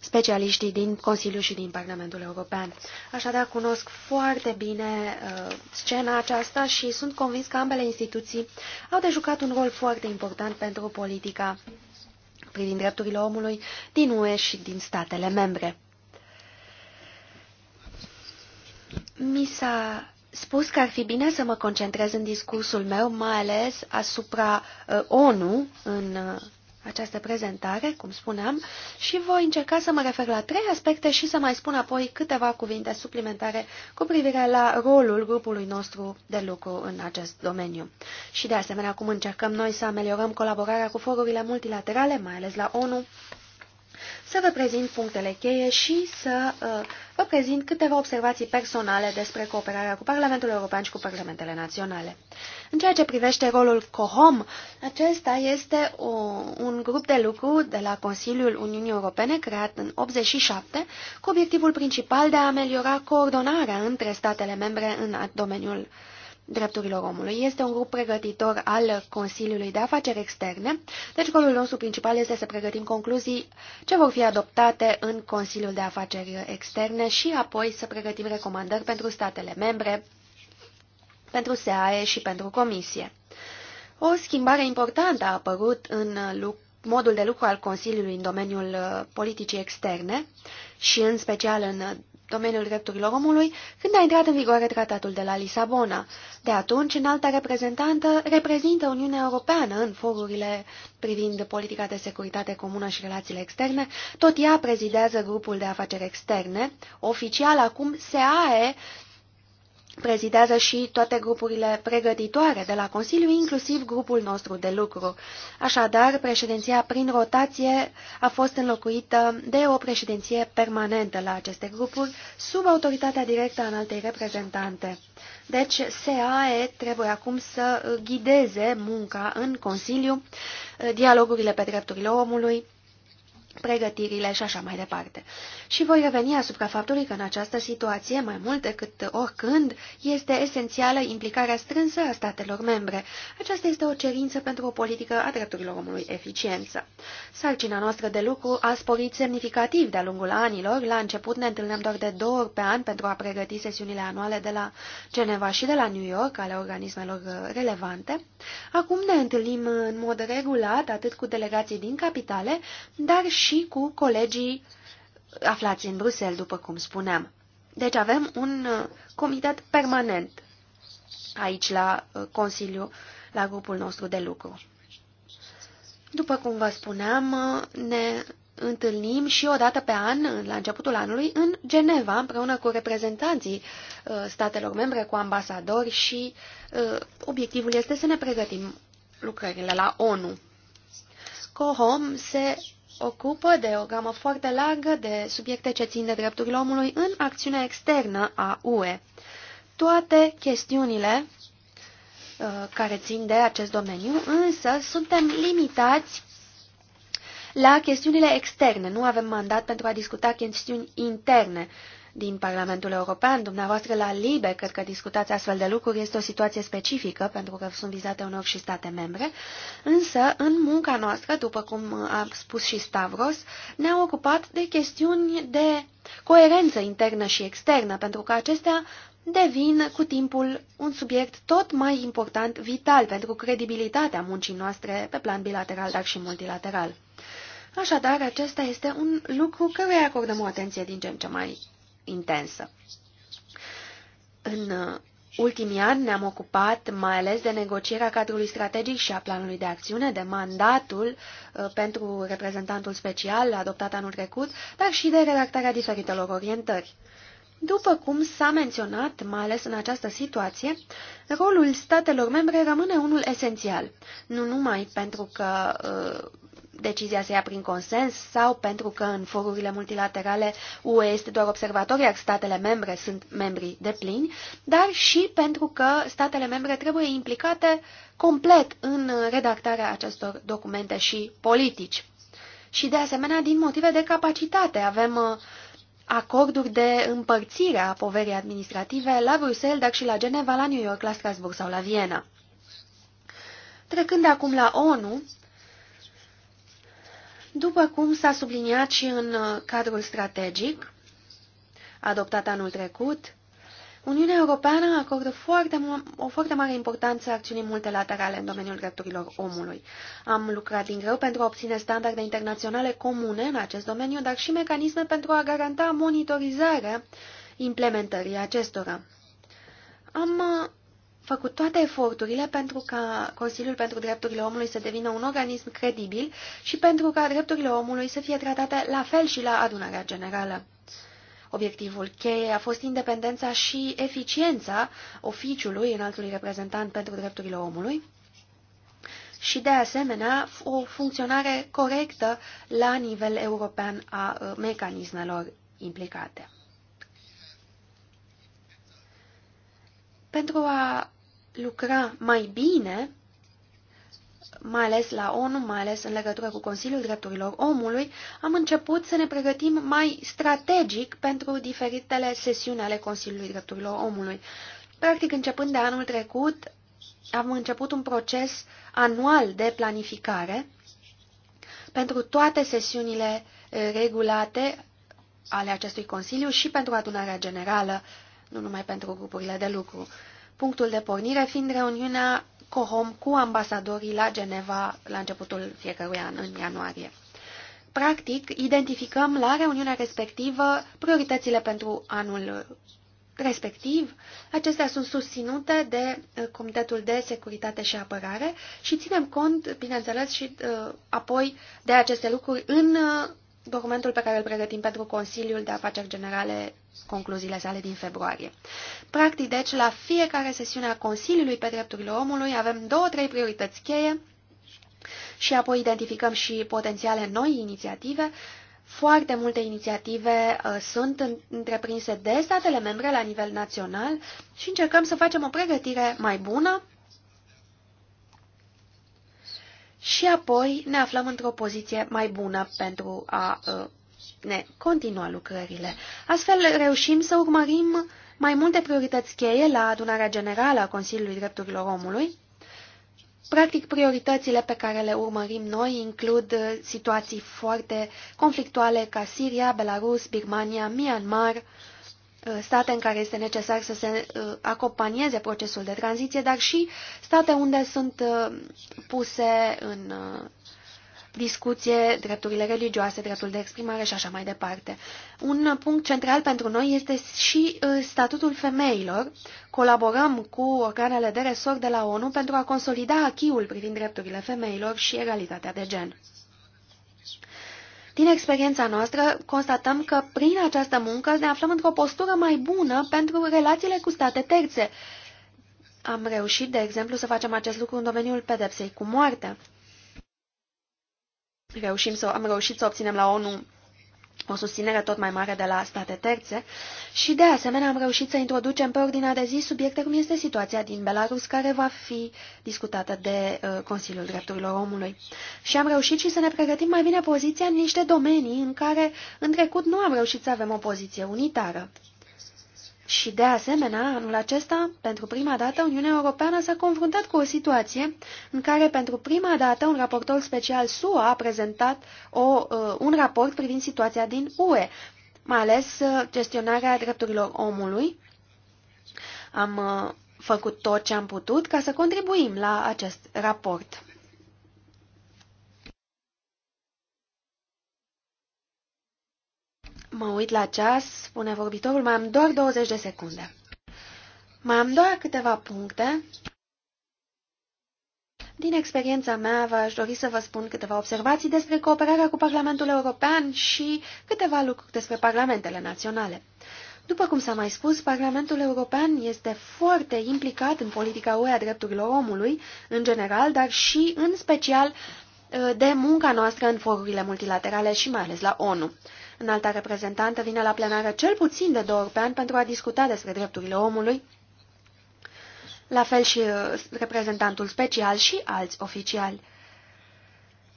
Speaker 2: specialiștii din Consiliu și din Parlamentul European. Așadar, cunosc foarte bine uh, scena aceasta și sunt convins că ambele instituții au de jucat un rol foarte important pentru politica privind drepturile omului din UE și din statele membre. Mi s-a spus că ar fi bine să mă concentrez în discursul meu, mai ales asupra uh, ONU în uh, această prezentare, cum spuneam, și voi încerca să mă refer la trei aspecte și să mai spun apoi câteva cuvinte suplimentare cu privire la rolul grupului nostru de lucru în acest domeniu. Și de asemenea, cum încercăm noi să ameliorăm colaborarea cu forurile multilaterale, mai ales la ONU, să vă prezint punctele cheie și să uh, vă prezint câteva observații personale despre cooperarea cu Parlamentul European și cu Parlamentele Naționale. În ceea ce privește rolul COHOM, acesta este o, un grup de lucru de la Consiliul Uniunii Europene creat în 87 cu obiectivul principal de a ameliora coordonarea între statele membre în domeniul uh, drepturilor omului. Este un grup pregătitor al Consiliului de Afaceri Externe, deci rolul nostru principal este să pregătim concluzii ce vor fi adoptate în Consiliul de Afaceri Externe și apoi să pregătim recomandări pentru statele membre, pentru SAE și pentru Comisie. O schimbare importantă a apărut în modul de lucru al Consiliului în domeniul uh, politicii externe și în special în domeniul drepturilor omului când a intrat în vigoare tratatul de la Lisabona. De atunci, înalta reprezentantă reprezintă Uniunea Europeană în forurile privind politica de securitate comună și relațiile externe, tot ea prezidează grupul de afaceri externe, oficial acum SAE, prezidează și toate grupurile pregătitoare de la Consiliu, inclusiv grupul nostru de lucru. Așadar, președinția prin rotație a fost înlocuită de o președinție permanentă la aceste grupuri, sub autoritatea directă a înaltei reprezentante. Deci, SAE trebuie acum să ghideze munca în Consiliu, dialogurile pe drepturile omului, pregătirile și așa mai departe. Și voi reveni asupra faptului că în această situație, mai mult decât oricând, este esențială implicarea strânsă a statelor membre. Aceasta este o cerință pentru o politică a drepturilor omului eficiență. Sarcina noastră de lucru a sporit semnificativ de-a lungul anilor. La început ne întâlneam doar de două ori pe an pentru a pregăti sesiunile anuale de la Geneva și de la New York ale organismelor relevante. Acum ne întâlnim în mod regulat, atât cu delegații din capitale, dar și și cu colegii aflați în Bruxelles, după cum spuneam. Deci avem un uh, comitet permanent aici la uh, Consiliu, la grupul nostru de lucru. După cum vă spuneam, uh, ne întâlnim și o dată pe an, la începutul anului, în Geneva, împreună cu reprezentanții statelor membre, cu ambasadori și obiectivul este să ne pregătim lucrările la ONU. COHOM se ocupă de o gamă foarte largă de subiecte ce țin de drepturile omului în acțiunea externă a UE. Toate chestiunile uh, care țin de acest domeniu, însă suntem limitați la chestiunile externe. Nu avem mandat pentru a discuta chestiuni interne. Uh, din Parlamentul European. Dumneavoastră la LIBE, cred că discutați astfel de lucruri, este o situație specifică, pentru că sunt vizate unor și state membre. Însă, în munca noastră, după cum a spus și Stavros, ne-am ocupat de chestiuni de coerență internă și externă, pentru că acestea devin cu timpul un subiect tot mai important, vital pentru credibilitatea muncii noastre pe plan bilateral, dar și multilateral. Așadar, acesta este un lucru căruia acordăm o atenție din ce în ce mai intensă. În uh, ultimii ani ne-am ocupat mai ales de negocierea cadrului strategic și a planului de acțiune, de mandatul uh, pentru reprezentantul special adoptat anul trecut, dar și de redactarea diferitelor orientări. După cum s-a menționat, mai ales în această situație, rolul statelor membre rămâne unul esențial, nu numai pentru că uh, decizia se ia prin consens sau pentru că în forurile multilaterale UE este doar observator, iar statele membre sunt membri de plini, dar și pentru că statele membre trebuie implicate complet în redactarea acestor documente și politici. Și de asemenea, din motive de capacitate, avem uh, acorduri de împărțire a poverii administrative la Bruxelles, dar și la Geneva, la New York, la Strasburg sau la Viena. Trecând acum la ONU, după cum s-a subliniat și în uh, cadrul strategic adoptat anul trecut, Uniunea Europeană acordă foarte, o foarte mare importanță acțiunii multilaterale în domeniul drepturilor omului. Am lucrat din greu pentru a obține standarde internaționale comune în acest domeniu, dar și mecanisme pentru a garanta monitorizarea implementării acestora. Am uh, făcut toate eforturile pentru ca Consiliul pentru Drepturile Omului să devină un organism credibil și pentru ca drepturile omului să fie tratate la fel și la adunarea generală. Obiectivul cheie a fost independența și eficiența oficiului înaltului reprezentant pentru drepturile omului și, de asemenea, o funcționare corectă la nivel european a uh, mecanismelor implicate. Pentru a lucra mai bine, mai ales la ONU, mai ales în legătură cu Consiliul Drepturilor Omului, am început să ne pregătim mai strategic pentru diferitele sesiuni ale Consiliului Drepturilor Omului. Practic, începând de anul trecut, am început un proces anual de planificare pentru toate sesiunile eh, regulate ale acestui Consiliu și pentru adunarea generală, nu numai pentru grupurile de lucru punctul de pornire fiind reuniunea COHOM cu ambasadorii la Geneva la începutul fiecărui an, în ianuarie. Practic, identificăm la reuniunea respectivă prioritățile pentru anul respectiv. Acestea sunt susținute de uh, Comitetul de Securitate și Apărare și ținem cont, bineînțeles, și uh, apoi de aceste lucruri în uh, documentul pe care îl pregătim pentru Consiliul de Afaceri Generale concluziile sale din februarie. Practic, deci, la fiecare sesiune a Consiliului pe drepturile omului avem două-trei priorități cheie și apoi identificăm și potențiale noi inițiative. Foarte multe inițiative uh, sunt întreprinse de statele membre la nivel național și încercăm să facem o pregătire mai bună și apoi ne aflăm într-o poziție mai bună pentru a uh, ne continua lucrările. Astfel reușim să urmărim mai multe priorități cheie la adunarea generală a Consiliului Drepturilor Omului. Practic, prioritățile pe care le urmărim noi includ situații foarte conflictuale ca Siria, Belarus, Birmania, Myanmar, state în care este necesar să se uh, acompanieze procesul de tranziție, dar și state unde sunt uh, puse în uh, discuție, drepturile religioase, dreptul de exprimare și așa mai departe. Un punct central pentru noi este și uh, statutul femeilor. Colaborăm cu organele de resort de la ONU pentru a consolida achiul privind drepturile femeilor și egalitatea de gen. Din experiența noastră, constatăm că prin această muncă ne aflăm într-o postură mai bună pentru relațiile cu state terțe. Am reușit, de exemplu, să facem acest lucru în domeniul pedepsei cu moartea reușim să, am reușit să obținem la ONU o susținere tot mai mare de la state terțe și, de asemenea, am reușit să introducem pe ordinea de zi subiecte cum este situația din Belarus, care va fi discutată de uh, Consiliul Drepturilor Omului. Și am reușit și să ne pregătim mai bine poziția în niște domenii în care, în trecut, nu am reușit să avem o poziție unitară. Și de asemenea, anul acesta, pentru prima dată, Uniunea Europeană s-a confruntat cu o situație în care pentru prima dată un raportor special SUA a prezentat o, uh, un raport privind situația din UE, mai ales uh, gestionarea drepturilor omului. Am uh, făcut tot ce am putut ca să contribuim la acest raport. Mă uit la ceas, spune vorbitorul, mai am doar 20 de secunde. Mai am doar câteva puncte. Din experiența mea, v-aș dori să vă spun câteva observații despre cooperarea cu Parlamentul European și câteva lucruri despre parlamentele naționale. După cum s-a mai spus, Parlamentul European este foarte implicat în politica UE a drepturilor omului, în general, dar și, în special, de munca noastră în forurile multilaterale și mai ales la ONU. Înalta reprezentantă vine la plenară cel puțin de două ori pe an pentru a discuta despre drepturile omului, la fel și uh, reprezentantul special și alți oficiali.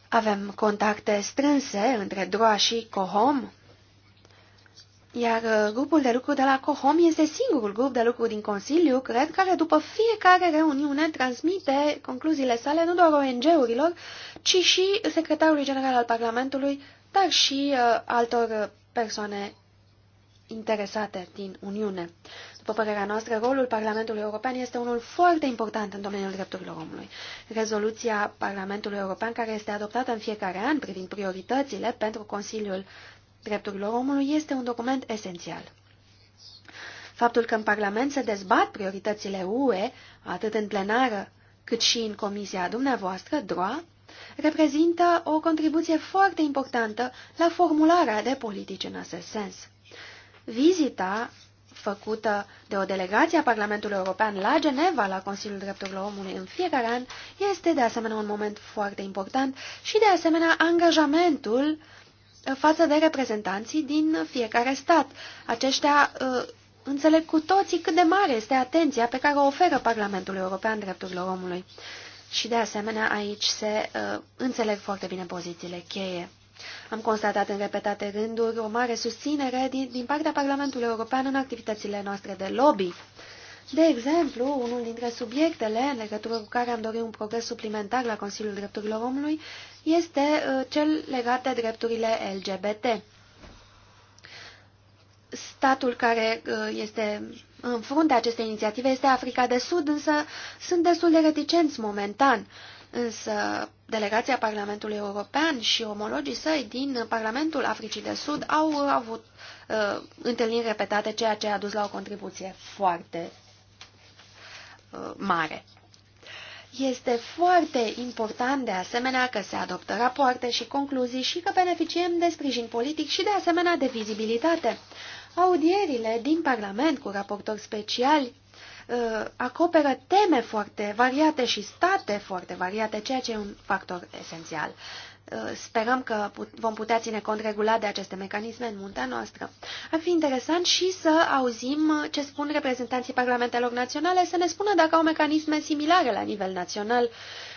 Speaker 2: Avem contacte strânse între DROA și COHOM, iar uh, grupul de lucru de la COHOM este singurul grup de lucru din Consiliu, cred, care după fiecare reuniune transmite concluziile sale nu doar ONG-urilor, ci și secretarului general al Parlamentului dar și uh, altor persoane interesate din Uniune. După părerea noastră, rolul Parlamentului European este unul foarte important în domeniul drepturilor omului. Rezoluția Parlamentului European, care este adoptată în fiecare an privind prioritățile pentru Consiliul Drepturilor Omului, este un document esențial. Faptul că în Parlament se dezbat prioritățile UE, atât în plenară cât și în comisia dumneavoastră, DROA, reprezintă o contribuție foarte importantă la formularea de politici în acest sens. Vizita făcută de o delegație a Parlamentului European la Geneva, la Consiliul Drepturilor Omului în fiecare an, este de asemenea un moment foarte important și de asemenea angajamentul față de reprezentanții din fiecare stat. Aceștia uh, înțeleg cu toții cât de mare este atenția pe care o oferă Parlamentul European Drepturilor Omului și de asemenea aici se uh, înțeleg foarte bine pozițiile cheie. Am constatat în repetate rânduri o mare susținere din, din partea Parlamentului European în activitățile noastre de lobby. De exemplu, unul dintre subiectele în legătură cu care am dorit un progres suplimentar la Consiliul Drepturilor Omului este uh, cel legat de drepturile LGBT. Statul care uh, este în fruntea acestei inițiative este Africa de Sud, însă sunt destul de reticenți momentan. Însă delegația Parlamentului European și omologii săi din Parlamentul Africii de Sud uh, au avut uh, întâlniri repetate, ceea ce a dus la o contribuție foarte uh, mare. Este foarte important de asemenea că se adoptă rapoarte și concluzii și că beneficiem de sprijin politic și de asemenea de vizibilitate. Audierile din Parlament cu raportori speciali uh, acoperă teme foarte variate și state foarte variate, ceea ce e un factor esențial. Uh, sperăm că vom putea ține cont regulat de aceste mecanisme în muntea noastră. Ar fi interesant și să auzim ce spun reprezentanții parlamentelor naționale, să ne spună dacă au mecanisme similare la nivel național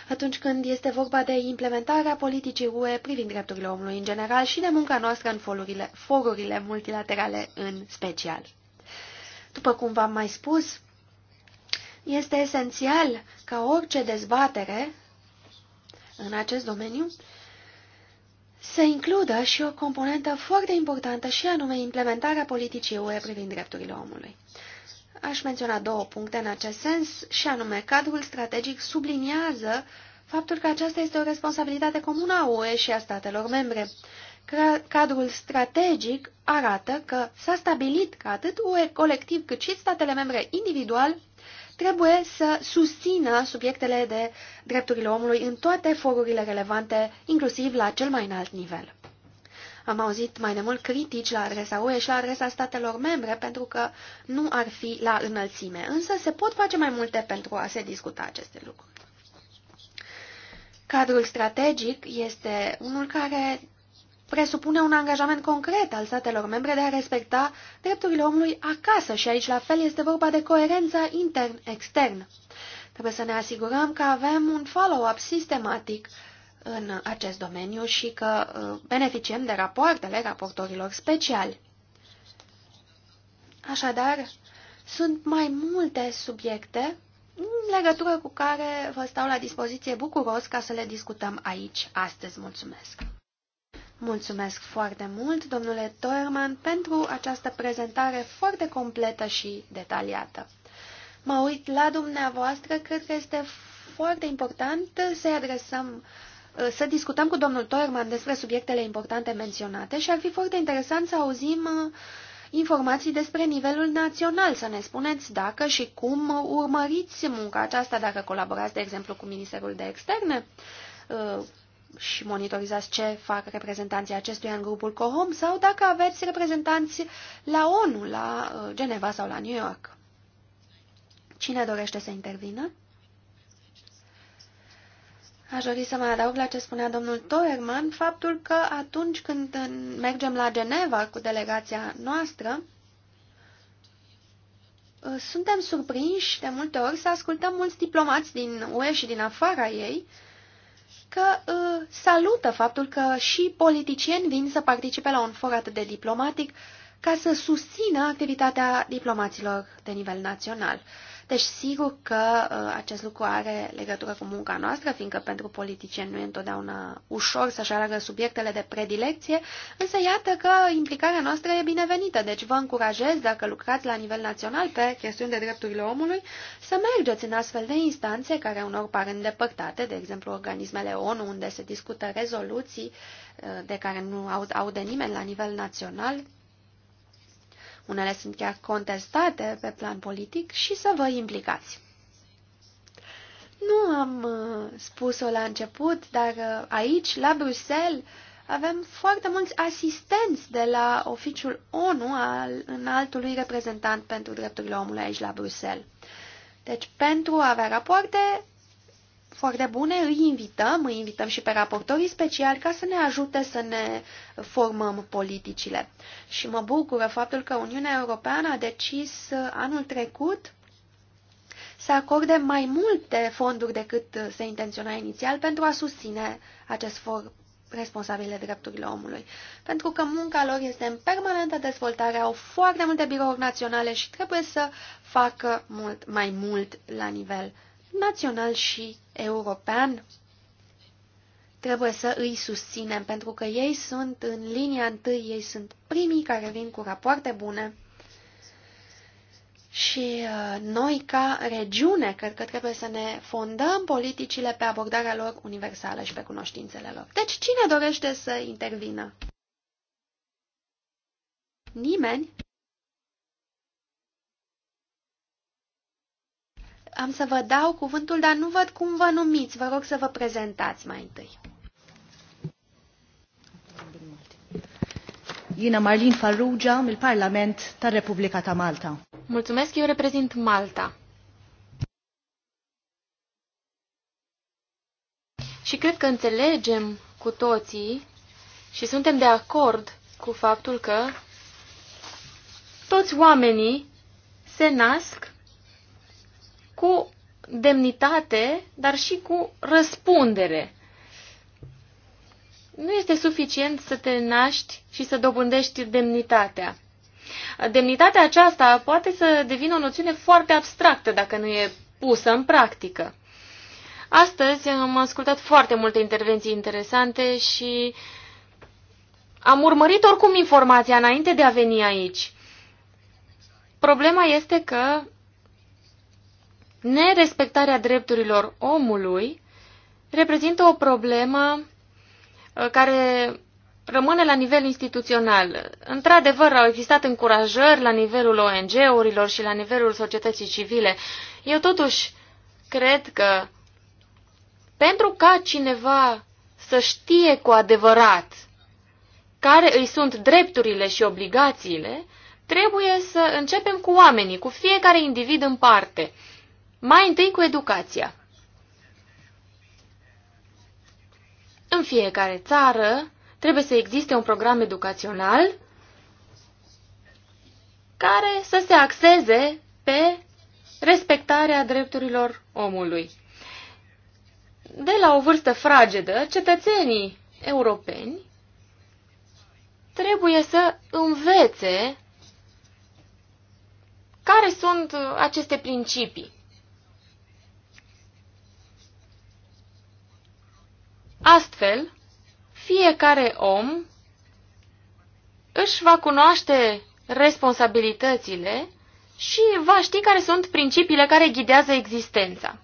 Speaker 2: atunci când este vorba de implementarea politicii UE privind drepturile omului în general și de munca noastră în forurile, forurile multilaterale în special. După cum v-am mai spus, este esențial ca orice dezbatere în acest domeniu să includă și o componentă foarte importantă și anume implementarea politicii UE privind drepturile omului. Aș menționa două puncte în acest sens, și anume, cadrul strategic subliniază faptul că aceasta este o responsabilitate comună a UE și a statelor membre. Cadrul strategic arată că s-a stabilit că atât UE colectiv cât și statele membre individual trebuie să susțină subiectele de drepturile omului în toate forurile relevante, inclusiv la cel mai înalt nivel. Am auzit mai de mult critici la adresa UE și la adresa statelor membre pentru că nu ar fi la înălțime, însă se pot face mai multe pentru a se discuta aceste lucruri. Cadrul strategic este unul care presupune un angajament concret al statelor membre de a respecta drepturile omului acasă și aici la fel este vorba de coerența intern-extern. Trebuie să ne asigurăm că avem un follow-up sistematic în acest domeniu și că uh, beneficiem de rapoartele raportorilor speciali. Așadar, sunt mai multe subiecte în legătură cu care vă stau la dispoziție bucuros ca să le discutăm aici astăzi. Mulțumesc! Mulțumesc foarte mult, domnule Toerman, pentru această prezentare foarte completă și detaliată. Mă uit la dumneavoastră, cred că este foarte important să-i adresăm uh, Uh, să discutăm cu domnul Toerman despre subiectele importante menționate și ar fi foarte interesant să auzim uh, informații despre nivelul național, să ne spuneți dacă și cum urmăriți munca aceasta, dacă colaborați, de exemplu, cu Ministerul de Externe uh, și monitorizați ce fac reprezentanții acestuia în grupul COHOM sau dacă aveți reprezentanți la ONU, la Geneva sau la New York. Cine dorește să intervină? Aș dori să mai adaug la ce spunea domnul Toerman, faptul că atunci când mergem la Geneva cu delegația noastră, suntem surprinși de multe ori să ascultăm mulți diplomați din UE și din afara ei că uh, salută faptul că și politicieni vin să participe la un for atât de diplomatic ca să susțină activitatea diplomaților de nivel național. Deci sigur că uh, acest lucru are legătură cu munca noastră, fiindcă pentru politicieni nu e întotdeauna ușor să-și aleagă subiectele de predilecție, însă iată că implicarea noastră e binevenită. Deci vă încurajez, dacă lucrați la nivel național pe chestiuni de drepturile omului, să mergeți în astfel de instanțe care unor par îndepărtate, de exemplu organismele ONU, unde se discută rezoluții uh, de care nu aude nimeni la nivel național, unele sunt chiar contestate pe plan politic, și să vă implicați. Nu am uh, spus-o la început, dar uh, aici, la Bruxelles, avem foarte mulți asistenți de la oficiul ONU al înaltului reprezentant pentru drepturile omului aici la Bruxelles. Deci, pentru a avea rapoarte, foarte bune, îi invităm, îi invităm și pe raportorii speciali ca să ne ajute să ne formăm politicile. Și mă bucură faptul că Uniunea Europeană a decis anul trecut să acorde mai multe fonduri decât se intenționa inițial pentru a susține acest for responsabile drepturile omului. Pentru că munca lor este în permanentă dezvoltare, au foarte multe birouri naționale și trebuie să facă mult mai mult la nivel național și european, trebuie să îi susținem, pentru că ei sunt în linia întâi, ei sunt primii care vin cu rapoarte bune. Și uh, noi, ca regiune, cred că trebuie să ne fondăm politicile pe abordarea lor universală și pe cunoștințele lor. Deci, cine dorește să intervină? Nimeni? am să vă dau cuvântul, dar nu văd cum vă numiți. Vă rog să vă prezentați mai întâi.
Speaker 3: Ina Marlin Farrugia, mill parlament ta'
Speaker 5: Republica ta' Malta.
Speaker 3: Mulțumesc, eu reprezint Malta. Și cred că înțelegem cu toții și suntem de acord cu faptul că toți oamenii se nasc cu demnitate, dar și cu răspundere. Nu este suficient să te naști și să dobândești demnitatea. Demnitatea aceasta poate să devină o noțiune foarte abstractă dacă nu e pusă în practică. Astăzi am ascultat foarte multe intervenții interesante și am urmărit oricum informația înainte de a veni aici. Problema este că nerespectarea drepturilor omului reprezintă o problemă uh, care rămâne la nivel instituțional. Într-adevăr, au existat încurajări la nivelul ONG-urilor și la nivelul societății civile. Eu totuși cred că pentru ca cineva să știe cu adevărat care îi sunt drepturile și obligațiile, trebuie să începem cu oamenii, cu fiecare individ în parte. Mai întâi cu educația. În fiecare țară trebuie să existe un program educațional care să se axeze pe respectarea drepturilor omului. De la o vârstă fragedă, cetățenii europeni trebuie să învețe care sunt aceste principii. Astfel, fiecare om își va cunoaște responsabilitățile și va ști care sunt principiile care ghidează existența.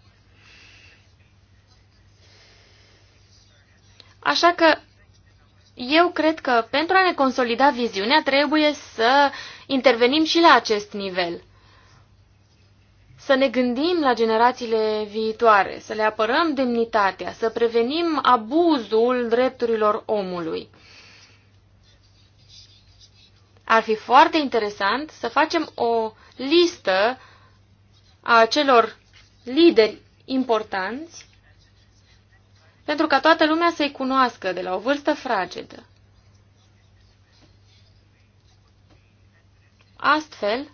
Speaker 3: Așa că eu cred că pentru a ne consolida viziunea trebuie să intervenim și la acest nivel să ne gândim la generațiile viitoare, să le apărăm demnitatea, să prevenim abuzul drepturilor omului. Ar fi foarte interesant să facem o listă a celor lideri importanți pentru ca toată lumea să-i cunoască de la o vârstă fragedă. Astfel,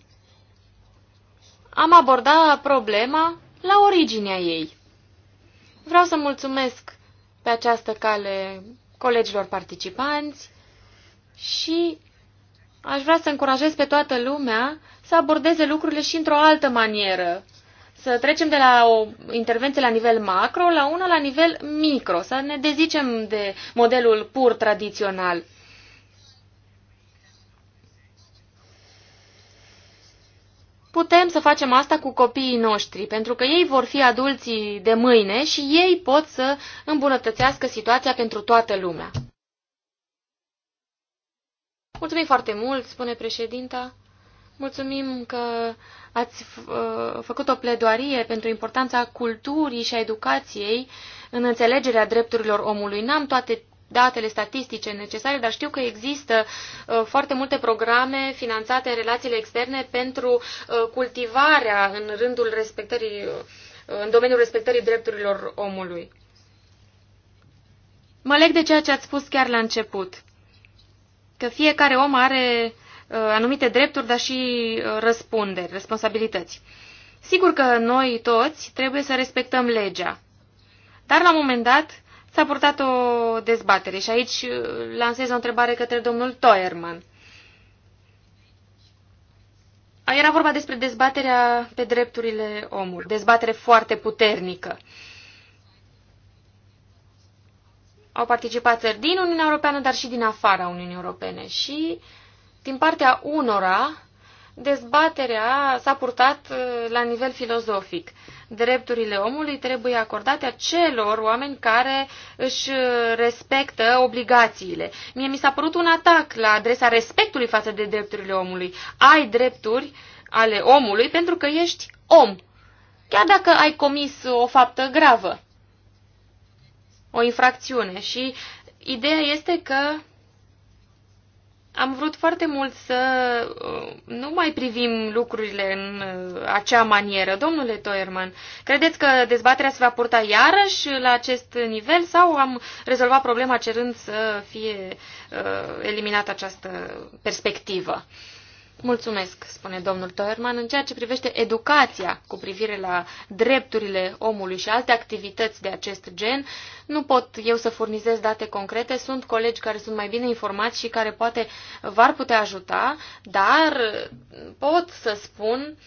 Speaker 3: am abordat problema la originea ei. Vreau să mulțumesc pe această cale colegilor participanți și aș vrea să încurajez pe toată lumea să abordeze lucrurile și într-o altă manieră. Să trecem de la o intervenție la nivel macro la una la nivel micro, să ne dezicem de modelul pur tradițional. putem să facem asta cu copiii noștri, pentru că ei vor fi adulții de mâine și ei pot să îmbunătățească situația pentru toată lumea. Mulțumim foarte mult, spune președinta. Mulțumim că ați uh, făcut o pledoarie pentru importanța culturii și a educației în înțelegerea drepturilor omului. N-am toate datele statistice necesare, dar știu că există uh, foarte multe programe finanțate în relațiile externe pentru uh, cultivarea în rândul respectării, uh, în domeniul respectării drepturilor omului. Mă leg de ceea ce ați spus chiar la început, că fiecare om are anumite drepturi, dar și răspunderi, responsabilități. Sigur că noi toți trebuie să respectăm legea, dar la un moment dat S-a purtat o dezbatere și aici uh, lansez o întrebare către domnul Toerman. Era vorba despre dezbaterea pe drepturile omului, dezbatere foarte puternică. Au participat țări din Uniunea Europeană, dar și din afara Uniunii Europene și din partea unora dezbaterea s-a purtat uh, la nivel filozofic. Drepturile omului trebuie acordate acelor oameni care își uh, respectă obligațiile. Mie mi s-a părut un atac la adresa respectului față de drepturile omului. Ai drepturi ale omului pentru că ești om, chiar dacă ai comis o faptă gravă, o infracțiune. Și ideea este că am vrut foarte mult să uh, nu mai privim lucrurile în uh, acea manieră. Domnule Toierman, credeți că dezbaterea se va purta iarăși la acest nivel sau am rezolvat problema cerând să fie uh, eliminată această perspectivă? Mulțumesc, spune domnul Toerman, în ceea ce privește educația cu privire la drepturile omului și alte activități de acest gen, nu pot eu să furnizez date concrete, sunt colegi care sunt mai bine informați și care poate v-ar putea ajuta, dar pot să spun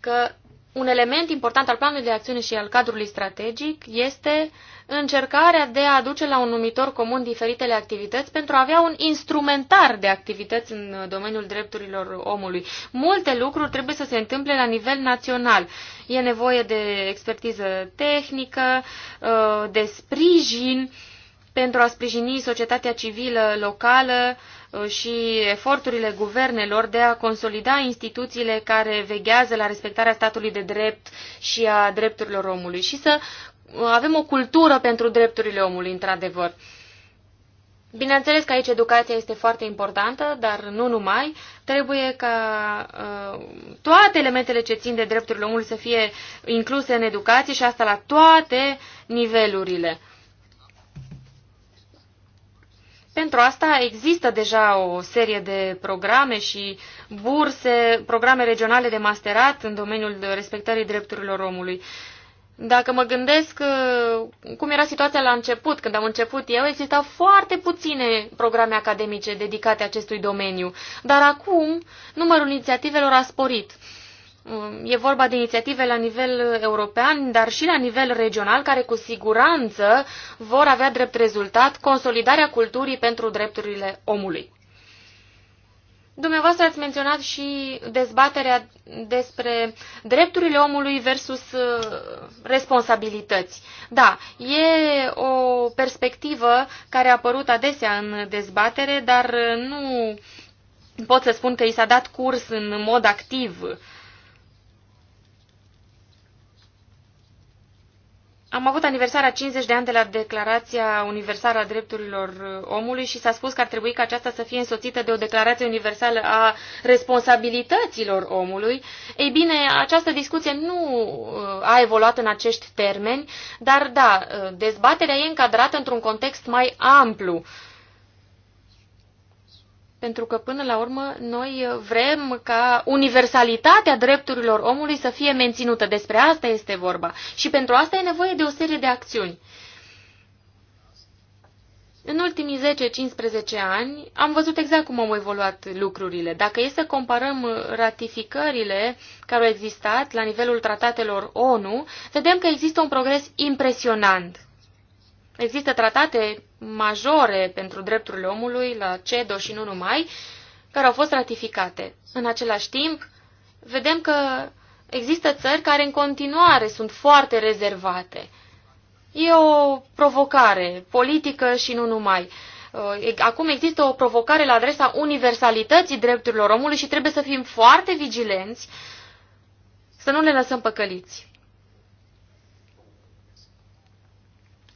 Speaker 3: că un element important al planului de acțiune și al cadrului strategic este încercarea de a aduce la un numitor comun diferitele activități pentru a avea un instrumentar de activități în domeniul drepturilor omului. Multe lucruri trebuie să se întâmple la nivel național. E nevoie de expertiză tehnică, ă, de sprijin pentru a sprijini societatea civilă locală, Uh, și eforturile guvernelor de a consolida instituțiile care veghează la respectarea statului de drept și a drepturilor omului și să uh, avem o cultură pentru drepturile omului, într-adevăr. Bineînțeles că aici educația este foarte importantă, dar nu numai. Trebuie ca uh, toate elementele ce țin de drepturile omului să fie incluse în educație și asta la toate nivelurile. Pentru asta există deja o serie de programe și burse, programe regionale de masterat în domeniul respectării drepturilor omului. Dacă mă gândesc uh, cum era situația la început, când am început eu, existau foarte puține programe academice dedicate acestui domeniu, dar acum numărul inițiativelor a sporit. Um, e vorba de inițiative la nivel european, dar și la nivel regional, care cu siguranță vor avea drept rezultat consolidarea culturii pentru drepturile omului. Dumneavoastră ați menționat și dezbaterea despre drepturile omului versus uh, responsabilități. Da, e o perspectivă care a apărut adesea în dezbatere, dar uh, nu pot să spun că i s-a dat curs în mod activ Am avut aniversarea 50 de ani de la Declarația Universală a Drepturilor Omului și s-a spus că ar trebui ca aceasta să fie însoțită de o declarație universală a responsabilităților omului. Ei bine, această discuție nu uh, a evoluat în acești termeni, dar da, uh, dezbaterea e încadrată într-un context mai amplu pentru că, până la urmă, noi uh, vrem ca universalitatea drepturilor omului să fie menținută. Despre asta este vorba. Și pentru asta e nevoie de o serie de acțiuni. În ultimii 10-15 ani am văzut exact cum au evoluat lucrurile. Dacă e să comparăm uh, ratificările care au existat la nivelul tratatelor ONU, vedem că există un progres impresionant. Există tratate majore pentru drepturile omului la CEDO și nu numai, care au fost ratificate. În același timp, vedem că există țări care în continuare sunt foarte rezervate. E o provocare politică și nu numai. Uh, acum există o provocare la adresa universalității drepturilor omului și trebuie să fim foarte vigilenți să nu le lăsăm păcăliți.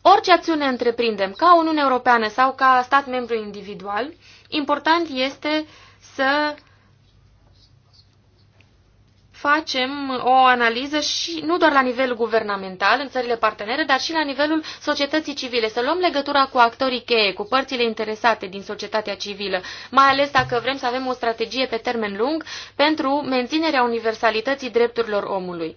Speaker 3: Orice acțiune întreprindem, ca Uniunea Europeană sau ca stat membru individual, important este să facem o analiză și nu doar la nivelul guvernamental, în țările partenere, dar și la nivelul societății civile. Să luăm legătura cu actorii cheie, cu părțile interesate din societatea civilă, mai ales dacă vrem să avem o strategie pe termen lung pentru menținerea universalității drepturilor omului.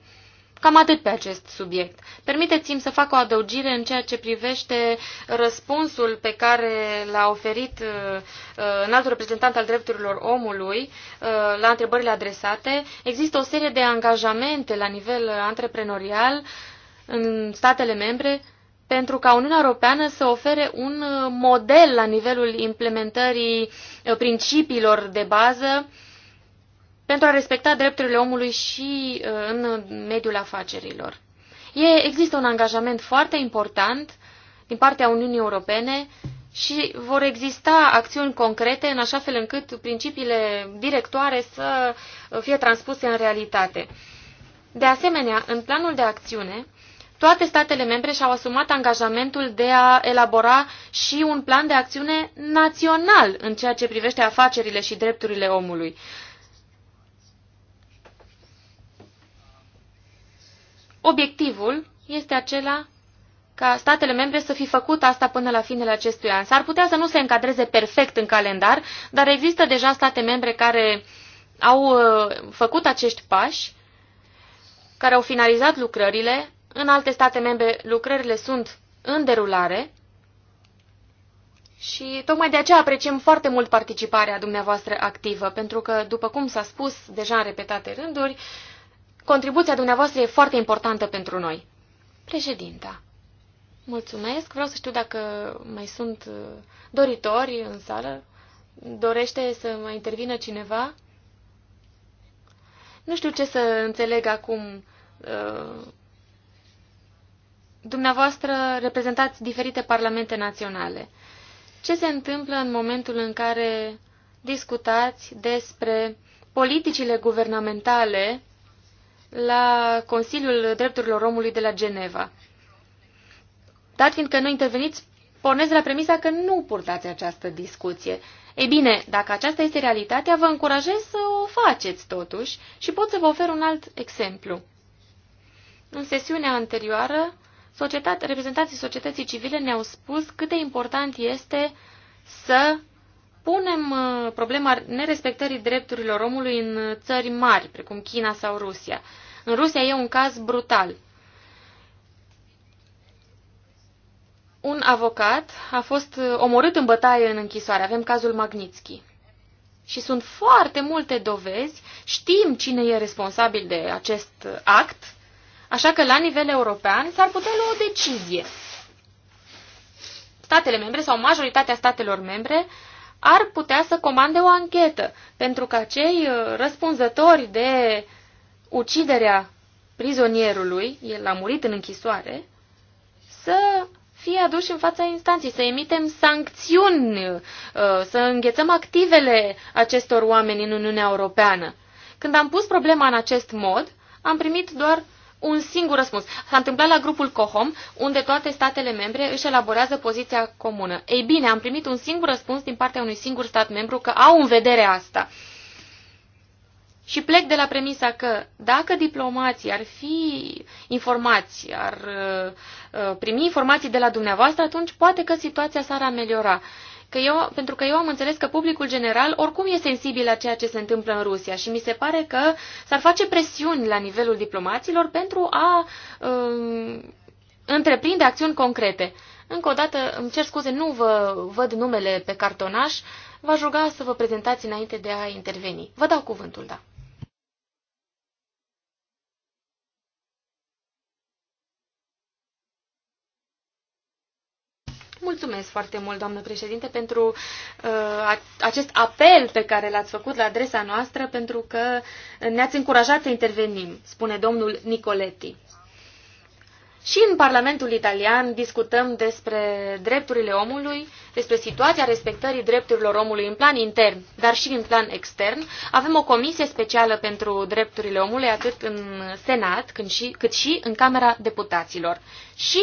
Speaker 3: Cam atât pe acest subiect. Permiteți-mi să fac o adăugire în ceea ce privește răspunsul pe care l-a oferit uh, uh, înaltul reprezentant al drepturilor omului uh, la întrebările adresate. Există o serie de angajamente la nivel antreprenorial în statele membre pentru ca Uniunea Europeană să ofere un model la nivelul implementării principiilor de bază pentru a respecta drepturile omului și uh, în mediul afacerilor. E, există un angajament foarte important din partea Uniunii Europene și vor exista acțiuni concrete în așa fel încât principiile directoare să fie transpuse în realitate. De asemenea, în planul de acțiune, toate statele membre și-au asumat angajamentul de a elabora și un plan de acțiune național în ceea ce privește afacerile și drepturile omului. Obiectivul este acela ca statele membre să fi făcut asta până la finele acestui an. S-ar putea să nu se încadreze perfect în calendar, dar există deja state membre care au uh, făcut acești pași, care au finalizat lucrările. În alte state membre lucrările sunt în derulare și tocmai de aceea apreciem foarte mult participarea dumneavoastră activă, pentru că, după cum s-a spus deja în repetate rânduri, uh, Contribuția dumneavoastră e foarte importantă pentru noi. Președinta, mulțumesc. Vreau să știu dacă mai sunt uh, doritori în sală. Dorește să mai intervină cineva? Nu știu ce să înțeleg acum. Uh, dumneavoastră reprezentați diferite parlamente naționale. Ce se întâmplă în momentul în care discutați despre politicile guvernamentale la Consiliul Drepturilor Omului de la Geneva. Dat fiindcă nu interveniți, pornez la premisa că nu purtați această discuție. Ei bine, dacă aceasta este realitatea, vă încurajez să o faceți totuși și pot să vă ofer un alt exemplu. În sesiunea anterioară, societate, reprezentanții societății civile ne-au spus cât de important este să punem uh, problema nerespectării drepturilor omului în țări mari, precum China sau Rusia. În Rusia e un caz brutal. Un avocat a fost uh, omorât în bătaie în închisoare. Avem cazul Magnitsky. Și sunt foarte multe dovezi. Știm cine e responsabil de acest act, așa că la nivel european s-ar putea lua o decizie. Statele membre sau majoritatea statelor membre uh, ar putea să comande o anchetă, pentru ca cei uh, răspunzători de uciderea prizonierului, el a murit în închisoare, să fie aduși în fața instanței, să emitem sancțiuni, uh, să înghețăm activele acestor oameni în Uniunea Europeană. Când am pus problema în acest mod, am primit doar un singur răspuns. S-a întâmplat la grupul COHOM, unde toate statele membre își elaborează poziția comună. Ei bine, am primit un singur răspuns din partea unui singur stat membru că au în vedere asta. Și plec de la premisa că dacă diplomații ar fi informați, ar uh, uh, primi informații de la dumneavoastră, atunci poate că situația s-ar ameliora. Că eu, pentru că eu am înțeles că publicul general oricum e sensibil la ceea ce se întâmplă în Rusia și mi se pare că s-ar face presiuni la nivelul diplomaților pentru a um, întreprinde acțiuni concrete. Încă o dată, îmi cer scuze, nu vă văd numele pe cartonaș, v-aș ruga să vă prezentați înainte de a interveni. Vă dau cuvântul, da. Mulțumesc foarte mult, doamnă președinte, pentru uh, acest apel pe care l-ați făcut la adresa noastră, pentru că ne-ați încurajat să intervenim, spune domnul Nicoletti. Și în Parlamentul Italian discutăm despre drepturile omului, despre situația respectării drepturilor omului în plan intern, dar și în plan extern. Avem o comisie specială pentru drepturile omului, atât în Senat, cât și, cât și în Camera Deputaților. Și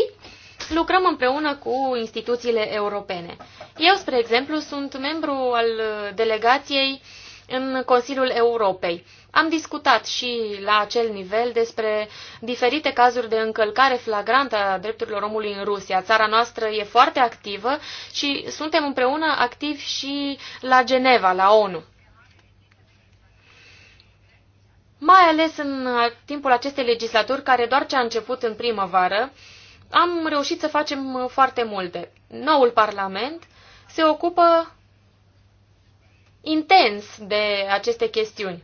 Speaker 3: lucrăm împreună cu instituțiile europene. Eu, spre exemplu, sunt membru al delegației în Consiliul Europei. Am discutat și la acel nivel despre diferite cazuri de încălcare flagrantă a drepturilor omului în Rusia. Țara noastră e foarte activă și suntem împreună activi și la Geneva, la ONU. Mai ales în timpul acestei legislaturi, care doar ce a început în primăvară, am reușit să facem uh, foarte multe. Noul Parlament se ocupă intens de aceste chestiuni.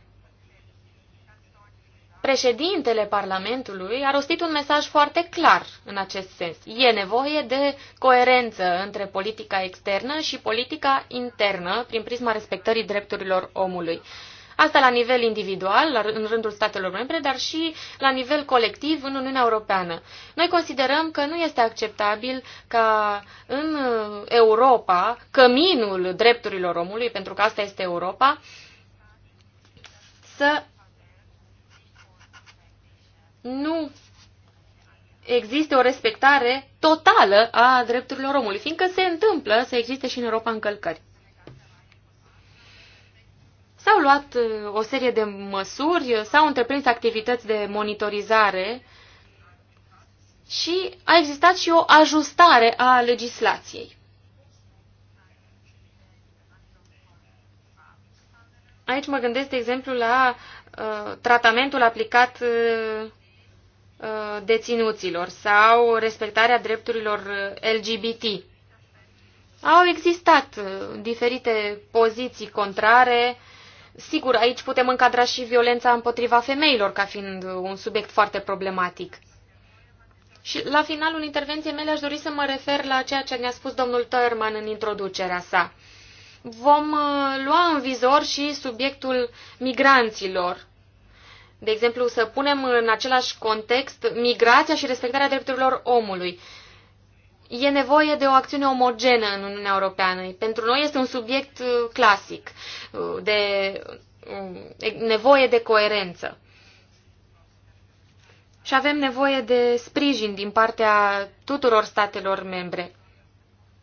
Speaker 3: Președintele Parlamentului a rostit un mesaj foarte clar în acest sens. E nevoie de coerență între politica externă și politica internă prin prisma respectării drepturilor omului. Asta la nivel individual, în rândul statelor membre, dar și la nivel colectiv în Uniunea Europeană. Noi considerăm că nu este acceptabil ca în Europa, căminul drepturilor omului, pentru că asta este Europa, să nu existe o respectare totală a drepturilor omului, fiindcă se întâmplă să existe și în Europa încălcări. S-au luat uh, o serie de măsuri, uh, s-au întreprins activități de monitorizare și a existat și o ajustare a legislației. Aici mă gândesc, de exemplu, la uh, tratamentul aplicat uh, uh deținuților sau respectarea drepturilor LGBT. Au existat diferite poziții contrare uh, Sigur, aici putem încadra și violența împotriva femeilor ca fiind un subiect foarte problematic. Și la finalul intervenției mele aș dori să mă refer la ceea ce ne-a spus domnul Toerman în introducerea sa. Vom uh, lua în vizor și subiectul migranților. De exemplu, să punem în același context migrația și respectarea drepturilor omului e nevoie de o acțiune omogenă în Uniunea Europeană. Pentru noi este un subiect uh, clasic, uh, de uh, nevoie de coerență. Și avem nevoie de sprijin din partea tuturor statelor membre.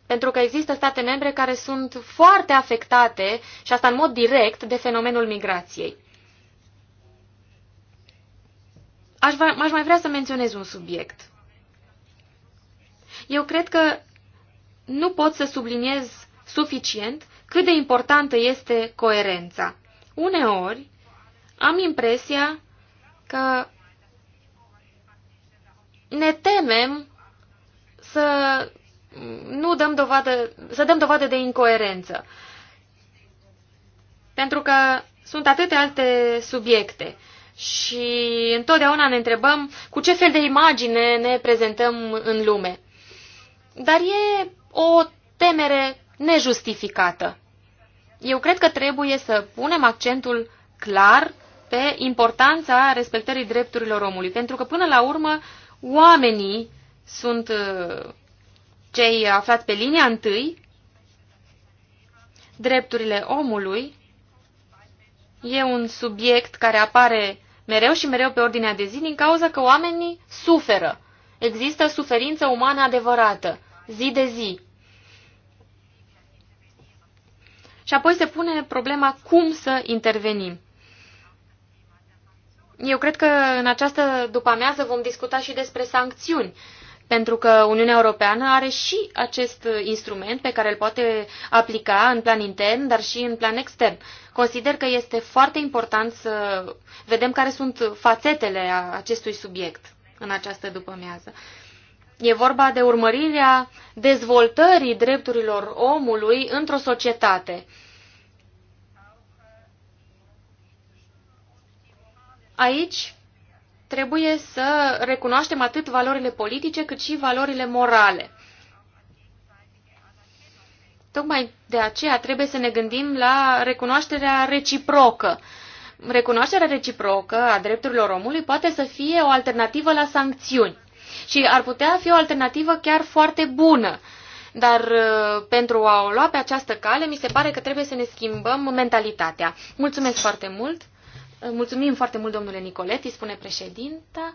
Speaker 3: Pentru că există state membre care sunt foarte afectate, și asta în mod direct, de fenomenul migrației. Aș, va, aș mai vrea să menționez un subiect. Eu cred că nu pot să subliniez suficient cât de importantă este coerența. Uneori am impresia că ne temem să nu dăm dovadă, să dăm dovadă de incoerență. Pentru că sunt atâtea alte subiecte și întotdeauna ne întrebăm cu ce fel de imagine ne prezentăm în lume. Dar e o temere nejustificată. Eu cred că trebuie să punem accentul clar pe importanța respectării drepturilor omului, pentru că până la urmă oamenii sunt uh, cei aflați pe linia întâi, drepturile omului e un subiect care apare mereu și mereu pe ordinea de zi din cauza că oamenii suferă. Există suferință umană adevărată zi de zi. Și apoi se pune problema cum să intervenim. Eu cred că în această după-amiază vom discuta și despre sancțiuni, pentru că Uniunea Europeană are și acest instrument pe care îl poate aplica în plan intern, dar și în plan extern. Consider că este foarte important să vedem care sunt fațetele acestui subiect în această după-amiază. E vorba de urmărirea dezvoltării drepturilor omului într-o societate. Aici trebuie să recunoaștem atât valorile politice cât și valorile morale. Tocmai de aceea trebuie să ne gândim la recunoașterea reciprocă. Recunoașterea reciprocă a drepturilor omului poate să fie o alternativă la sancțiuni și ar putea fi o alternativă chiar foarte bună. Dar uh, pentru a o lua pe această cale, mi se pare că trebuie să ne schimbăm mentalitatea. Mulțumesc foarte mult! Uh, mulțumim foarte mult, domnule Nicoletti, spune președinta.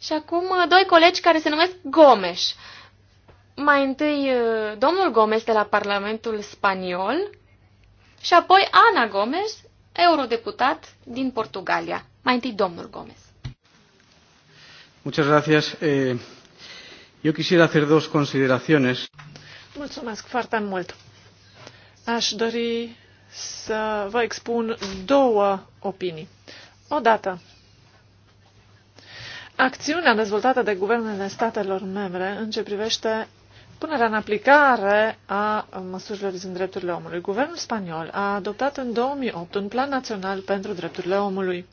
Speaker 3: Și acum uh, doi colegi care se numesc Gomes. Mai întâi domnul Gomes de la Parlamentul Spaniol și apoi Ana Gomes, eurodeputat din Portugalia. Mai întâi domnul Gomes.
Speaker 5: Muchas gracias. Eh, eu quisiera hacer dos consideraciones.
Speaker 4: Mulțumesc foarte mult. Aș dori să vă expun două opinii. Odată, acțiunea dezvoltată de guvernele statelor membre în ce privește punerea în aplicare a măsurilor din drepturile omului. Guvernul spaniol a adoptat în 2008 un plan național pentru drepturile omului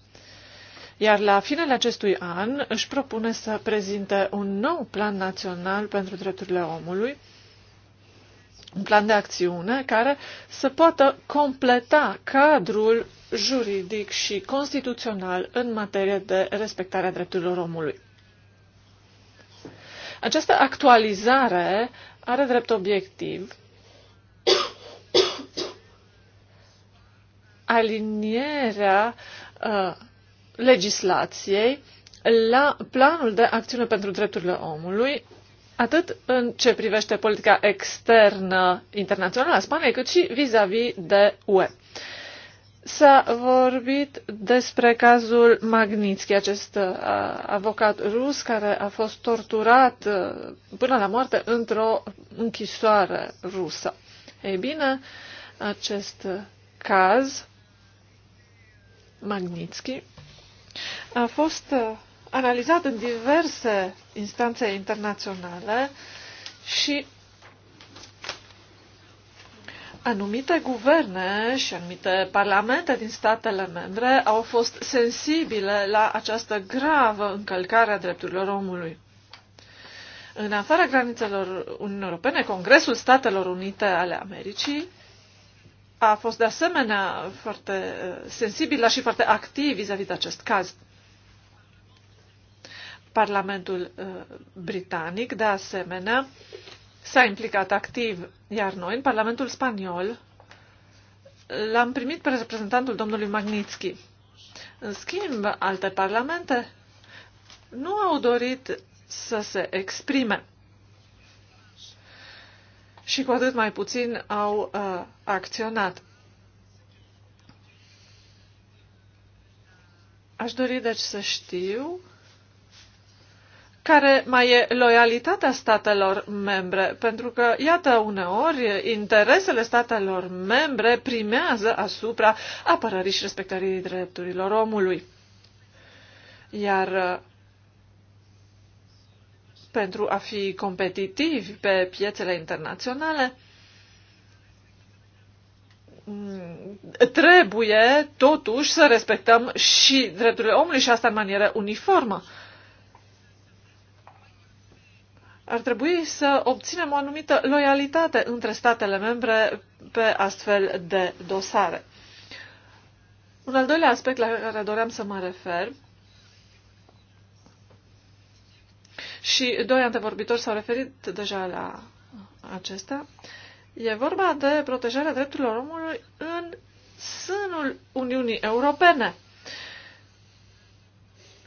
Speaker 4: iar la finele acestui an își propune să prezinte un nou plan național pentru drepturile omului, un plan de acțiune care să poată completa cadrul juridic și constituțional în materie de respectarea drepturilor omului. Această actualizare are drept obiectiv alinierea uh, legislației la planul de acțiune pentru drepturile omului, atât în ce privește politica externă internațională a Spaniei, cât și vis-a-vis -vis de UE. S-a vorbit despre cazul Magnitsky, acest uh, avocat rus care a fost torturat uh, până la moarte într-o închisoare rusă. Ei bine, acest caz Magnitsky a fost uh, analizat în diverse instanțe internaționale și anumite guverne și anumite parlamente din statele membre au fost sensibile la această gravă încălcare a drepturilor omului. În afara granițelor Uniunii Europene, Congresul Statelor Unite ale Americii a fost de asemenea foarte uh, sensibil și foarte activ vis-a-vis -vis de acest caz. Parlamentul uh, Britanic, de asemenea, s-a implicat activ, iar noi, în Parlamentul Spaniol, l-am primit pe reprezentantul domnului Magnitsky. În schimb, alte parlamente nu au dorit să se exprime și cu atât mai puțin au uh, acționat. Aș dori deci să știu care mai e loialitatea statelor membre, pentru că, iată, uneori interesele statelor membre primează asupra apărării și respectării drepturilor omului. Iar uh, pentru a fi competitivi pe piețele internaționale, mm, trebuie totuși să respectăm și drepturile omului și asta în manieră uniformă. Ar trebui să obținem o anumită loialitate între statele membre pe astfel de dosare. Un al doilea aspect la care doream să mă refer și doi antevorbitori s-au referit deja la acesta, e vorba de protejarea drepturilor omului în sânul Uniunii Europene.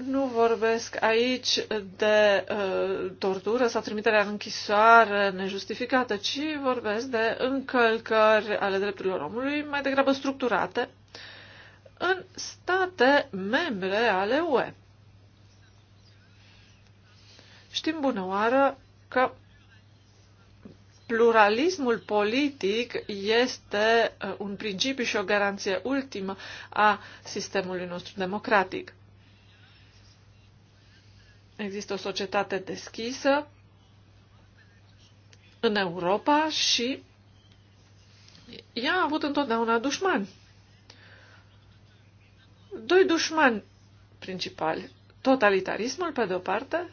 Speaker 4: Nu vorbesc aici de uh, tortură sau trimiterea în închisoare nejustificată, ci vorbesc de încălcări ale drepturilor omului, mai degrabă structurate, în state membre ale UE. Știm bună oară că pluralismul politic este uh, un principiu și o garanție ultimă a sistemului nostru democratic. Există o societate deschisă în Europa și ea a avut întotdeauna dușmani. Doi dușmani principali. Totalitarismul, pe de-o parte,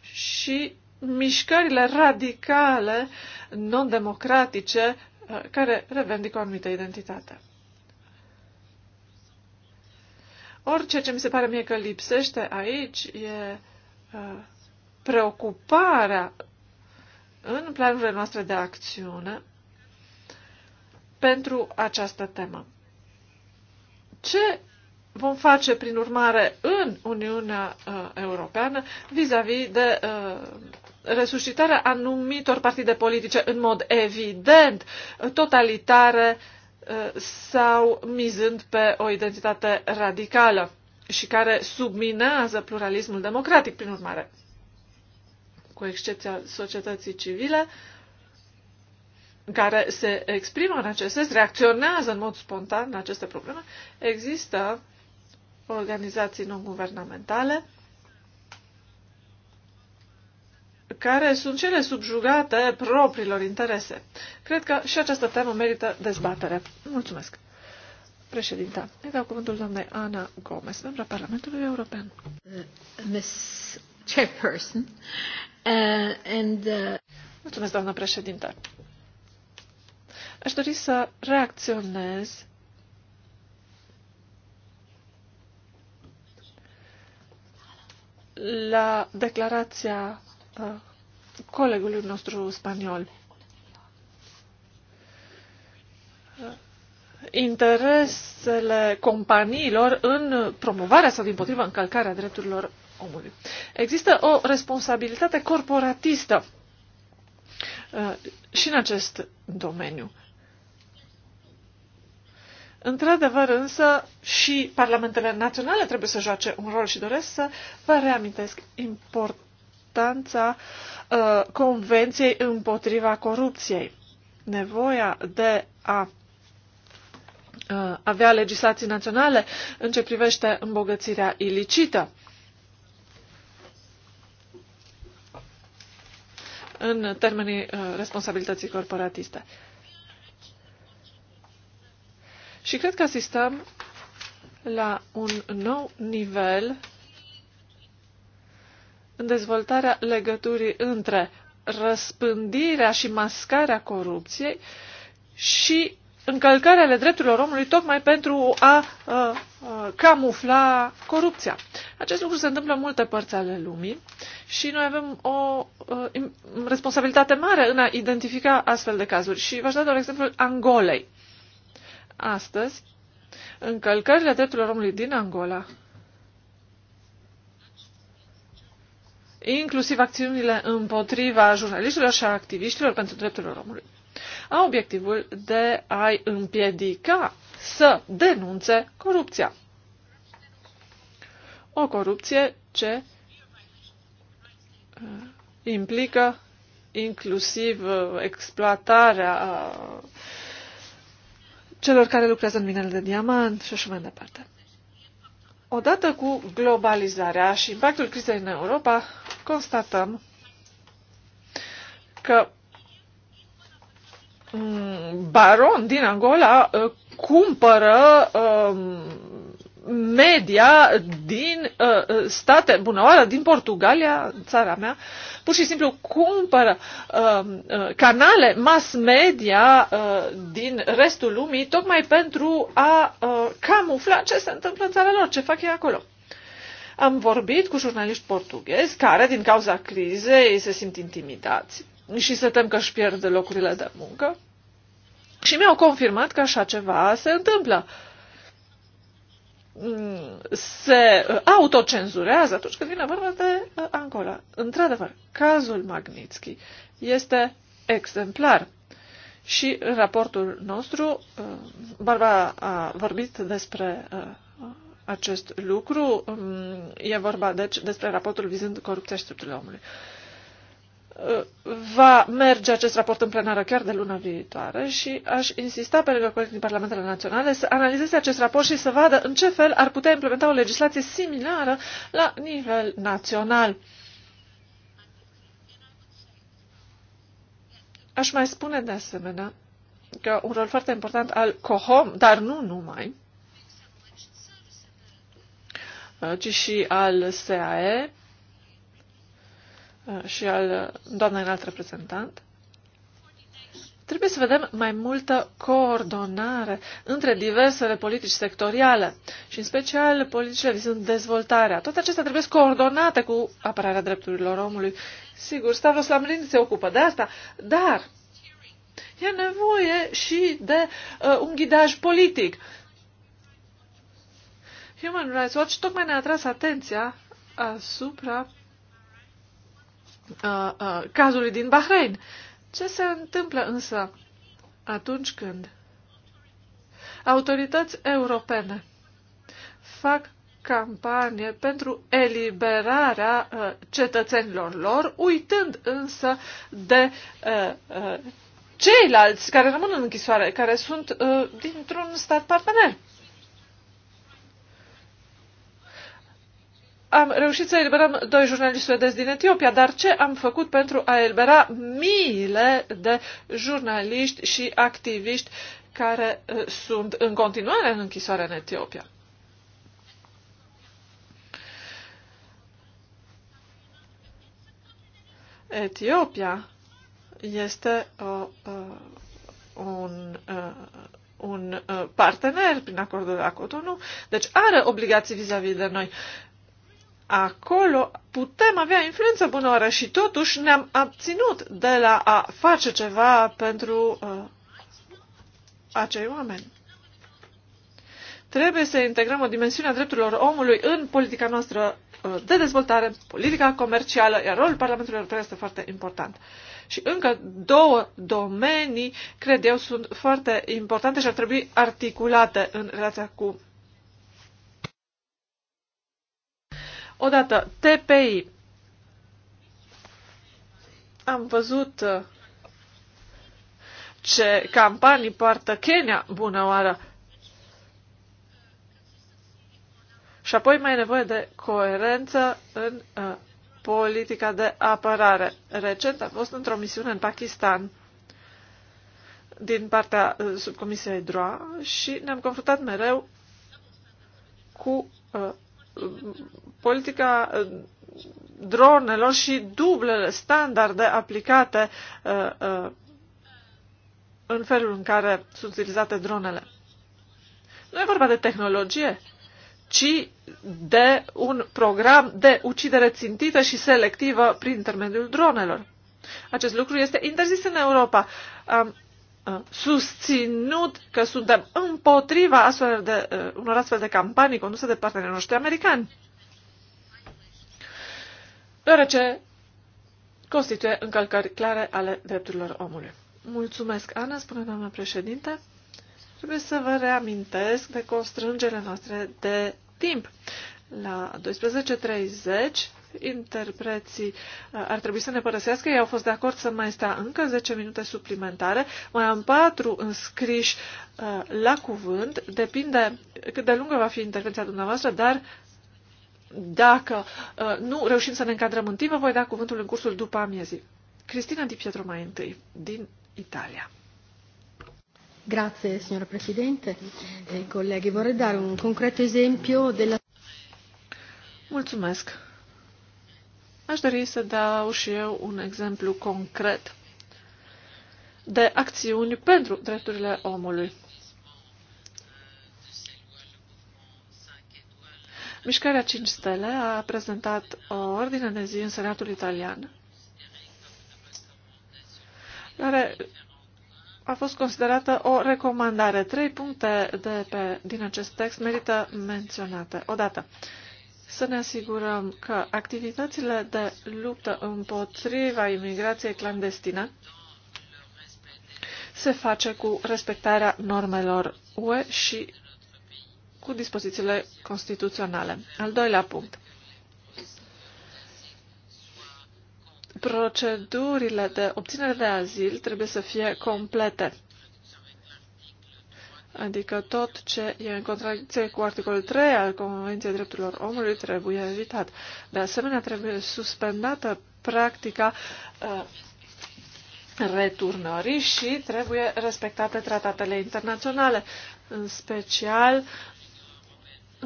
Speaker 4: și mișcările radicale non-democratice uh, care revendică o anumită identitate. Orice ce mi se pare mie că lipsește aici e uh, preocuparea în planurile noastre de acțiune pentru această temă. Ce vom face, prin urmare, în Uniunea uh, Europeană vis-a-vis -vis de uh, resuscitarea anumitor partide politice în mod evident totalitare uh, Uh, sau mizând pe o identitate radicală și care subminează pluralismul democratic, prin urmare. Cu excepția societății civile, care se exprimă în acest sens, reacționează în mod spontan la aceste probleme, există organizații non-guvernamentale care sunt cele subjugate propriilor interese. Cred că și această temă merită dezbatere. Mulțumesc. Președinta, îi dau cuvântul doamnei Ana Gomez, membra Parlamentului European. Uh, Miss Chairperson, uh, and, uh... Mulțumesc, doamnă președinte. Aș dori să reacționez la declarația colegului nostru spaniol. Interesele companiilor în promovarea sau, din potrivă, încălcarea drepturilor omului. Există o responsabilitate corporatistă uh, și în acest domeniu. Într-adevăr, însă, și parlamentele naționale trebuie să joace un rol și doresc să vă reamintesc importanța importanța uh, Convenției împotriva corupției. Nevoia de a uh, avea legislații naționale în ce privește îmbogățirea ilicită. în termenii uh, responsabilității corporatiste. Și cred că asistăm la un nou nivel în dezvoltarea legăturii între răspândirea și mascarea corupției și încălcarea ale drepturilor omului tocmai pentru a, a, uh, a uh, camufla corupția. Acest lucru se întâmplă în multe părți ale lumii și noi avem o a, uh, responsabilitate mare în a identifica astfel de cazuri. Și v-aș da doar exemplul Angolei. Astăzi, încălcările drepturilor omului din Angola inclusiv acțiunile împotriva jurnaliștilor și a activiștilor pentru drepturile omului, au obiectivul de a-i împiedica să denunțe corupția. O corupție ce uh, implică inclusiv uh, exploatarea uh, celor care lucrează în minele de diamant și așa mai departe. Odată cu globalizarea și impactul crizei în Europa, constatăm că mm, baron din Angola uh, cumpără um, media din uh, uh state, bună oară, din Portugalia, țara mea, pur și simplu cumpără um, uh, canale mass media uh, din restul lumii tocmai pentru a uh, camufla ce se întâmplă în țara lor, ce fac ei acolo. Am vorbit cu jurnaliști portughezi care, din cauza crizei, se simt intimidați și se tem că își pierd locurile de muncă și mi-au confirmat că așa ceva se întâmplă. Uh, se autocenzurează atunci când vine vorba de uh, Angola. Într-adevăr, cazul Magnitsky este exemplar. Și în raportul nostru, uh, Barba a vorbit despre uh, acest lucru. Um, e vorba, deci, despre raportul vizând corupția și drepturile omului va merge acest raport în plenară chiar de luna viitoare și aș insista pe lângă colegii din Parlamentele Naționale să analizeze acest raport și să vadă în ce fel ar putea implementa o legislație similară la nivel național. Aș mai spune de asemenea că un rol foarte important al COHOM, dar nu numai, ci și al SAE, Uh, și al uh, doamnei înalt reprezentant, trebuie să vedem mai multă coordonare între diversele politici sectoriale și în special politicile vizând dezvoltarea. Toate acestea trebuie coordonate cu apărarea drepturilor omului. Sigur, Stavros Lamlin se ocupă de asta, dar e nevoie și de uh, un ghidaj politic. Human Rights Watch tocmai ne-a atras atenția asupra Uh, uh, cazului din Bahrain. Ce se întâmplă însă atunci când autorități europene fac campanie pentru eliberarea uh, cetățenilor lor, uitând însă de uh, uh, ceilalți care rămân în închisoare, care sunt uh, dintr-un stat partener. am reușit să eliberăm doi jurnaliști suedezi din Etiopia, dar ce am făcut pentru a elibera miile de jurnaliști și activiști care uh, sunt în continuare în închisoare în Etiopia? Etiopia este uh, uh, un, uh, un uh, partener prin acordul de la Cotonou, deci are obligații vis-a-vis -vis de noi. Uh, acolo putem avea influență bună oară și totuși ne-am abținut de la a face ceva pentru uh, acei oameni. Trebuie să integrăm o dimensiune a drepturilor omului în politica noastră uh, de dezvoltare, politica comercială, iar rolul Parlamentului European este foarte important. Și încă două domenii, cred eu, sunt foarte importante și ar trebui articulate în relația cu Odată, TPI. Am văzut uh, ce campanii poartă Kenya, bună oară! Și apoi mai e nevoie de coerență în uh, politica de apărare. Recent am fost într-o misiune în Pakistan din partea uh, subcomisiei DROA și ne-am confruntat mereu cu uh, politica eh, dronelor și dublele standarde aplicate eh, eh, în felul în care sunt utilizate dronele. Nu e vorba de tehnologie, ci de un program de ucidere țintită și selectivă prin intermediul dronelor. Acest lucru este interzis în Europa. Am Uh, susținut că suntem împotriva astfel de, uh, unor astfel de campanii conduse de partenerii noștri americani, deoarece constituie încălcări clare ale drepturilor omului. Mulțumesc, Ana, spune doamna președinte. Trebuie să vă reamintesc de constrângerile noastre de timp. La 12.30 interpreții uh, ar trebui să ne părăsească. Ei au fost de acord să mai stea încă 10 minute suplimentare. Mai am patru înscriși uh, la cuvânt. Depinde cât de lungă va fi intervenția dumneavoastră, dar dacă uh, nu reușim să ne încadrăm în timp, vă voi da cuvântul în cursul după amiezii. Cristina Di Pietro mai întâi, din Italia.
Speaker 2: Grazie signora Presidente e eh, colleghi, vorrei dare un concreto esempio della Mulțumesc.
Speaker 4: Aș dori să dau și eu un exemplu concret de acțiuni pentru drepturile omului. Mișcarea 5 stele a prezentat o ordine de zi în Senatul Italian, care a fost considerată o recomandare. Trei puncte de pe, din acest text merită menționate. Odată, să ne asigurăm că activitățile de luptă împotriva imigrației clandestine se face cu respectarea normelor UE și cu dispozițiile constituționale. Al doilea punct. Procedurile de obținere de azil trebuie să fie complete Adică tot ce e în contradicție cu articolul 3 al Convenției Drepturilor Omului trebuie evitat. De asemenea, trebuie suspendată practica uh, returnării și trebuie respectate tratatele internaționale, în special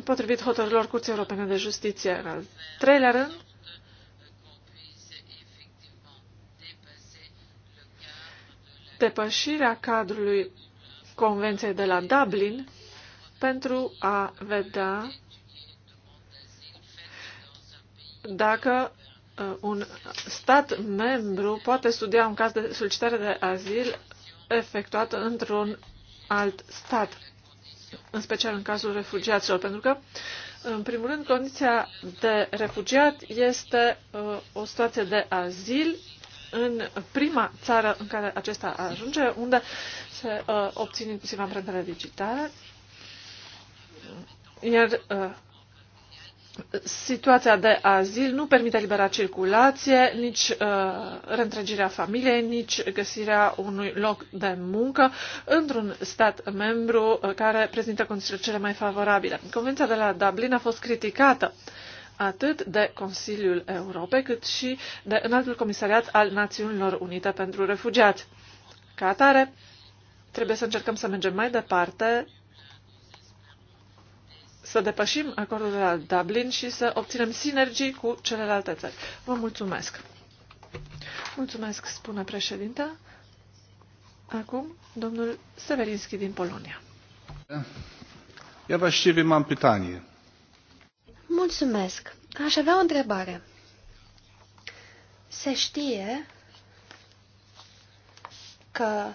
Speaker 4: potrivit hotărârilor Curții Europene de Justiție. În al treilea rând, depășirea cadrului Convenției de la Dublin pentru a vedea dacă uh, un stat membru poate studia un caz de solicitare de azil efectuat într-un alt stat, în special în cazul refugiaților, pentru că, în primul rând, condiția de refugiat este uh, o situație de azil în prima țară în care acesta ajunge, unde se uh, obține inclusiv amprentele digitale. Iar uh, situația de azil nu permite libera circulație, nici uh, reîntregirea familiei, nici găsirea unui loc de muncă într-un stat membru uh, care prezintă condițiile cele mai favorabile. Convenția de la Dublin a fost criticată uh, atât de Consiliul Europei, cât și de Înaltul Comisariat al Națiunilor Unite pentru Refugiați. Ca atare, trebuie să încercăm să mergem mai departe, să depășim acordul de la Dublin și să obținem sinergii cu celelalte țări. Vă mulțumesc! Mulțumesc, spune președinta. Acum, domnul Severinski din Polonia.
Speaker 1: Ja właściwie mam pytanie.
Speaker 2: Mulțumesc. Aș avea o întrebare. Se știe că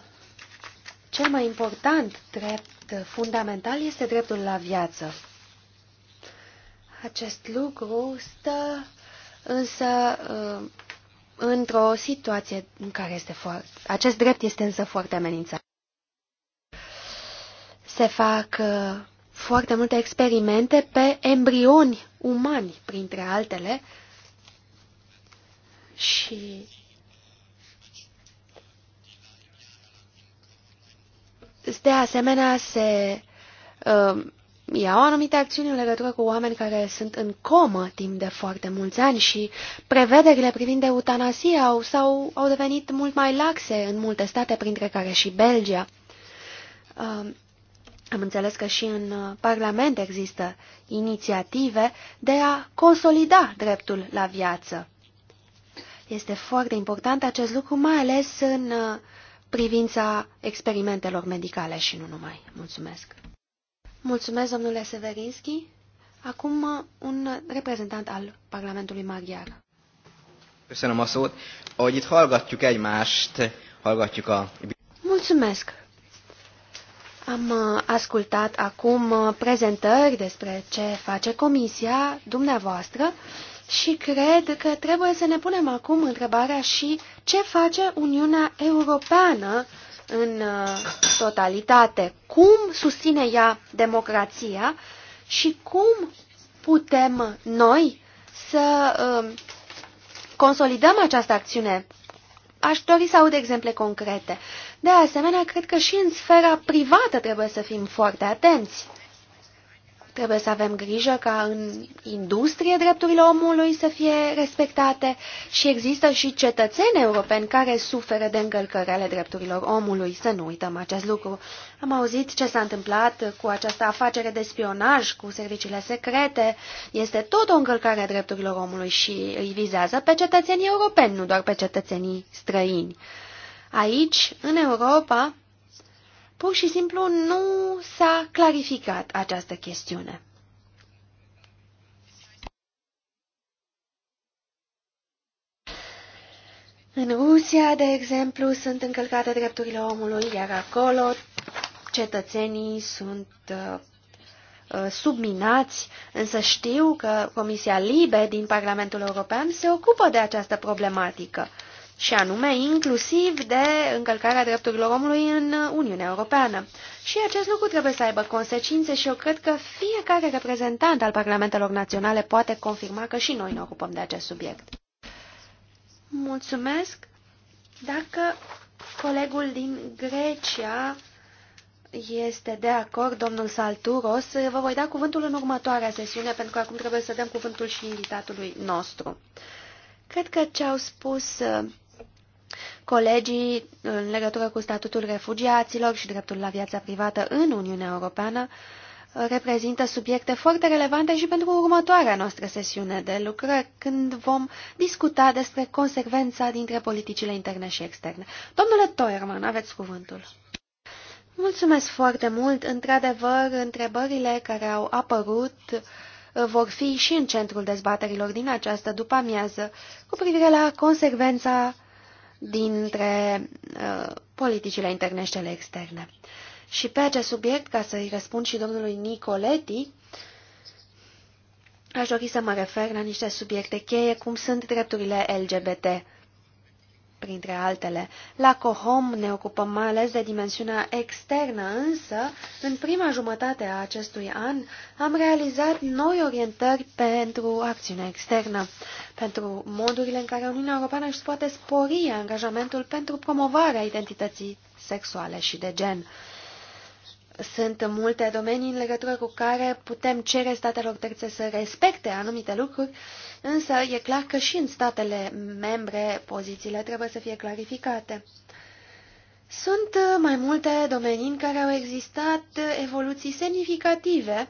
Speaker 2: cel mai important drept fundamental este dreptul la viață. Acest lucru stă însă uh, într-o situație în care este foarte... Acest drept este însă foarte amenințat. Se fac uh, foarte multe experimente pe embrioni umani, printre altele, și de asemenea se uh, iau anumite acțiuni în legătură cu oameni care sunt în comă timp de foarte mulți ani și prevederile privind eutanasia au, sau, au devenit mult mai laxe în multe state, printre care și Belgia. Uh, am înțeles că și în uh, Parlament există inițiative de a consolida dreptul la viață. Este foarte important acest lucru, mai ales în uh, privința experimentelor medicale și nu numai. Mulțumesc! Mulțumesc, domnule Severinski. Acum uh, un reprezentant al Parlamentului Maghiar. Köszönöm Mulțumesc! Am uh, ascultat acum uh, prezentări despre ce face comisia dumneavoastră și cred că trebuie să ne punem acum întrebarea și ce face Uniunea Europeană în uh, totalitate. Cum susține ea democrația și cum putem noi să consolidăm această acțiune Aș dori să aud exemple concrete. De asemenea, cred că și în sfera privată trebuie să fim foarte atenți. Trebuie să avem grijă ca în industrie drepturile omului să fie respectate și există și cetățeni europeni care suferă de încălcări ale drepturilor omului. Să nu uităm acest lucru. Am auzit ce s-a întâmplat cu această afacere de spionaj cu serviciile secrete. Este tot o încălcare a drepturilor omului și îi vizează pe cetățenii europeni, nu doar pe cetățenii străini. Aici, în Europa, Pur și simplu nu s-a clarificat această chestiune. În Rusia, de exemplu, sunt încălcate drepturile omului, iar acolo cetățenii sunt uh, uh subminați, însă știu că Comisia Libe din Parlamentul European se ocupă de această problematică și anume inclusiv de încălcarea drepturilor omului în Uniunea Europeană. Și acest lucru trebuie să aibă consecințe și eu cred că fiecare reprezentant al Parlamentelor Naționale poate confirma că și noi ne ocupăm de acest subiect. Mulțumesc. Dacă colegul din Grecia este de acord, domnul Salturos, vă voi da cuvântul în următoarea sesiune, pentru că acum trebuie să dăm cuvântul și invitatului nostru. Cred că ce au spus colegii în legătură cu statutul refugiaților și dreptul la viața privată în Uniunea Europeană uh, reprezintă subiecte foarte relevante și pentru următoarea noastră sesiune de lucră, când vom discuta despre consecvența dintre politicile interne și externe. Domnule Toerman, aveți cuvântul. Mulțumesc foarte mult. Într-adevăr, întrebările care au apărut uh, vor fi și în centrul dezbaterilor din această după-amiază cu privire la consecvența dintre uh, politicile interne și cele externe. Și pe acest subiect, ca să-i răspund și domnului Nicoletti, aș dori să mă refer la niște subiecte cheie, cum sunt drepturile LGBT printre altele. La COHOM ne ocupăm mai ales de dimensiunea externă, însă, în prima jumătate a acestui an, am realizat noi orientări pentru acțiunea externă, pentru modurile în care Uniunea Europeană își poate spori angajamentul pentru promovarea identității sexuale și de gen sunt multe domenii în legătură cu care putem cere statelor terțe să respecte anumite lucruri, însă e clar că și în statele membre pozițiile trebuie să fie clarificate. Sunt mai multe domenii în care au existat evoluții semnificative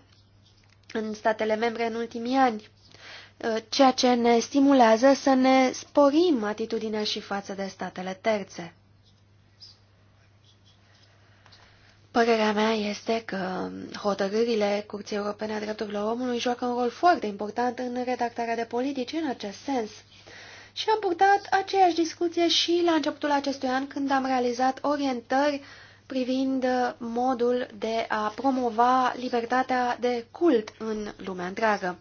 Speaker 2: în statele membre în ultimii ani, ceea ce ne stimulează să ne sporim atitudinea și față de statele terțe. Părerea mea este că hotărârile Curții Europene a Drepturilor Omului joacă un rol foarte important în redactarea de politici în acest sens. Și am purtat aceeași discuție și la începutul acestui an când am realizat orientări privind modul de a promova libertatea de cult în lumea întreagă.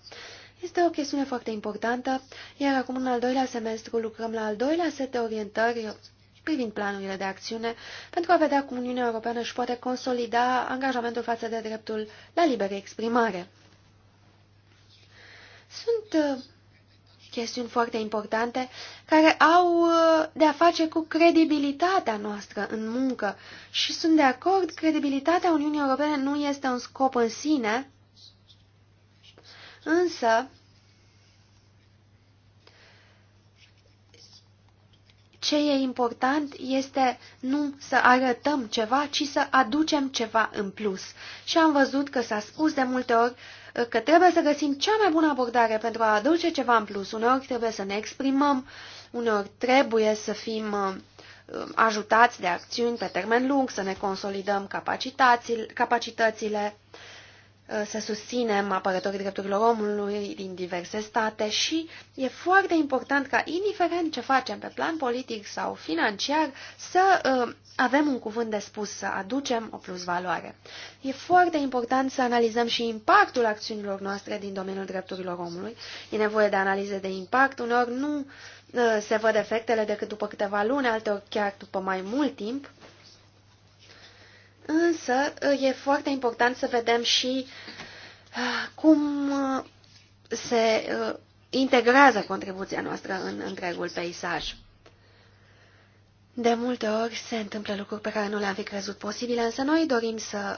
Speaker 2: Este o chestiune foarte importantă, iar acum în al doilea semestru lucrăm la al doilea set de orientări privind planurile de acțiune pentru a vedea cum Uniunea Europeană își poate consolida angajamentul față de dreptul la liberă exprimare. Sunt uh, chestiuni foarte importante care au uh, de-a face cu credibilitatea noastră în muncă și sunt de acord, credibilitatea Uniunii Europene nu este un scop în sine, însă ce e important este nu să arătăm ceva, ci să aducem ceva în plus. Și am văzut că s-a spus de multe ori uh, că trebuie să găsim cea mai bună abordare pentru a aduce ceva în plus. Uneori trebuie să ne exprimăm, uneori trebuie să fim uh, uh, ajutați de acțiuni pe termen lung, să ne consolidăm capacitățile Uh, să susținem apărătorii drepturilor omului din diverse state și e foarte important ca, indiferent ce facem pe plan politic sau financiar, să uh, avem un cuvânt de spus, să aducem o plusvaloare. E foarte important să analizăm și impactul acțiunilor noastre din domeniul drepturilor omului. E nevoie de analize de impact, uneori nu uh, se văd efectele decât după câteva luni, alteori chiar după mai mult timp. Însă e foarte important să vedem și ah, cum ah, se ah, integrează contribuția noastră în întregul peisaj. De multe ori se întâmplă lucruri pe care nu le-am fi crezut posibile, însă noi dorim să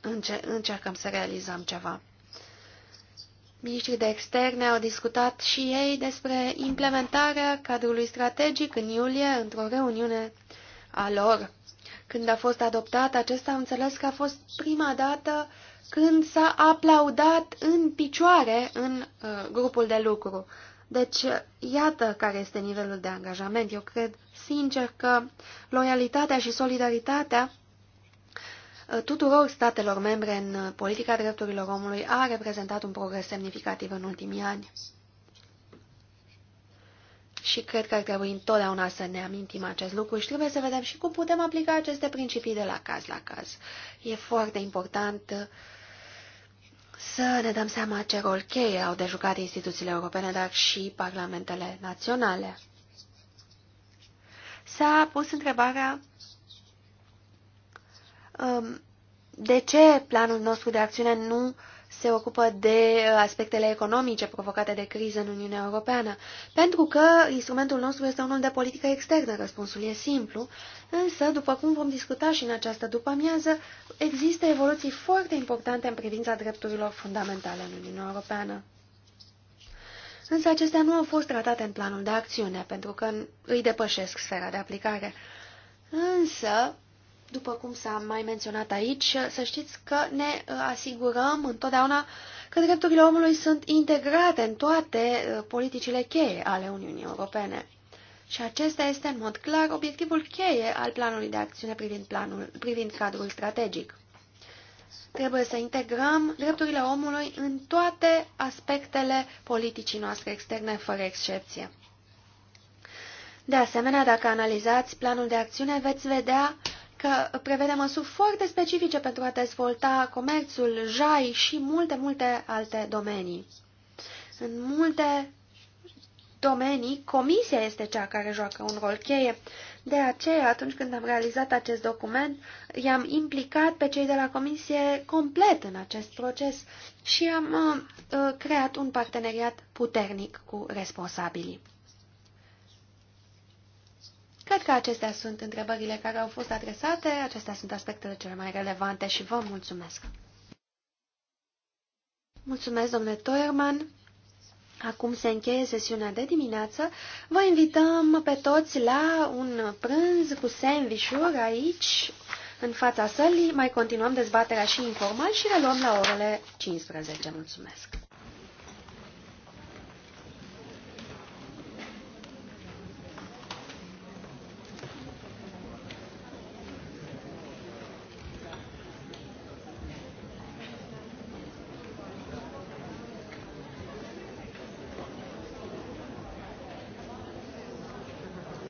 Speaker 2: înce încercăm să realizăm ceva. Ministrii de externe au discutat și ei despre implementarea cadrului strategic în iulie într-o reuniune a lor. Când a fost adoptat, acesta a înțeles că a fost prima dată când s-a aplaudat în picioare în uh, grupul de lucru. Deci, iată care este nivelul de angajament. Eu cred sincer că loialitatea și solidaritatea uh, tuturor statelor membre în politica drepturilor omului a reprezentat un progres semnificativ în ultimii ani. Și cred că ar trebui întotdeauna să ne amintim acest lucru și trebuie să vedem și cum putem aplica aceste principii de la caz la caz. E foarte important uh, să ne dăm seama ce rol cheie au de jucat instituțiile europene, dar și parlamentele naționale. S-a pus întrebarea um, de ce planul nostru de acțiune nu se ocupă de uh, aspectele economice provocate de criză în Uniunea Europeană, pentru că instrumentul nostru este unul de politică externă, răspunsul e simplu, însă, după cum vom discuta și în această după-amiază, există evoluții foarte importante în privința drepturilor fundamentale în Uniunea Europeană. Însă acestea nu au fost tratate în planul de acțiune, pentru că îi depășesc sfera de aplicare. Însă, după cum s-a mai menționat aici, să știți că ne uh, asigurăm întotdeauna că drepturile omului sunt integrate în toate uh, politicile cheie ale Uniunii Europene. Și acesta este în mod clar obiectivul cheie al planului de acțiune privind, planul, privind cadrul strategic. Trebuie să integrăm drepturile omului în toate aspectele politicii noastre externe, fără excepție. De asemenea, dacă analizați planul de acțiune, veți vedea că prevede măsuri foarte specifice pentru a dezvolta comerțul, jai și multe, multe alte domenii. În multe domenii, comisia este cea care joacă un rol cheie. De aceea, atunci când am realizat acest document, i-am implicat pe cei de la comisie complet în acest proces și am uh, creat un parteneriat puternic cu responsabilii. Cred că acestea sunt întrebările care au fost adresate, acestea sunt aspectele cele mai relevante și vă mulțumesc. Mulțumesc, domnule Toerman. Acum se încheie sesiunea de dimineață. Vă invităm pe toți la un prânz cu sandvișuri aici, în fața sălii. Mai continuăm dezbaterea și informal și reluăm la orele 15. Mulțumesc!